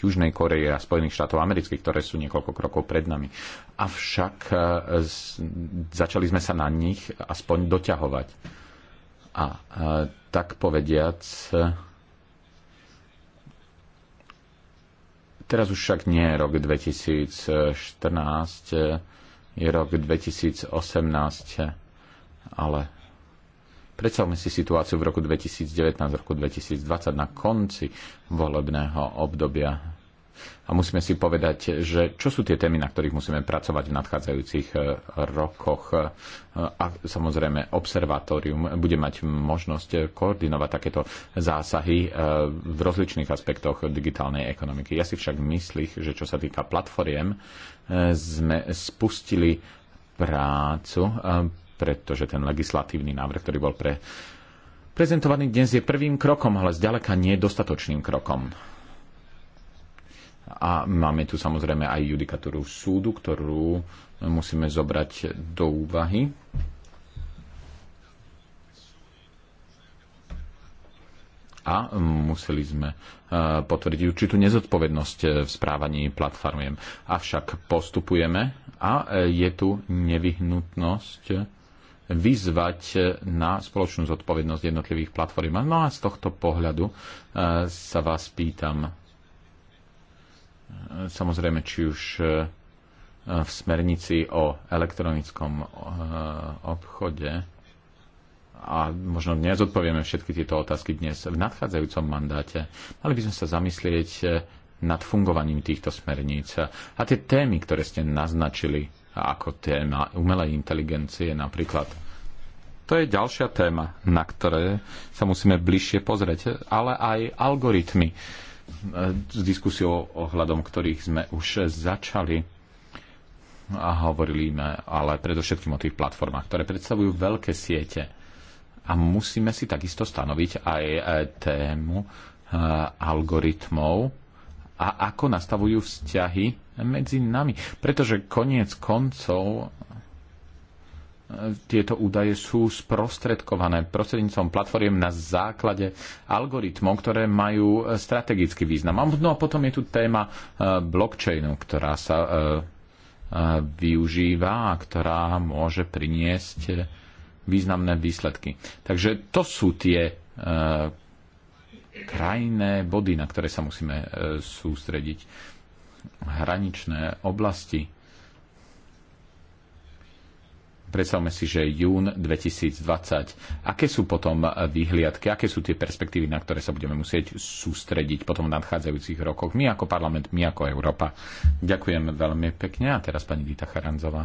Južnej Koreje a Spojených štátov amerických, ktoré sú niekoľko krokov pred nami. Avšak začali sme sa na nich aspoň doťahovať. A tak povediac, Teraz už však nie je rok 2014, je rok 2018, ale predstavme si situáciu v roku 2019, roku 2020 na konci volebného obdobia a musíme si povedať, že čo sú tie témy, na ktorých musíme pracovať v nadchádzajúcich e, rokoch. E, a samozrejme, observatórium bude mať možnosť koordinovať takéto zásahy e, v rozličných aspektoch digitálnej ekonomiky. Ja si však myslím, že čo sa týka platformiem, sme spustili prácu, pretože ten legislatívny návrh, ktorý bol pre prezentovaný dnes, je prvým krokom, ale zďaleka nie dostatočným krokom. A máme tu samozrejme aj judikatúru súdu, ktorú musíme zobrať do úvahy. a museli sme e, potvrdiť určitú nezodpovednosť e, v správaní platformiem. Avšak postupujeme a e, je tu nevyhnutnosť vyzvať na spoločnú zodpovednosť jednotlivých platform. No a z tohto pohľadu sa vás pýtam, Samozrejme, či už e, v smernici o elektronickom e, obchode a možno dnes odpovieme všetky tieto otázky dnes v nadchádzajúcom mandáte. Mali by sme sa zamyslieť e, nad fungovaním týchto smerníc a tie témy, ktoré ste naznačili ako téma umelej inteligencie napríklad. To je ďalšia téma, na ktoré sa musíme bližšie pozrieť, ale aj algoritmy s diskusiou ohľadom ktorých sme už začali a hovorili sme ale predovšetkým o tých platformách, ktoré predstavujú veľké siete. A musíme si takisto stanoviť aj e, tému e, algoritmov a ako nastavujú vzťahy medzi nami. Pretože koniec koncov tieto údaje sú sprostredkované prostredníctvom platformiem na základe algoritmov, ktoré majú e, strategický význam. No a potom je tu téma e, blockchainu, ktorá sa e, využíva a ktorá môže priniesť významné výsledky. Takže to sú tie krajné body, na ktoré sa musíme sústrediť. Hraničné oblasti predstavme si, že jún 2020. Aké sú potom e, výhliadky, aké sú tie perspektívy, na ktoré sa budeme musieť sústrediť potom v nadchádzajúcich rokoch? My ako parlament, my ako Európa. Ďakujem veľmi pekne. A teraz pani Dita Charanzová.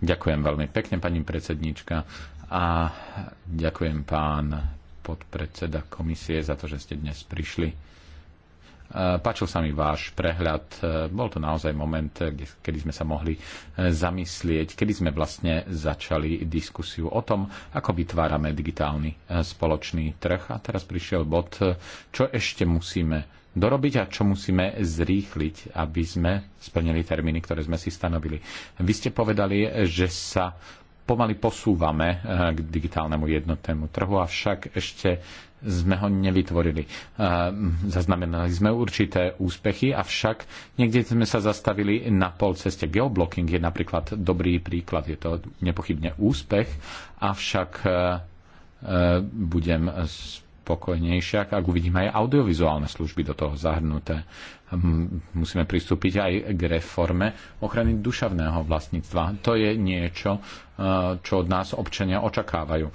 Ďakujem veľmi pekne, pani predsedníčka. A ďakujem pán podpredseda komisie za to, že ste dnes prišli Eh, páčil sa mi váš prehľad. Eh, bol to naozaj moment, eh, kedy sme sa mohli zamyslieť, kedy sme vlastne začali diskusiu o tom, ako vytvárame digitálny spoločný trh. A teraz prišiel bod, čo ešte musíme dorobiť a čo musíme zrýchliť, aby sme splnili termíny, ktoré sme si stanovili. Vy ste povedali, že sa pomaly posúvame k digitálnemu jednotnému trhu, avšak ešte sme ho nevytvorili. Hm, zaznamenali sme určité úspechy, avšak niekde sme sa zastavili na pol ceste. Geoblocking je napríklad dobrý príklad, je to nepochybne úspech, avšak e, e, budem spokojnejšia, ak uvidím aj audiovizuálne služby do toho zahrnuté musíme pristúpiť aj k reforme ochrany duševného vlastníctva. To je niečo, e, čo od nás občania očakávajú. E,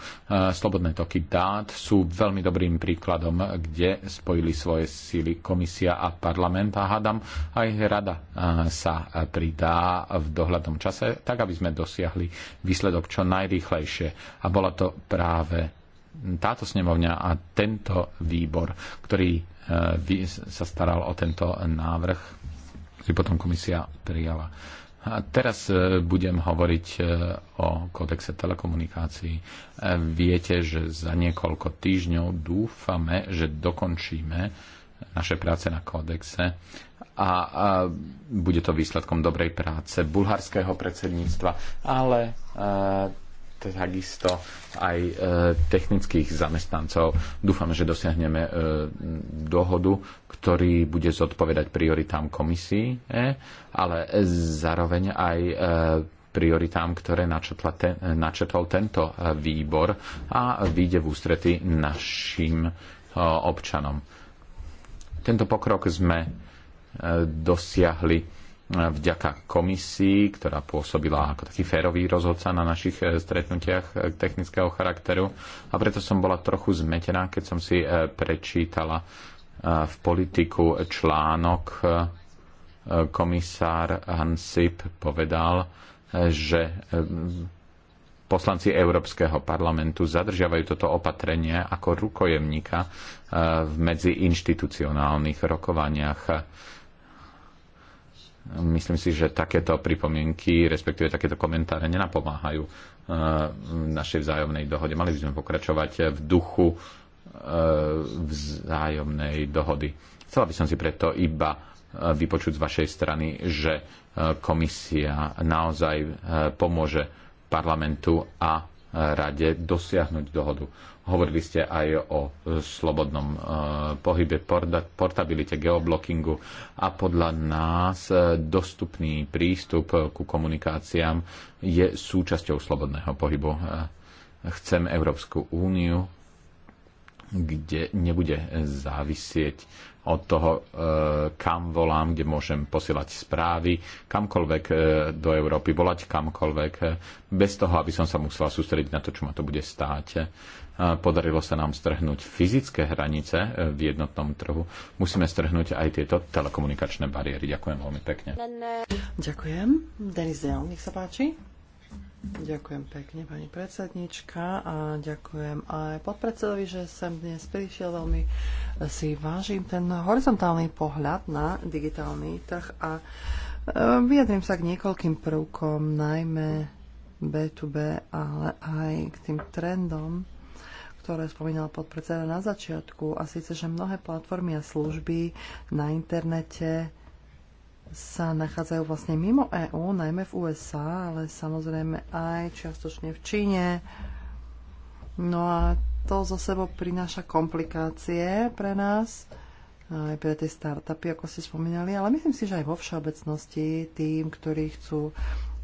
Slobodné toky dát sú veľmi dobrým príkladom, kde spojili svoje síly komisia a parlament a hádam aj rada e, sa pridá v dohľadnom čase, tak aby sme dosiahli výsledok čo najrýchlejšie. A bola to práve táto snemovňa a tento výbor, ktorý Eh, sa staral o tento návrh, ktorý potom komisia prijala. A teraz eh, budem hovoriť eh, o kodexe telekomunikácií. Viete, že za niekoľko týždňov dúfame, že dokončíme naše práce na kódexe a, a bude to výsledkom dobrej práce bulharského predsedníctva, ale e, takisto aj e, technických zamestnancov. Dúfam, že dosiahneme e, dohodu, ktorý bude zodpovedať prioritám komisii, e, ale zároveň aj prioritám, ktoré načetla ten, načetol tento výbor a vyjde v ústrety našim občanom. Tento pokrok sme dosiahli vďaka komisii, ktorá pôsobila ako taký férový rozhodca na našich eh, stretnutiach eh, technického charakteru. A preto som bola trochu zmetená, keď som si eh, prečítala v politiku článok komisár Hansip povedal, že poslanci Európskeho parlamentu zadržiavajú toto opatrenie ako rukojemníka v medziinštitucionálnych rokovaniach Myslím si, že takéto pripomienky, respektíve takéto komentáre nenapomáhajú e, našej vzájomnej dohode. Mali by sme pokračovať v duchu e, vzájomnej dohody. Chcela by som si preto iba e, vypočuť z vašej strany, že komisia naozaj pomôže parlamentu a rade dosiahnuť dohodu. Hovorili ste aj o e, slobodnom e, pohybe, portabilite, geoblockingu a podľa nás e, dostupný prístup ku komunikáciám je súčasťou slobodného pohybu. Chcem Európsku úniu, kde nebude závisieť od toho, kam volám, kde môžem posielať správy, kamkoľvek do Európy, volať kamkoľvek, bez toho, aby som sa musela sústrediť na to, čo ma to bude stáť. Podarilo sa nám strhnúť fyzické hranice e, v jednotnom trhu. Musíme strhnúť aj tieto telekomunikačné bariéry. Ďakujem veľmi pekne. Ďakujem. Denis Deon, nech sa páči. Ďakujem pekne, pani predsednička a ďakujem aj podpredsedovi, že sem dnes prišiel. Veľmi si vážim ten horizontálny pohľad na digitálny trh a e, vyjadrím sa k niekoľkým prvkom, najmä B2B, ale aj k tým trendom, ktoré spomínal podpredseda na začiatku, a síce, že mnohé platformy a služby na internete sa nachádzajú vlastne mimo EÚ, najmä v USA, ale samozrejme aj čiastočne v Číne. No a to zo sebou prináša komplikácie pre nás, aj pre tie startupy, ako ste spomínali, ale myslím si, že aj vo všeobecnosti tým, ktorí chcú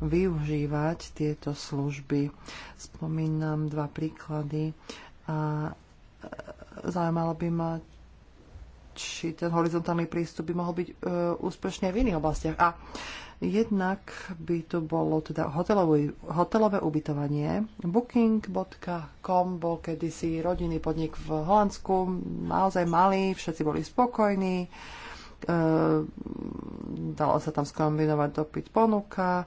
využívať tieto služby. Spomínam dva príklady. A e, zaujímalo by ma, či ten horizontálny prístup by mohol byť e, úspešne úspešný aj v iných oblastiach. A jednak by to bolo teda hotelové, hotelové ubytovanie. Booking.com bol kedysi rodinný podnik v Holandsku, naozaj malý, všetci boli spokojní. E, dalo sa tam skombinovať dopyt ponuka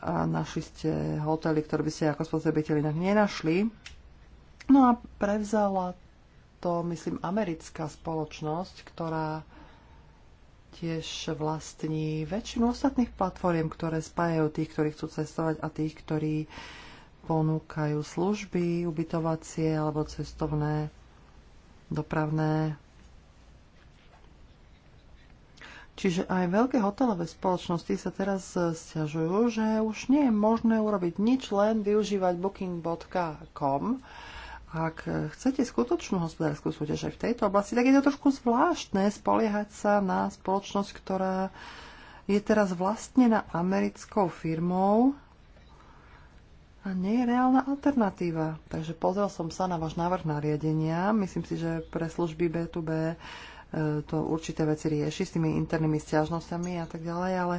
a našli ste hotely, ktoré by ste ako spotrebiteľi nenašli No a prevzala to, myslím, americká spoločnosť, ktorá tiež vlastní väčšinu ostatných platform, ktoré spájajú tých, ktorí chcú cestovať a tých, ktorí ponúkajú služby, ubytovacie alebo cestovné, dopravné. Čiže aj veľké hotelové spoločnosti sa teraz stiažujú, že už nie je možné urobiť nič, len využívať booking.com ak chcete skutočnú hospodárskú súťaž aj v tejto oblasti, tak je to trošku zvláštne spoliehať sa na spoločnosť, ktorá je teraz vlastnená americkou firmou a nie je reálna alternatíva. Takže pozrel som sa na váš návrh nariadenia. Myslím si, že pre služby B2B e, to určité veci rieši s tými internými stiažnosťami a tak ďalej, ale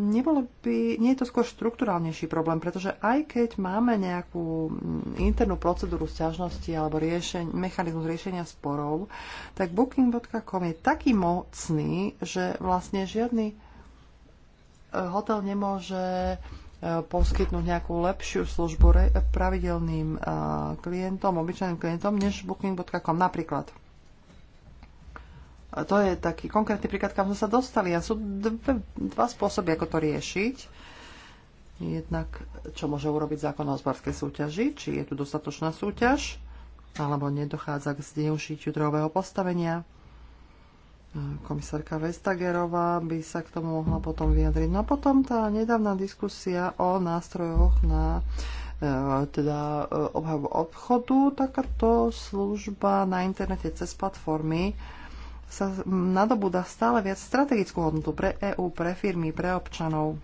Nebolo by, nie je to skôr štruktúrálnejší problém, pretože aj keď máme nejakú mm, internú procedúru sťažnosti alebo riešen, mechanizmus riešenia sporov, tak booking.com je taký mocný, že vlastne žiadny e, hotel nemôže e, poskytnúť nejakú lepšiu službu pravidelným e, klientom, obyčajným klientom, než booking.com napríklad. To je taký konkrétny príklad, kam sme sa dostali. A sú dve, dva spôsoby, ako to riešiť. Jednak, čo môže urobiť zákon o hospodárskej súťaži, či je tu dostatočná súťaž, alebo nedochádza k zneužitiu druhového postavenia. Komisárka Vestagerová by sa k tomu mohla potom vyjadriť. No a potom tá nedávna diskusia o nástrojoch na e, teda e, obhavu obchodu, takáto služba na internete cez platformy sa nadobúda stále viac strategickú hodnotu pre EÚ, pre firmy, pre občanov.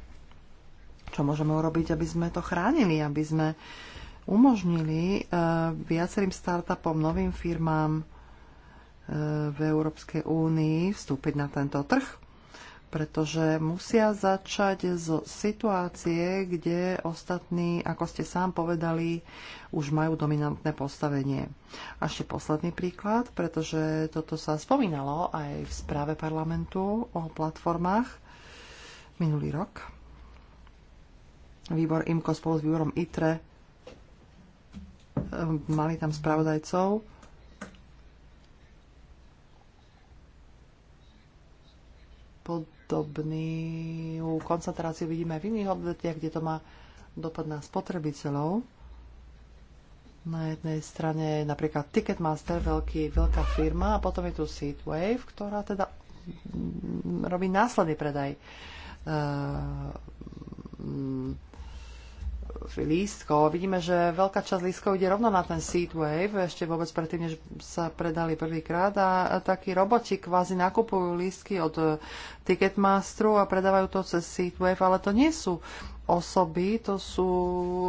Čo môžeme urobiť, aby sme to chránili, aby sme umožnili e, viacerým startupom, novým firmám e, v Európskej únii vstúpiť na tento trh? pretože musia začať z situácie, kde ostatní, ako ste sám povedali, už majú dominantné postavenie. A ešte posledný príklad, pretože toto sa spomínalo aj v správe parlamentu o platformách minulý rok. Výbor IMKO spolu s výborom ITRE ehm, mali tam spravodajcov. pod podobnú koncentráciu vidíme aj v iných odvetiach, kde to má dopad na spotrebiteľov. Na jednej strane je napríklad Ticketmaster, veľký, veľká firma, a potom je tu Seatwave, ktorá teda mm, robí následný predaj uh, lístkov. Vidíme, že veľká časť lístkov ide rovno na ten Wave, ešte vôbec predtým, než sa predali prvýkrát. A takí roboti kvázi nakupujú lístky od Ticketmasteru a predávajú to cez Wave, ale to nie sú osoby, to sú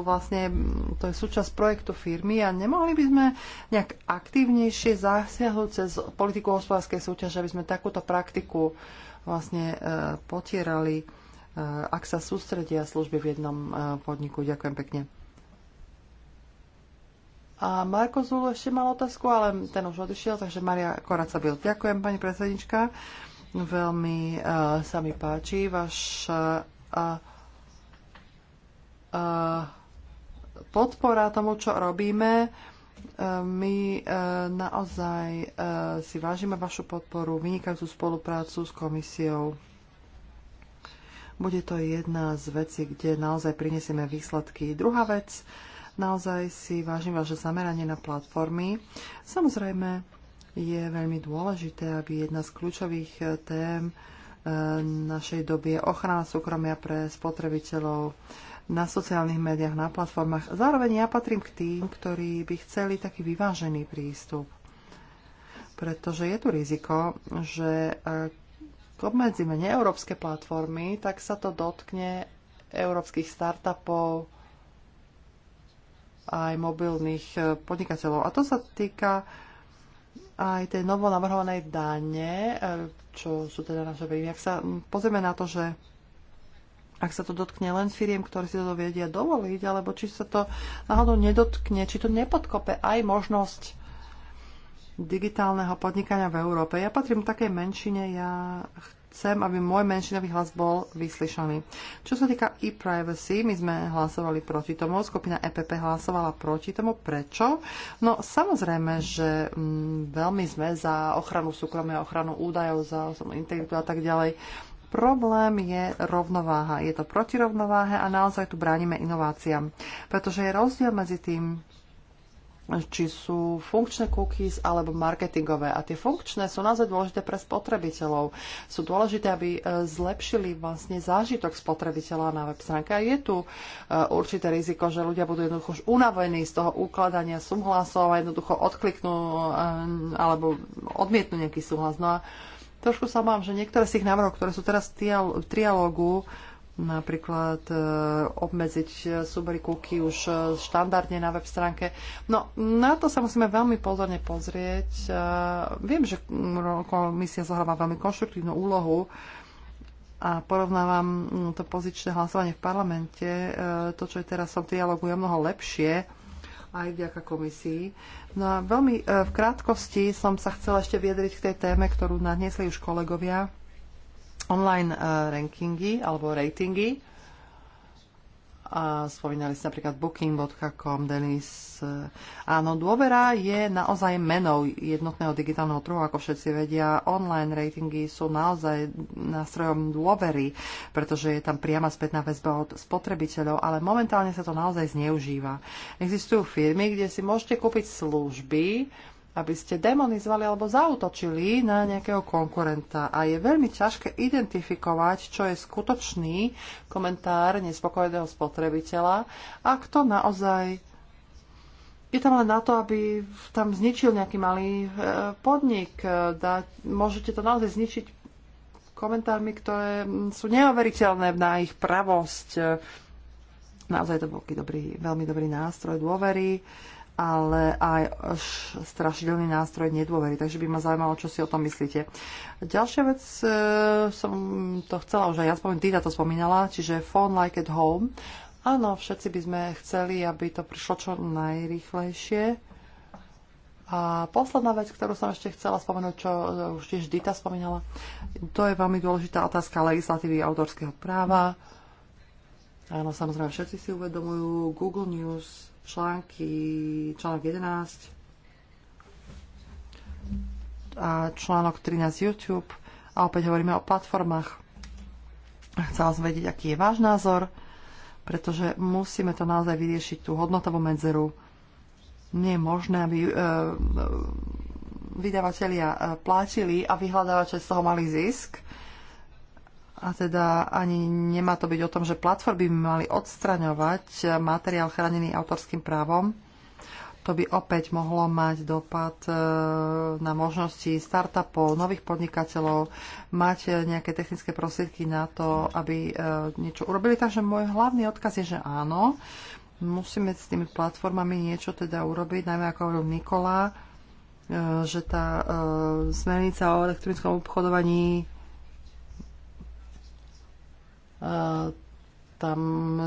vlastne, to je súčasť projektu firmy a nemohli by sme nejak aktívnejšie zasiahnuť cez politiku hospodárskej súťaže, aby sme takúto praktiku vlastne e, potierali Eh, ak sa sústredia služby v jednom eh, podniku. Ďakujem pekne. A Marko Zul ešte mal otázku, ale ten už odišiel, takže Maria Koraca byl. Ďakujem, pani predsednička. Veľmi uh, sa mi páči váš uh, uh, podpora tomu, čo robíme. my naozaj si vážime vašu podporu, vynikajúcu spoluprácu s komisiou bude to jedna z vecí, kde naozaj prinesieme výsledky. Druhá vec, naozaj si vážim vaše zameranie na platformy. Samozrejme, je veľmi dôležité, aby jedna z kľúčových eh, tém eh, našej doby je ochrana súkromia pre spotrebiteľov na sociálnych médiách, na platformách. Zároveň ja patrím k tým, ktorí by chceli taký vyvážený prístup. Pretože je tu riziko, že eh, obmedzíme neeurópske platformy, tak sa to dotkne európskych startupov aj mobilných e, podnikateľov. A to sa týka aj tej novo navrhovanej dane, e, čo sú teda naše príjmy. Ak sa pozrieme na to, že ak sa to dotkne len firiem, ktoré si to vedia dovoliť, alebo či sa to náhodou nedotkne, či to nepodkope aj možnosť digitálneho podnikania v Európe. Ja patrím také menšine, ja chcem, aby môj menšinový hlas bol vyslyšaný. Čo sa týka e-privacy, my sme hlasovali proti tomu, skupina EPP hlasovala proti tomu. Prečo? No samozrejme, že mm, veľmi sme za ochranu súkromia, ochranu údajov, za osobnú integritu a tak ďalej. Problém je rovnováha. Je to protirovnováha a naozaj tu bránime inováciám. Pretože je rozdiel medzi tým, či sú funkčné cookies alebo marketingové. A tie funkčné sú naozaj dôležité pre spotrebiteľov. Sú dôležité, aby e, zlepšili vlastne zážitok spotrebiteľa na web stránke. A je tu e, určité riziko, že ľudia budú jednoducho už unavení z toho ukladania súhlasov a jednoducho odkliknú e, alebo odmietnú nejaký súhlas. No a trošku sa mám, že niektoré z tých návrhov, ktoré sú teraz v trialógu, napríklad e, obmedziť súbory kúky už e, štandardne na web stránke. No, na to sa musíme veľmi pozorne pozrieť. E, viem, že komisia zohráva veľmi konštruktívnu úlohu a porovnávam mm, to pozičné hlasovanie v parlamente. To, čo je teraz som dialogu, je mnoho lepšie aj vďaka komisii. No a veľmi v krátkosti som sa chcela ešte viedriť k tej téme, ktorú nadniesli už kolegovia online eh, rankingy alebo ratingy. A spomínali ste napríklad booking.com, Denis. Eh. Áno, dôvera je naozaj menou jednotného digitálneho trhu, ako všetci vedia. Online ratingy sú naozaj nástrojom dôvery, pretože je tam priama spätná väzba od spotrebiteľov, ale momentálne sa to naozaj zneužíva. Existujú firmy, kde si môžete kúpiť služby, aby ste demonizovali alebo zautočili na nejakého konkurenta. A je veľmi ťažké identifikovať, čo je skutočný komentár nespokojného spotrebiteľa a kto naozaj je tam len na to, aby tam zničil nejaký malý e, podnik. E, môžete to naozaj zničiť komentármi, ktoré sú neoveriteľné na ich pravosť. E, naozaj to bol dobrý, veľmi dobrý nástroj dôvery. Uh, ale aj strašidelný nástroj nedôvery. Takže by ma zaujímalo, čo si o tom myslíte. Ďalšia vec, e, som to chcela už aj ja spomínať, Dita to spomínala, čiže phone like at home. Áno, všetci by sme chceli, aby to prišlo čo najrychlejšie. A posledná vec, ktorú som ešte chcela spomenúť, čo e, už tiež Dita spomínala, to je veľmi dôležitá otázka legislatívy autorského práva. Áno, samozrejme, všetci si uvedomujú Google News, články, článok 11 a článok 13 YouTube a opäť hovoríme o platformách. Chcela som vedieť, aký je váš názor, pretože musíme to naozaj vyriešiť, tú hodnotovú medzeru. Nie je možné, aby e, e vydavatelia e, platili a vyhľadávače z toho mali zisk a teda ani nemá to byť o tom, že platformy by mali odstraňovať materiál chránený autorským právom. To by opäť mohlo mať dopad e, na možnosti startupov, nových podnikateľov, mať nejaké technické prostriedky na to, aby e, niečo urobili. Takže môj hlavný odkaz je, že áno, musíme s tými platformami niečo teda urobiť, najmä ako hovoril Nikola, e, že tá smernica o elektronickom obchodovaní tam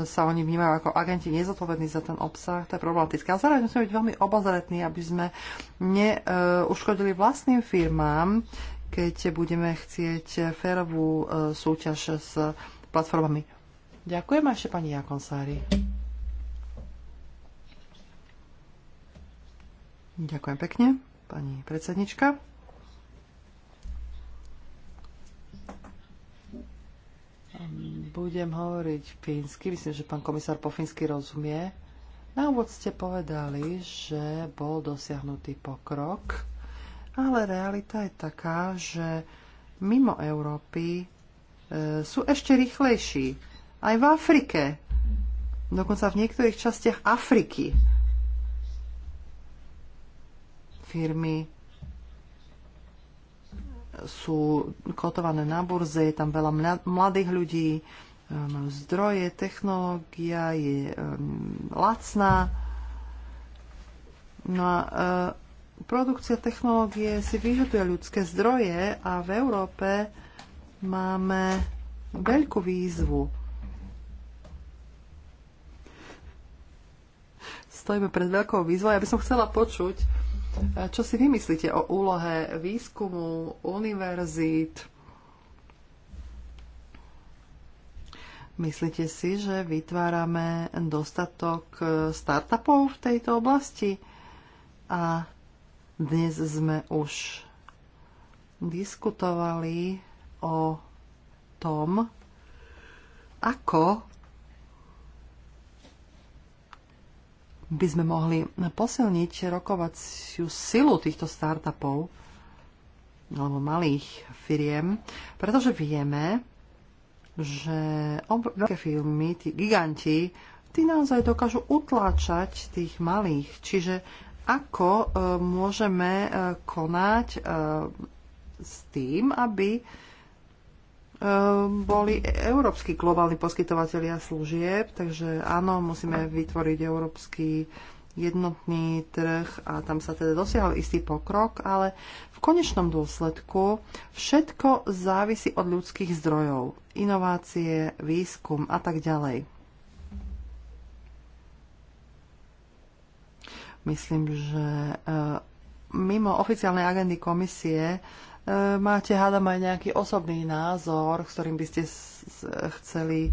sa oni vnímajú ako agenti nezodpovední za ten obsah, to je problematické. Ale zároveň musíme byť veľmi obozretní, aby sme neuškodili vlastným firmám, keď budeme chcieť férovú e, súťaž s platformami. Ďakujem a ešte pani Jakonsári. Ďakujem pekne, pani predsednička. Budem hovoriť fínsky, myslím, že pán komisár po fínsky rozumie. Na úvod ste povedali, že bol dosiahnutý pokrok, ale realita je taká, že mimo Európy e, sú ešte rýchlejší. Aj v Afrike, dokonca v niektorých častiach Afriky, firmy sú kotované na burze, je tam veľa mladých ľudí, majú um, zdroje, technológia je um, lacná. No a uh, produkcia technológie si vyžaduje ľudské zdroje a v Európe máme veľkú výzvu. Stojíme pred veľkou výzvou. Ja by som chcela počuť, čo si vymyslíte o úlohe výskumu, univerzít? Myslíte si, že vytvárame dostatok startupov v tejto oblasti? A dnes sme už diskutovali o tom, ako by sme mohli posilniť rokovaciu silu týchto startupov alebo malých firiem, pretože vieme, že veľké firmy, tí giganti, tí naozaj dokážu utláčať tých malých. Čiže ako e, môžeme e, konať e, s tým, aby Ehm, boli európsky globálni poskytovateľia služieb, takže áno, musíme vytvoriť európsky jednotný trh a tam sa teda dosiahol istý pokrok, ale v konečnom dôsledku všetko závisí od ľudských zdrojov, inovácie, výskum a tak ďalej. Myslím, že ehm, mimo oficiálnej agendy komisie máte, hádam, aj nejaký osobný názor, s ktorým by ste chceli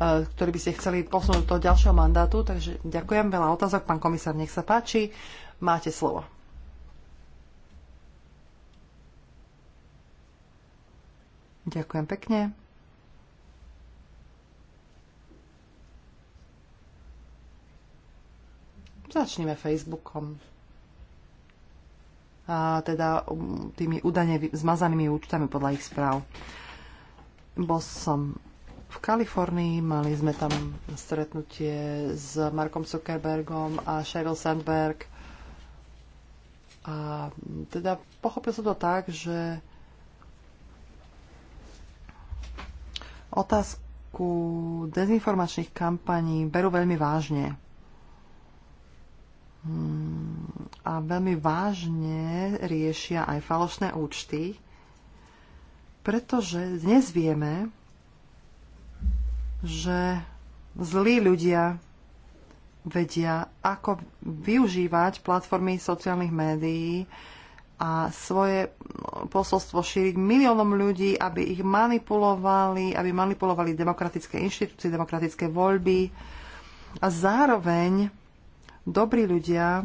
e, ktorý by ste chceli posunúť do ďalšieho mandátu. Takže ďakujem, veľa otázok. Pán komisár, nech sa páči. Máte slovo. Ďakujem pekne. Začneme Facebookom a teda um, tými údajne zmazanými účtami podľa ich správ. Bol som v Kalifornii, mali sme tam stretnutie s Markom Zuckerbergom a Sheryl Sandberg. A mm, teda pochopil som to tak, že otázku dezinformačných kampaní berú veľmi vážne a veľmi vážne riešia aj falošné účty, pretože dnes vieme, že zlí ľudia vedia, ako využívať platformy sociálnych médií a svoje posolstvo šíriť miliónom ľudí, aby ich manipulovali, aby manipulovali demokratické inštitúcie, demokratické voľby a zároveň dobrí ľudia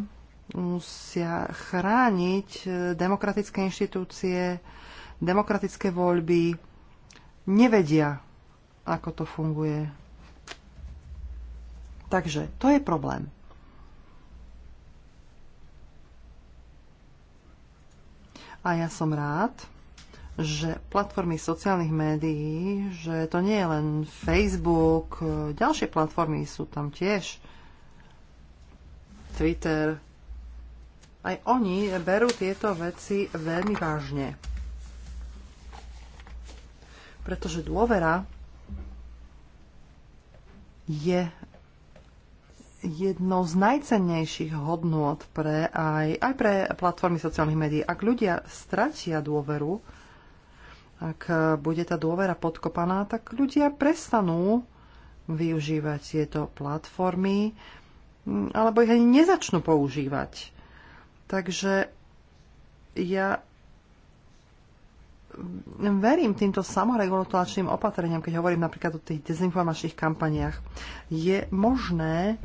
musia chrániť e, demokratické inštitúcie, demokratické voľby, nevedia, ako to funguje. Takže to je problém. A ja som rád, že platformy sociálnych médií, že to nie je len Facebook, e, ďalšie platformy sú tam tiež Twitter. Aj oni berú tieto veci veľmi vážne. Pretože dôvera je jednou z najcennejších hodnôt pre aj, aj pre platformy sociálnych médií. Ak ľudia stratia dôveru, ak bude tá dôvera podkopaná, tak ľudia prestanú využívať tieto platformy, alebo ich ani nezačnú používať. Takže ja verím týmto samoregulačným opatreniam, keď hovorím napríklad o tých dezinformačných kampaniách. Je možné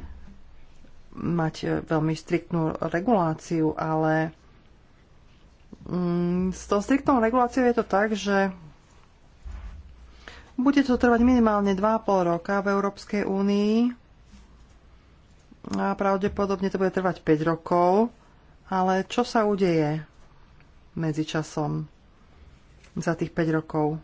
mať veľmi striktnú reguláciu, ale mm, s tou striktnou reguláciou je to tak, že bude to trvať minimálne 2,5 roka v Európskej únii, a pravdepodobne to bude trvať 5 rokov, ale čo sa udeje časom za tých 5 rokov?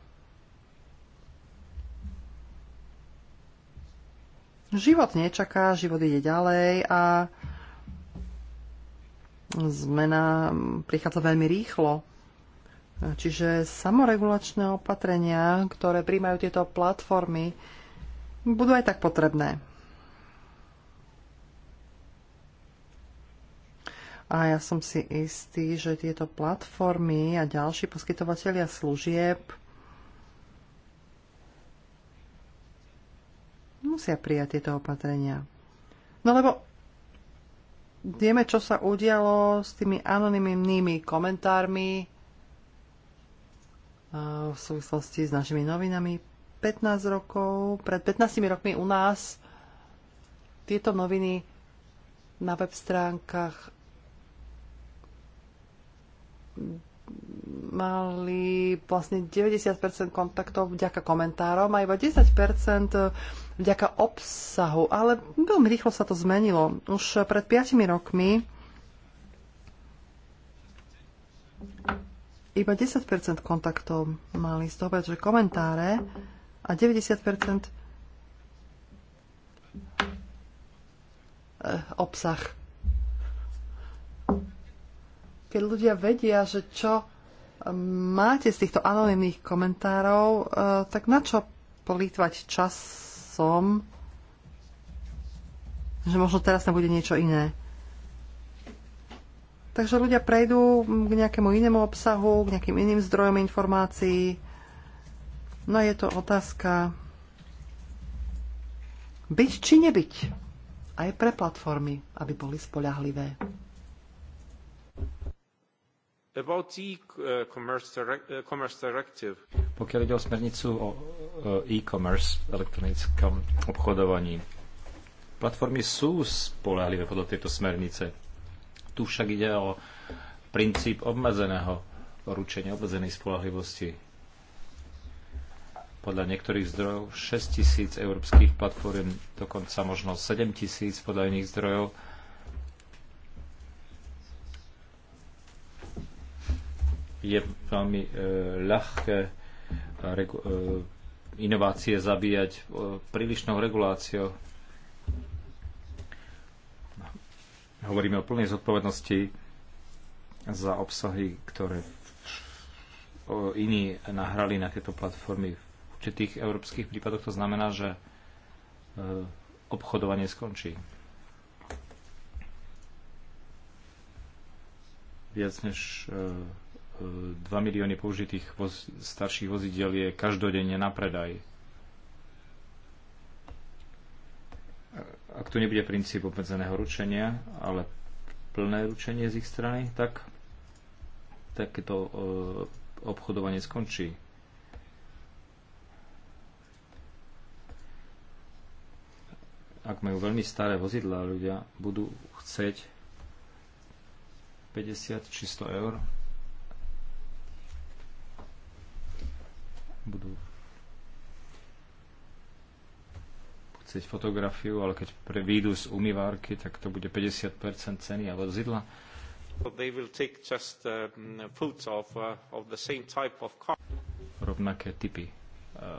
Život nečaká, život ide ďalej a zmena prichádza veľmi rýchlo. Čiže samoregulačné opatrenia, ktoré príjmajú tieto platformy, budú aj tak potrebné. A ja som si istý, že tieto platformy a ďalší poskytovateľia služieb musia prijať tieto opatrenia. No lebo vieme, čo sa udialo s tými anonymnými komentármi v súvislosti s našimi novinami. 15 rokov, pred 15 rokmi u nás tieto noviny na web stránkach mali vlastne 90% kontaktov vďaka komentárom a iba 10% eh, vďaka obsahu. Ale veľmi rýchlo sa to zmenilo. Už pred 5 rokmi iba 10% kontaktov mali z toho, pretože komentáre a 90% eh, obsah keď ľudia vedia, že čo e, máte z týchto anonimných komentárov, e, tak na čo polítvať časom, že možno teraz tam bude niečo iné. Takže ľudia prejdú k nejakému inému obsahu, k nejakým iným zdrojom informácií. No je to otázka byť či nebyť aj pre platformy, aby boli spoľahlivé. Uh, uh, Pokiaľ ide o smernicu o uh, e-commerce, elektronickom obchodovaní, platformy sú spolahlivé podľa tejto smernice. Tu však ide o princíp obmedzeného ručenia, obmedzenej spolahlivosti. Podľa niektorých zdrojov 6 tisíc európskych platform, dokonca možno 7 tisíc podľa iných zdrojov, je veľmi e, ľahké e, e, inovácie zabíjať prílišnou reguláciou. Hovoríme o plnej zodpovednosti za obsahy, ktoré iní nahrali na tieto platformy. V určitých európskych prípadoch to znamená, že obchodovanie skončí. Viac než 2 milióny použitých voz, starších vozidiel je každodenne na predaj. Ak tu nebude princíp obmedzeného ručenia, ale plné ručenie z ich strany, tak takéto e, obchodovanie skončí. Ak majú veľmi staré vozidlá, ľudia budú chcieť 50 či 100 eur budú chcieť fotografiu, ale keď pre výjdu z umývárky, tak to bude 50% ceny a vozidla. Rovnaké typy uh,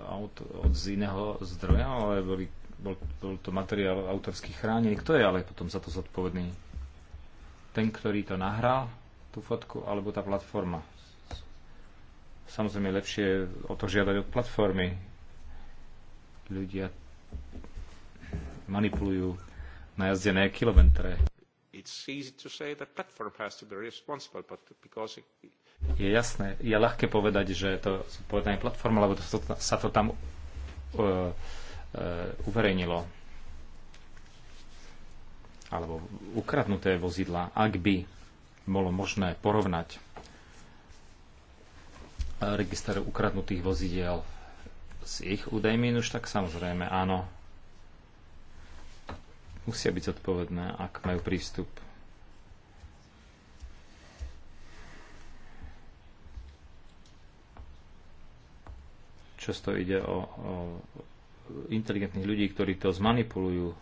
aut od z iného zdroja, ale boli, bol, bol to materiál autorský chránený. Kto je ale potom za to zodpovedný? Ten, ktorý to nahral, tú fotku, alebo tá platforma? Samozrejme, lepšie o to žiadať od platformy. Ľudia manipulujú najazdené kilometre. Je jasné, je ľahké povedať, že to povedané platforma, lebo to, sa to tam uh, uh, uverejnilo. Alebo ukradnuté vozidla, ak by bolo možné porovnať register ukradnutých vozidiel s ich údajmi, no už tak samozrejme áno. Musia byť zodpovedné, ak majú prístup. Často ide o, o inteligentných ľudí, ktorí to zmanipulujú.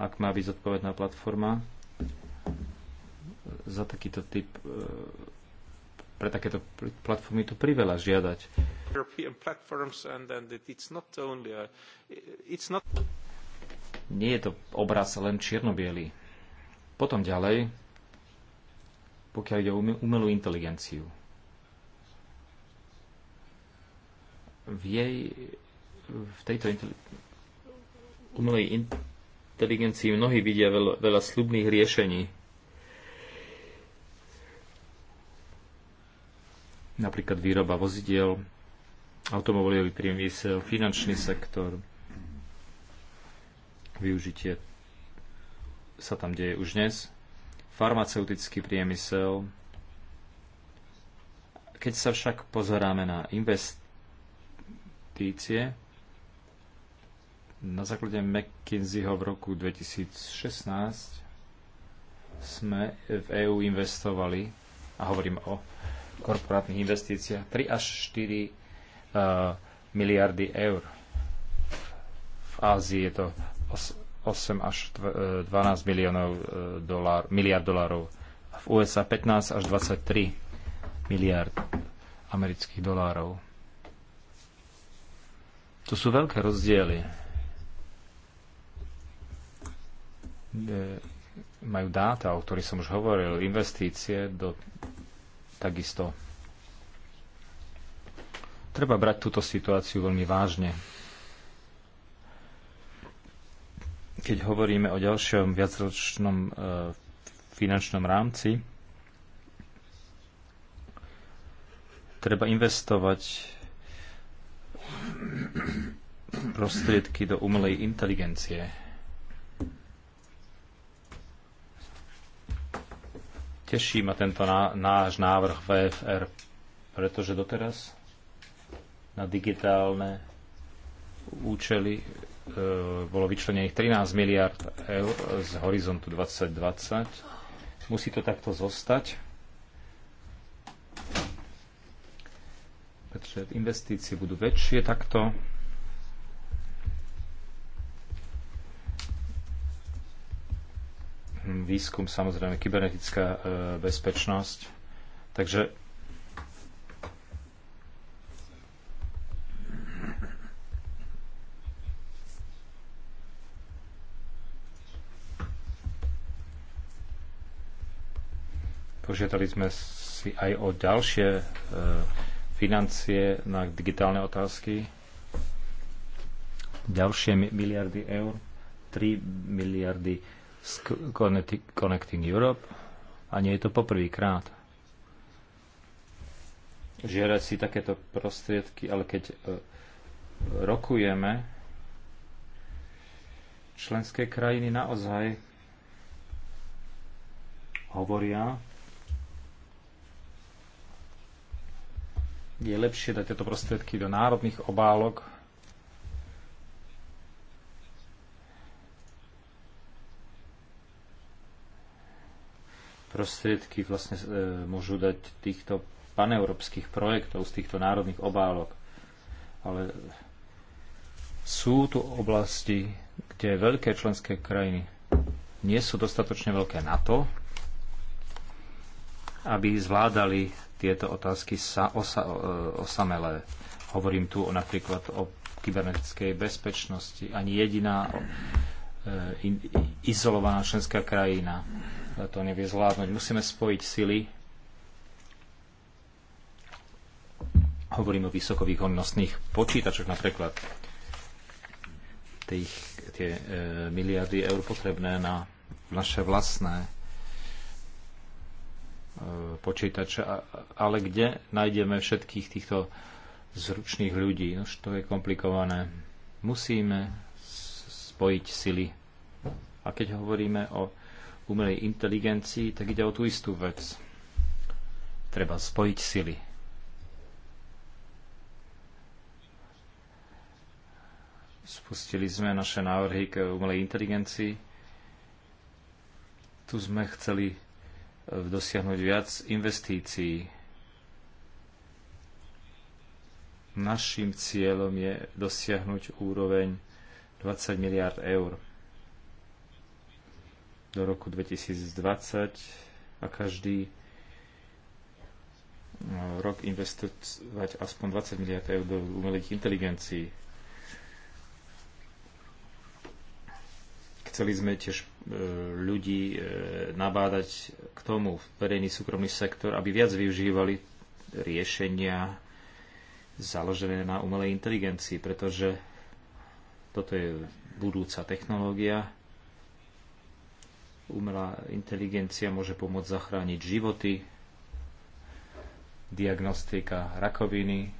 Ak má byť zodpovedná platforma, za takýto typ e, pre takéto platformy tu priveľa žiadať. Nie je to obraz len čierno -bielý. Potom ďalej, pokiaľ ide o umelú inteligenciu. V jej v tejto umelej inteligencii mnohí vidia veľa, veľa slubných riešení napríklad výroba vozidiel, automobilový priemysel, finančný sektor, využitie sa tam deje už dnes, farmaceutický priemysel. Keď sa však pozeráme na investície, na základe McKinseyho v roku 2016 sme v EÚ investovali, a hovorím o korporátnych investíciách 3 až 4 uh, e, miliardy eur. V Ázii je to 8 až 12 e, miliónov e, dolar, miliard dolárov. V USA 15 až 23 miliard amerických dolárov. To sú veľké rozdiely. Majú dáta, o ktorých som už hovoril, investície do takisto. Treba brať túto situáciu veľmi vážne. Keď hovoríme o ďalšom viacročnom e, finančnom rámci, treba investovať prostriedky do umelej inteligencie. Teší ma tento náš návrh VFR, pretože doteraz na digitálne účely e, bolo vyčlenených 13 miliard eur z horizontu 2020. Musí to takto zostať, pretože investície budú väčšie takto. výskum, samozrejme kybernetická e, bezpečnosť. Takže požiadali sme si aj o ďalšie e, financie na digitálne otázky. Ďalšie miliardy eur, 3 miliardy z Connecting Europe a nie je to poprvýkrát. Žierať si takéto prostriedky, ale keď e, rokujeme, členské krajiny naozaj hovoria, je lepšie dať tieto prostriedky do národných obálok, prostriedky vlastne e, môžu dať týchto paneurópskych projektov z týchto národných obálok. Ale sú tu oblasti, kde veľké členské krajiny nie sú dostatočne veľké na to, aby zvládali tieto otázky sa, osa, osamelé. Hovorím tu napríklad o kybernetickej bezpečnosti. Ani jediná e, in, izolovaná členská krajina to nevie zvládnuť. Musíme spojiť sily. Hovorím o vysokových vysokovýkonnostných počítačoch napríklad. Tých, tie e, miliardy eur potrebné na naše vlastné e, počítače, ale kde nájdeme všetkých týchto zručných ľudí? No, už to je komplikované. Musíme spojiť sily. A keď hovoríme o umelej inteligencii, tak ide o tú istú vec. Treba spojiť sily. Spustili sme naše návrhy k umelej inteligencii. Tu sme chceli e, dosiahnuť viac investícií. Naším cieľom je dosiahnuť úroveň 20 miliard eur do roku 2020 a každý no, rok investovať aspoň 20 miliard eur do umelých inteligencií. Chceli sme tiež e, ľudí e, nabádať k tomu, verejný súkromný sektor, aby viac využívali riešenia založené na umelej inteligencii, pretože toto je budúca technológia, Umelá inteligencia môže pomôcť zachrániť životy, diagnostika rakoviny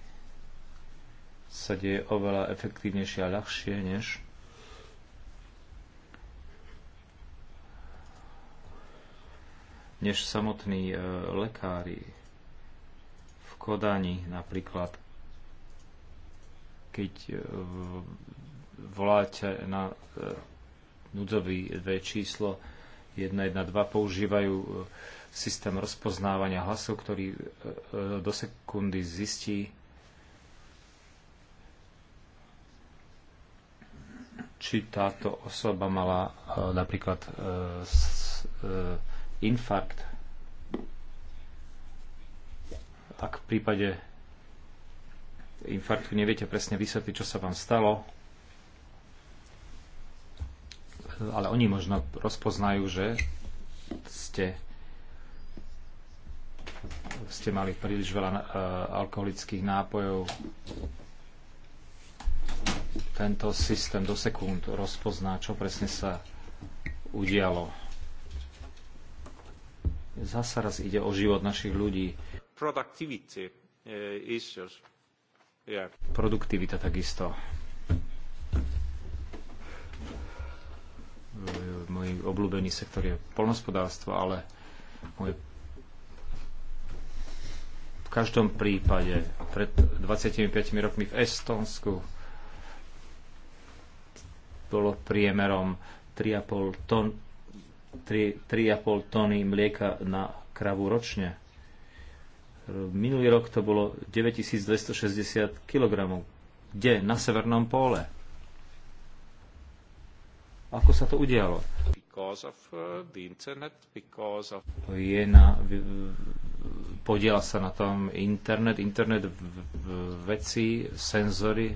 sa deje oveľa efektívnejšie a ľahšie než než samotní e, lekári v Kodani napríklad keď e, voláte na e, núdzový dve číslo 112 používajú e, systém rozpoznávania hlasov, ktorý e, e, do sekundy zistí, či táto osoba mala napríklad infarkt. Ak v prípade infarktu neviete presne vysvetliť, čo sa vám stalo, ale oni možno rozpoznajú, že ste, ste mali príliš veľa uh, alkoholických nápojov. Tento systém do sekúnd rozpozná, čo presne sa udialo. Zasa raz ide o život našich ľudí. E, Produktivita takisto. Môj obľúbený sektor je polnospodárstvo, ale môj v každom prípade pred 25 rokmi v Estonsku bolo priemerom 3,5 tón 3,5 tony mlieka na kravu ročne. Minulý rok to bolo 9260 kg. Kde? Na severnom póle. Ako sa to udialo? Uh, internet, of... Je na, podiela sa na tom internet, internet v, v, veci, senzory.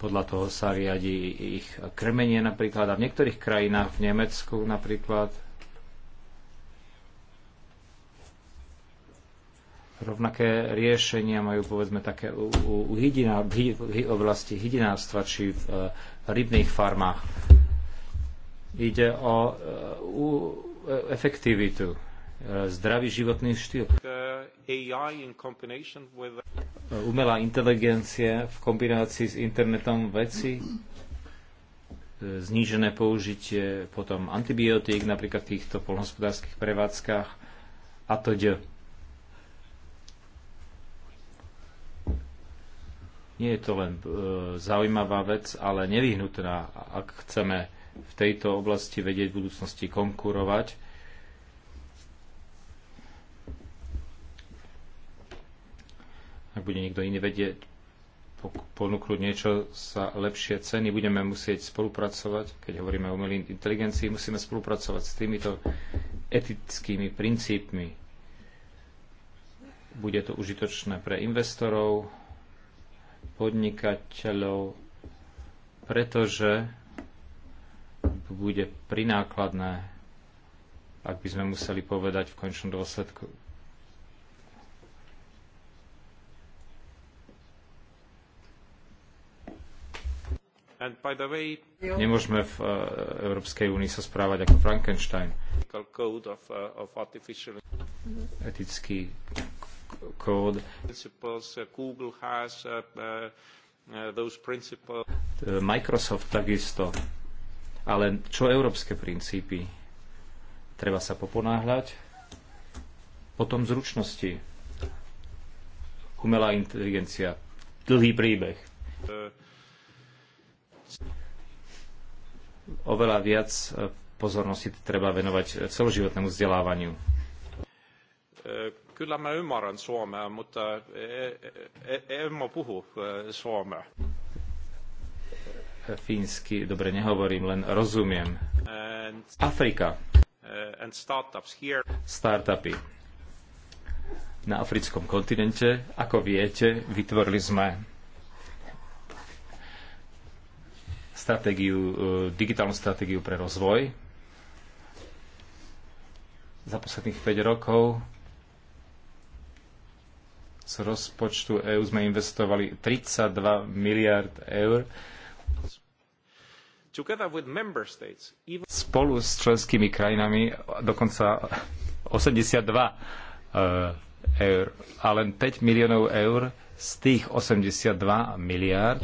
Podľa toho sa riadi ich krmenie napríklad. A v niektorých krajinách, v Nemecku napríklad, Rovnaké riešenia majú povedzme také u, u, u hydina, v, v oblasti hydinárstva či v, v e, rybných farmách. Ide o e, u, e, efektivitu, zdravý životný štýl. Umelá inteligencia v kombinácii s internetom veci, znížené použitie potom antibiotík napríklad v týchto polnohospodárskych prevádzkach a to ďalej Nie je to len e, zaujímavá vec, ale nevyhnutná, ak chceme v tejto oblasti vedieť v budúcnosti konkurovať. Ak bude niekto iný vedieť ponúknuť niečo sa lepšie ceny, budeme musieť spolupracovať, keď hovoríme o umelej inteligencii, musíme spolupracovať s týmito etickými princípmi. Bude to užitočné pre investorov, podnikateľov, pretože bude prinákladné, ak by sme museli povedať v končnom dôsledku. Way, Nemôžeme v eh, Európskej únii sa správať ako Frankenstein. Of, eh, of artificial... Etický kód. Uh, uh, uh, e, Microsoft takisto. Ale čo európske princípy? Treba sa poponáhľať. Potom zručnosti. Umelá inteligencia. Dlhý príbeh. Oveľa viac e, pozornosti treba venovať e, celoživotnému vzdelávaniu kyllä mä ymmärrän suomea, mutta e, e, e, en mä puhu suomea. Fínsky, dobre, nehovorím, len rozumiem. And, Afrika. And startups here. Startupy. Na africkom kontinente, ako viete, vytvorili sme stratégiu, digitálnu stratégiu pre rozvoj. Za posledných 5 rokov z rozpočtu EÚ sme investovali 32 miliard eur. Spolu s členskými krajinami dokonca 82 e, eur a len 5 miliónov eur z tých 82 miliárd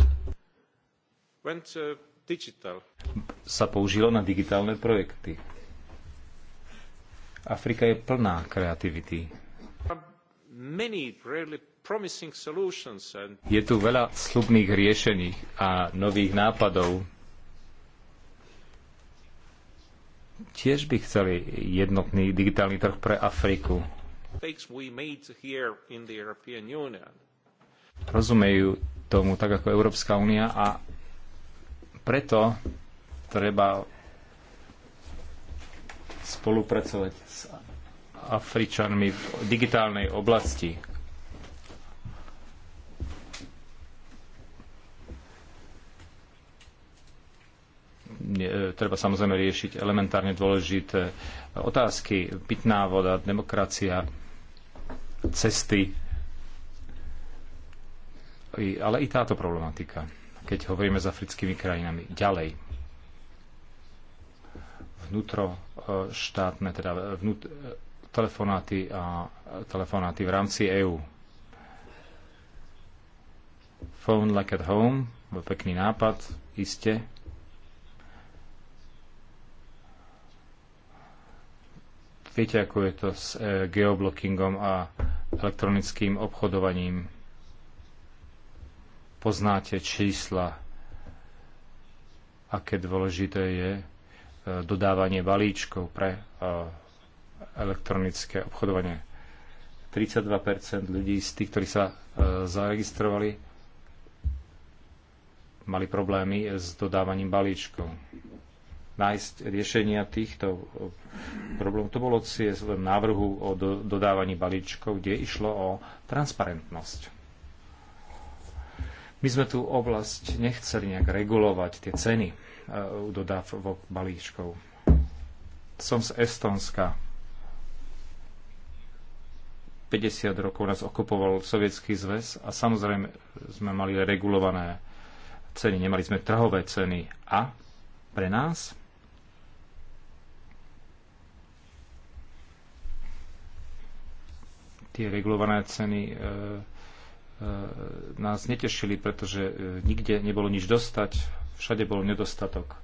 sa použilo na digitálne projekty. Afrika je plná kreativity je tu veľa slubných riešení a nových nápadov. Tiež by chceli jednotný digitálny trh pre Afriku. Rozumejú tomu tak ako Európska únia a preto treba spolupracovať s Afričanmi v digitálnej oblasti. E, treba samozrejme riešiť elementárne dôležité otázky, pitná voda, demokracia, cesty, ale i táto problematika, keď hovoríme s africkými krajinami ďalej štátne, teda vnútro, telefonáty, a, telefonáty v rámci EÚ. Phone like at home, pekný nápad, iste. Viete, ako je to s e, geoblockingom a elektronickým obchodovaním. Poznáte čísla, aké dôležité je e, dodávanie balíčkov pre e, elektronické obchodovanie. 32% ľudí z tých, ktorí sa e, zaregistrovali, mali problémy s dodávaním balíčkov. Nájsť riešenia týchto e, problémov, to bolo cieľom návrhu o do, dodávaní balíčkov, kde išlo o transparentnosť. My sme tú oblasť nechceli nejak regulovať, tie ceny e, u dodávok balíčkov. Som z Estonska 50 rokov nás okupoval Sovietský zväz a samozrejme sme mali regulované ceny, nemali sme trhové ceny. A pre nás tie regulované ceny e, e, nás netešili, pretože e, nikde nebolo nič dostať, všade bol nedostatok.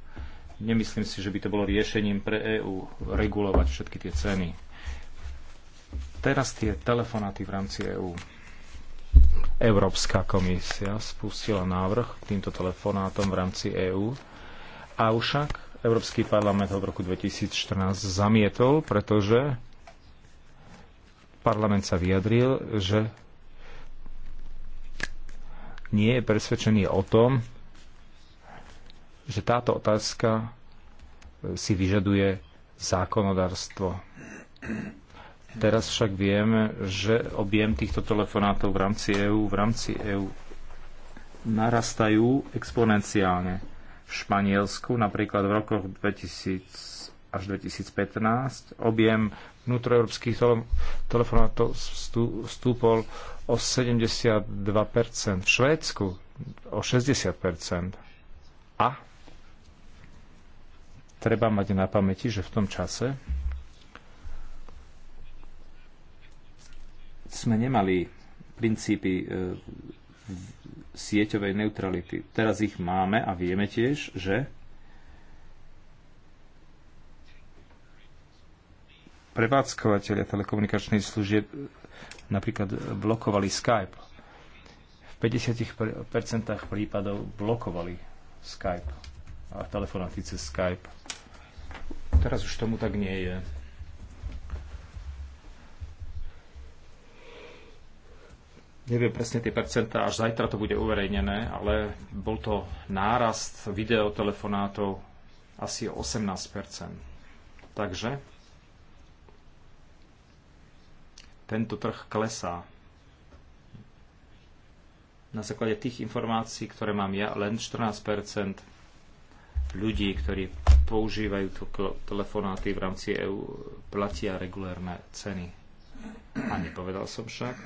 Nemyslím si, že by to bolo riešením pre EÚ regulovať všetky tie ceny teraz tie telefonáty v rámci EÚ. Európska komisia spustila návrh k týmto telefonátom v rámci EÚ, a však Európsky parlament ho v roku 2014 zamietol, pretože parlament sa vyjadril, že nie je presvedčený o tom, že táto otázka si vyžaduje zákonodárstvo. Teraz však vieme, že objem týchto telefonátov v rámci EÚ, v rámci EÚ narastajú exponenciálne. V Španielsku napríklad v rokoch 2000 až 2015 objem vnútroeurópskych tele- telefonátov stúpol o 72%, v Švédsku o 60%. A treba mať na pamäti, že v tom čase sme nemali princípy e, sieťovej neutrality. Teraz ich máme a vieme tiež, že prevádzkovateľia telekomunikačných služieb e, napríklad e, blokovali Skype. V 50% prípadov blokovali Skype a telefonatice Skype. Teraz už tomu tak nie je. Neviem presne tie percentá, až zajtra to bude uverejnené, ale bol to nárast videotelefonátov asi o 18 Takže tento trh klesá. Na základe tých informácií, ktoré mám ja, len 14 ľudí, ktorí používajú tu telefonáty v rámci EU platia regulérne ceny. A nepovedal som však,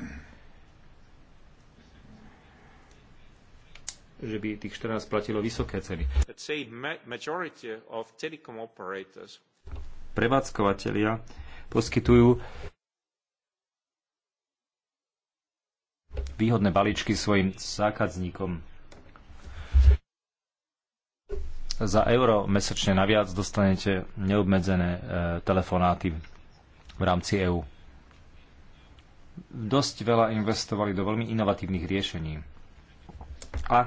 že by tých 14 platilo vysoké ceny. Prevádzkovateľia poskytujú výhodné balíčky svojim zákazníkom. Za euro mesačne naviac dostanete neobmedzené e, telefonáty v rámci EÚ. Dosť veľa investovali do veľmi inovatívnych riešení. A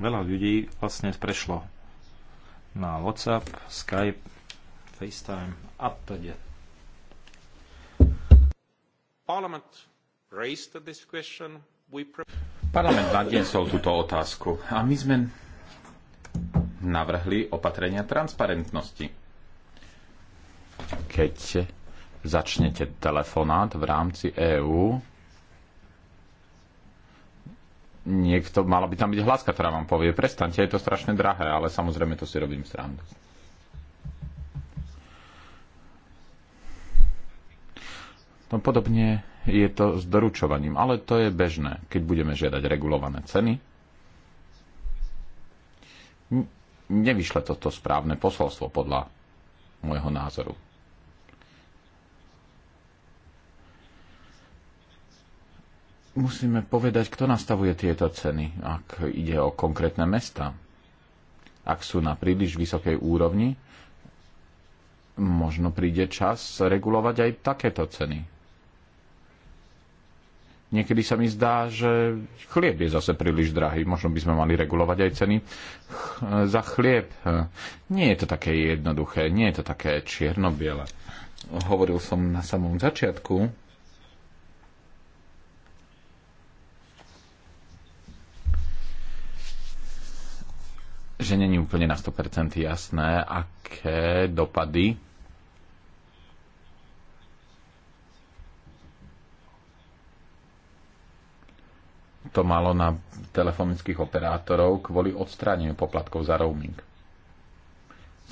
Veľa ľudí vlastne prešlo na WhatsApp, Skype, FaceTime a teda. Parlament nadiesol túto otázku a my sme navrhli opatrenia transparentnosti. Keď začnete telefonát v rámci EÚ, niekto, mala by tam byť hláska, ktorá vám povie, prestante, je to strašne drahé, ale samozrejme to si robím srandu. No podobne je to s doručovaním, ale to je bežné, keď budeme žiadať regulované ceny. Nevyšle toto správne posolstvo podľa môjho názoru. musíme povedať, kto nastavuje tieto ceny, ak ide o konkrétne mesta. Ak sú na príliš vysokej úrovni, možno príde čas regulovať aj takéto ceny. Niekedy sa mi zdá, že chlieb je zase príliš drahý. Možno by sme mali regulovať aj ceny za chlieb. Nie je to také jednoduché, nie je to také čierno-biele. Hovoril som na samom začiatku, že není úplne na 100% jasné, aké dopady to malo na telefonických operátorov kvôli odstráneniu poplatkov za roaming.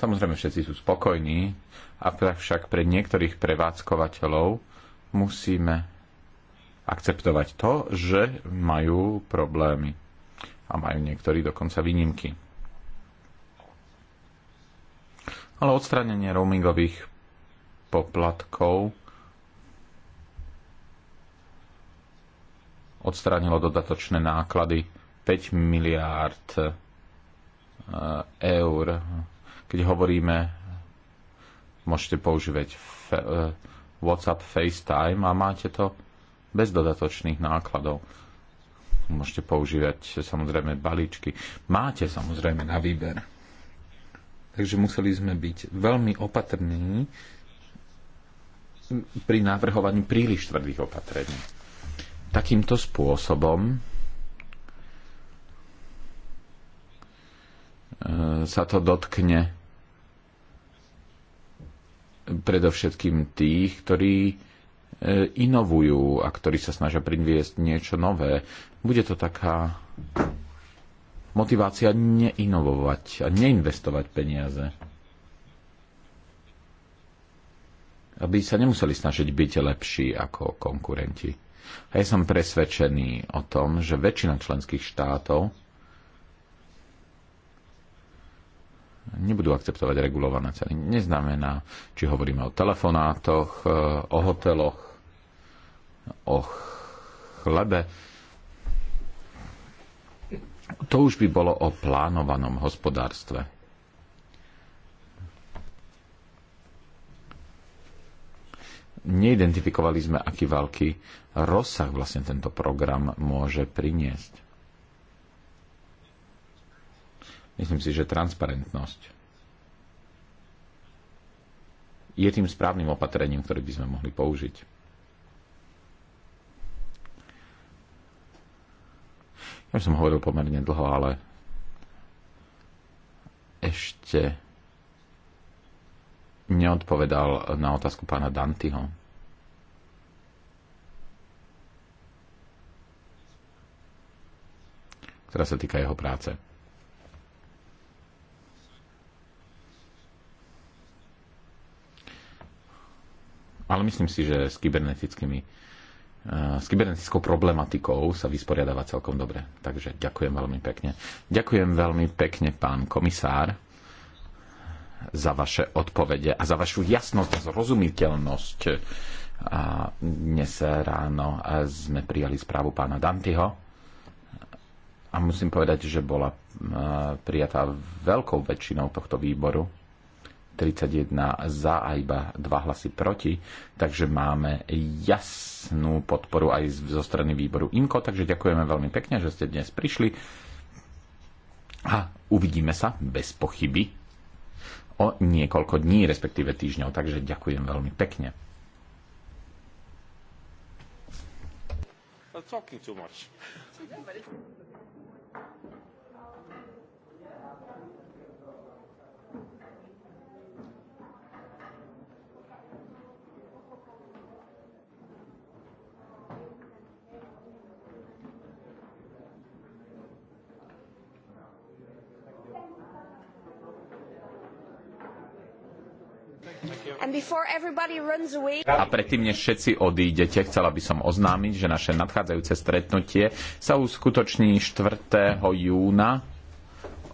Samozrejme, všetci sú spokojní, a však pre niektorých prevádzkovateľov musíme akceptovať to, že majú problémy. A majú niektorí dokonca výnimky. ale odstránenie roamingových poplatkov odstránilo dodatočné náklady 5 miliárd e, eur. Keď hovoríme, môžete používať e, WhatsApp, FaceTime a máte to bez dodatočných nákladov. Môžete používať samozrejme balíčky. Máte samozrejme na výber. Takže museli sme byť veľmi opatrní pri navrhovaní príliš tvrdých opatrení. Takýmto spôsobom e, sa to dotkne predovšetkým tých, ktorí e, inovujú a ktorí sa snažia priniesť niečo nové. Bude to taká motivácia neinovovať a neinvestovať peniaze. Aby sa nemuseli snažiť byť lepší ako konkurenti. A ja som presvedčený o tom, že väčšina členských štátov nebudú akceptovať regulované ceny. Neznamená, či hovoríme o telefonátoch, eh, o hoteloch, o chlebe to už by bolo o plánovanom hospodárstve. Neidentifikovali sme, aký veľký rozsah vlastne tento program môže priniesť. Myslím si, že transparentnosť je tým správnym opatrením, ktoré by sme mohli použiť. Ja už som hovoril pomerne dlho, ale ešte neodpovedal na otázku pána Dantyho. ktorá sa týka jeho práce. Ale myslím si, že s kybernetickými s kybernetickou problematikou sa vysporiadáva celkom dobre. Takže ďakujem veľmi pekne. Ďakujem veľmi pekne, pán komisár, za vaše odpovede a za vašu jasnosť a zrozumiteľnosť. A dnes ráno sme prijali správu pána Dantyho a musím povedať, že bola e, prijatá veľkou väčšinou tohto výboru 31 za a iba 2 hlasy proti, takže máme jasnú podporu aj zo strany výboru IMKO, takže ďakujeme veľmi pekne, že ste dnes prišli a uvidíme sa bez pochyby o niekoľko dní, respektíve týždňov, takže ďakujem veľmi pekne. talking too much. A predtým, než všetci odídete, chcela by som oznámiť, že naše nadchádzajúce stretnutie sa uskutoční 4. júna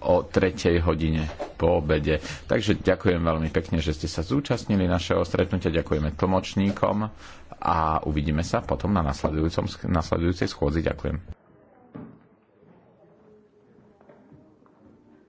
o 3. hodine po obede. Takže ďakujem veľmi pekne, že ste sa zúčastnili našeho stretnutia, ďakujeme tlmočníkom a uvidíme sa potom na nasledujúcej schôdzi. Ďakujem.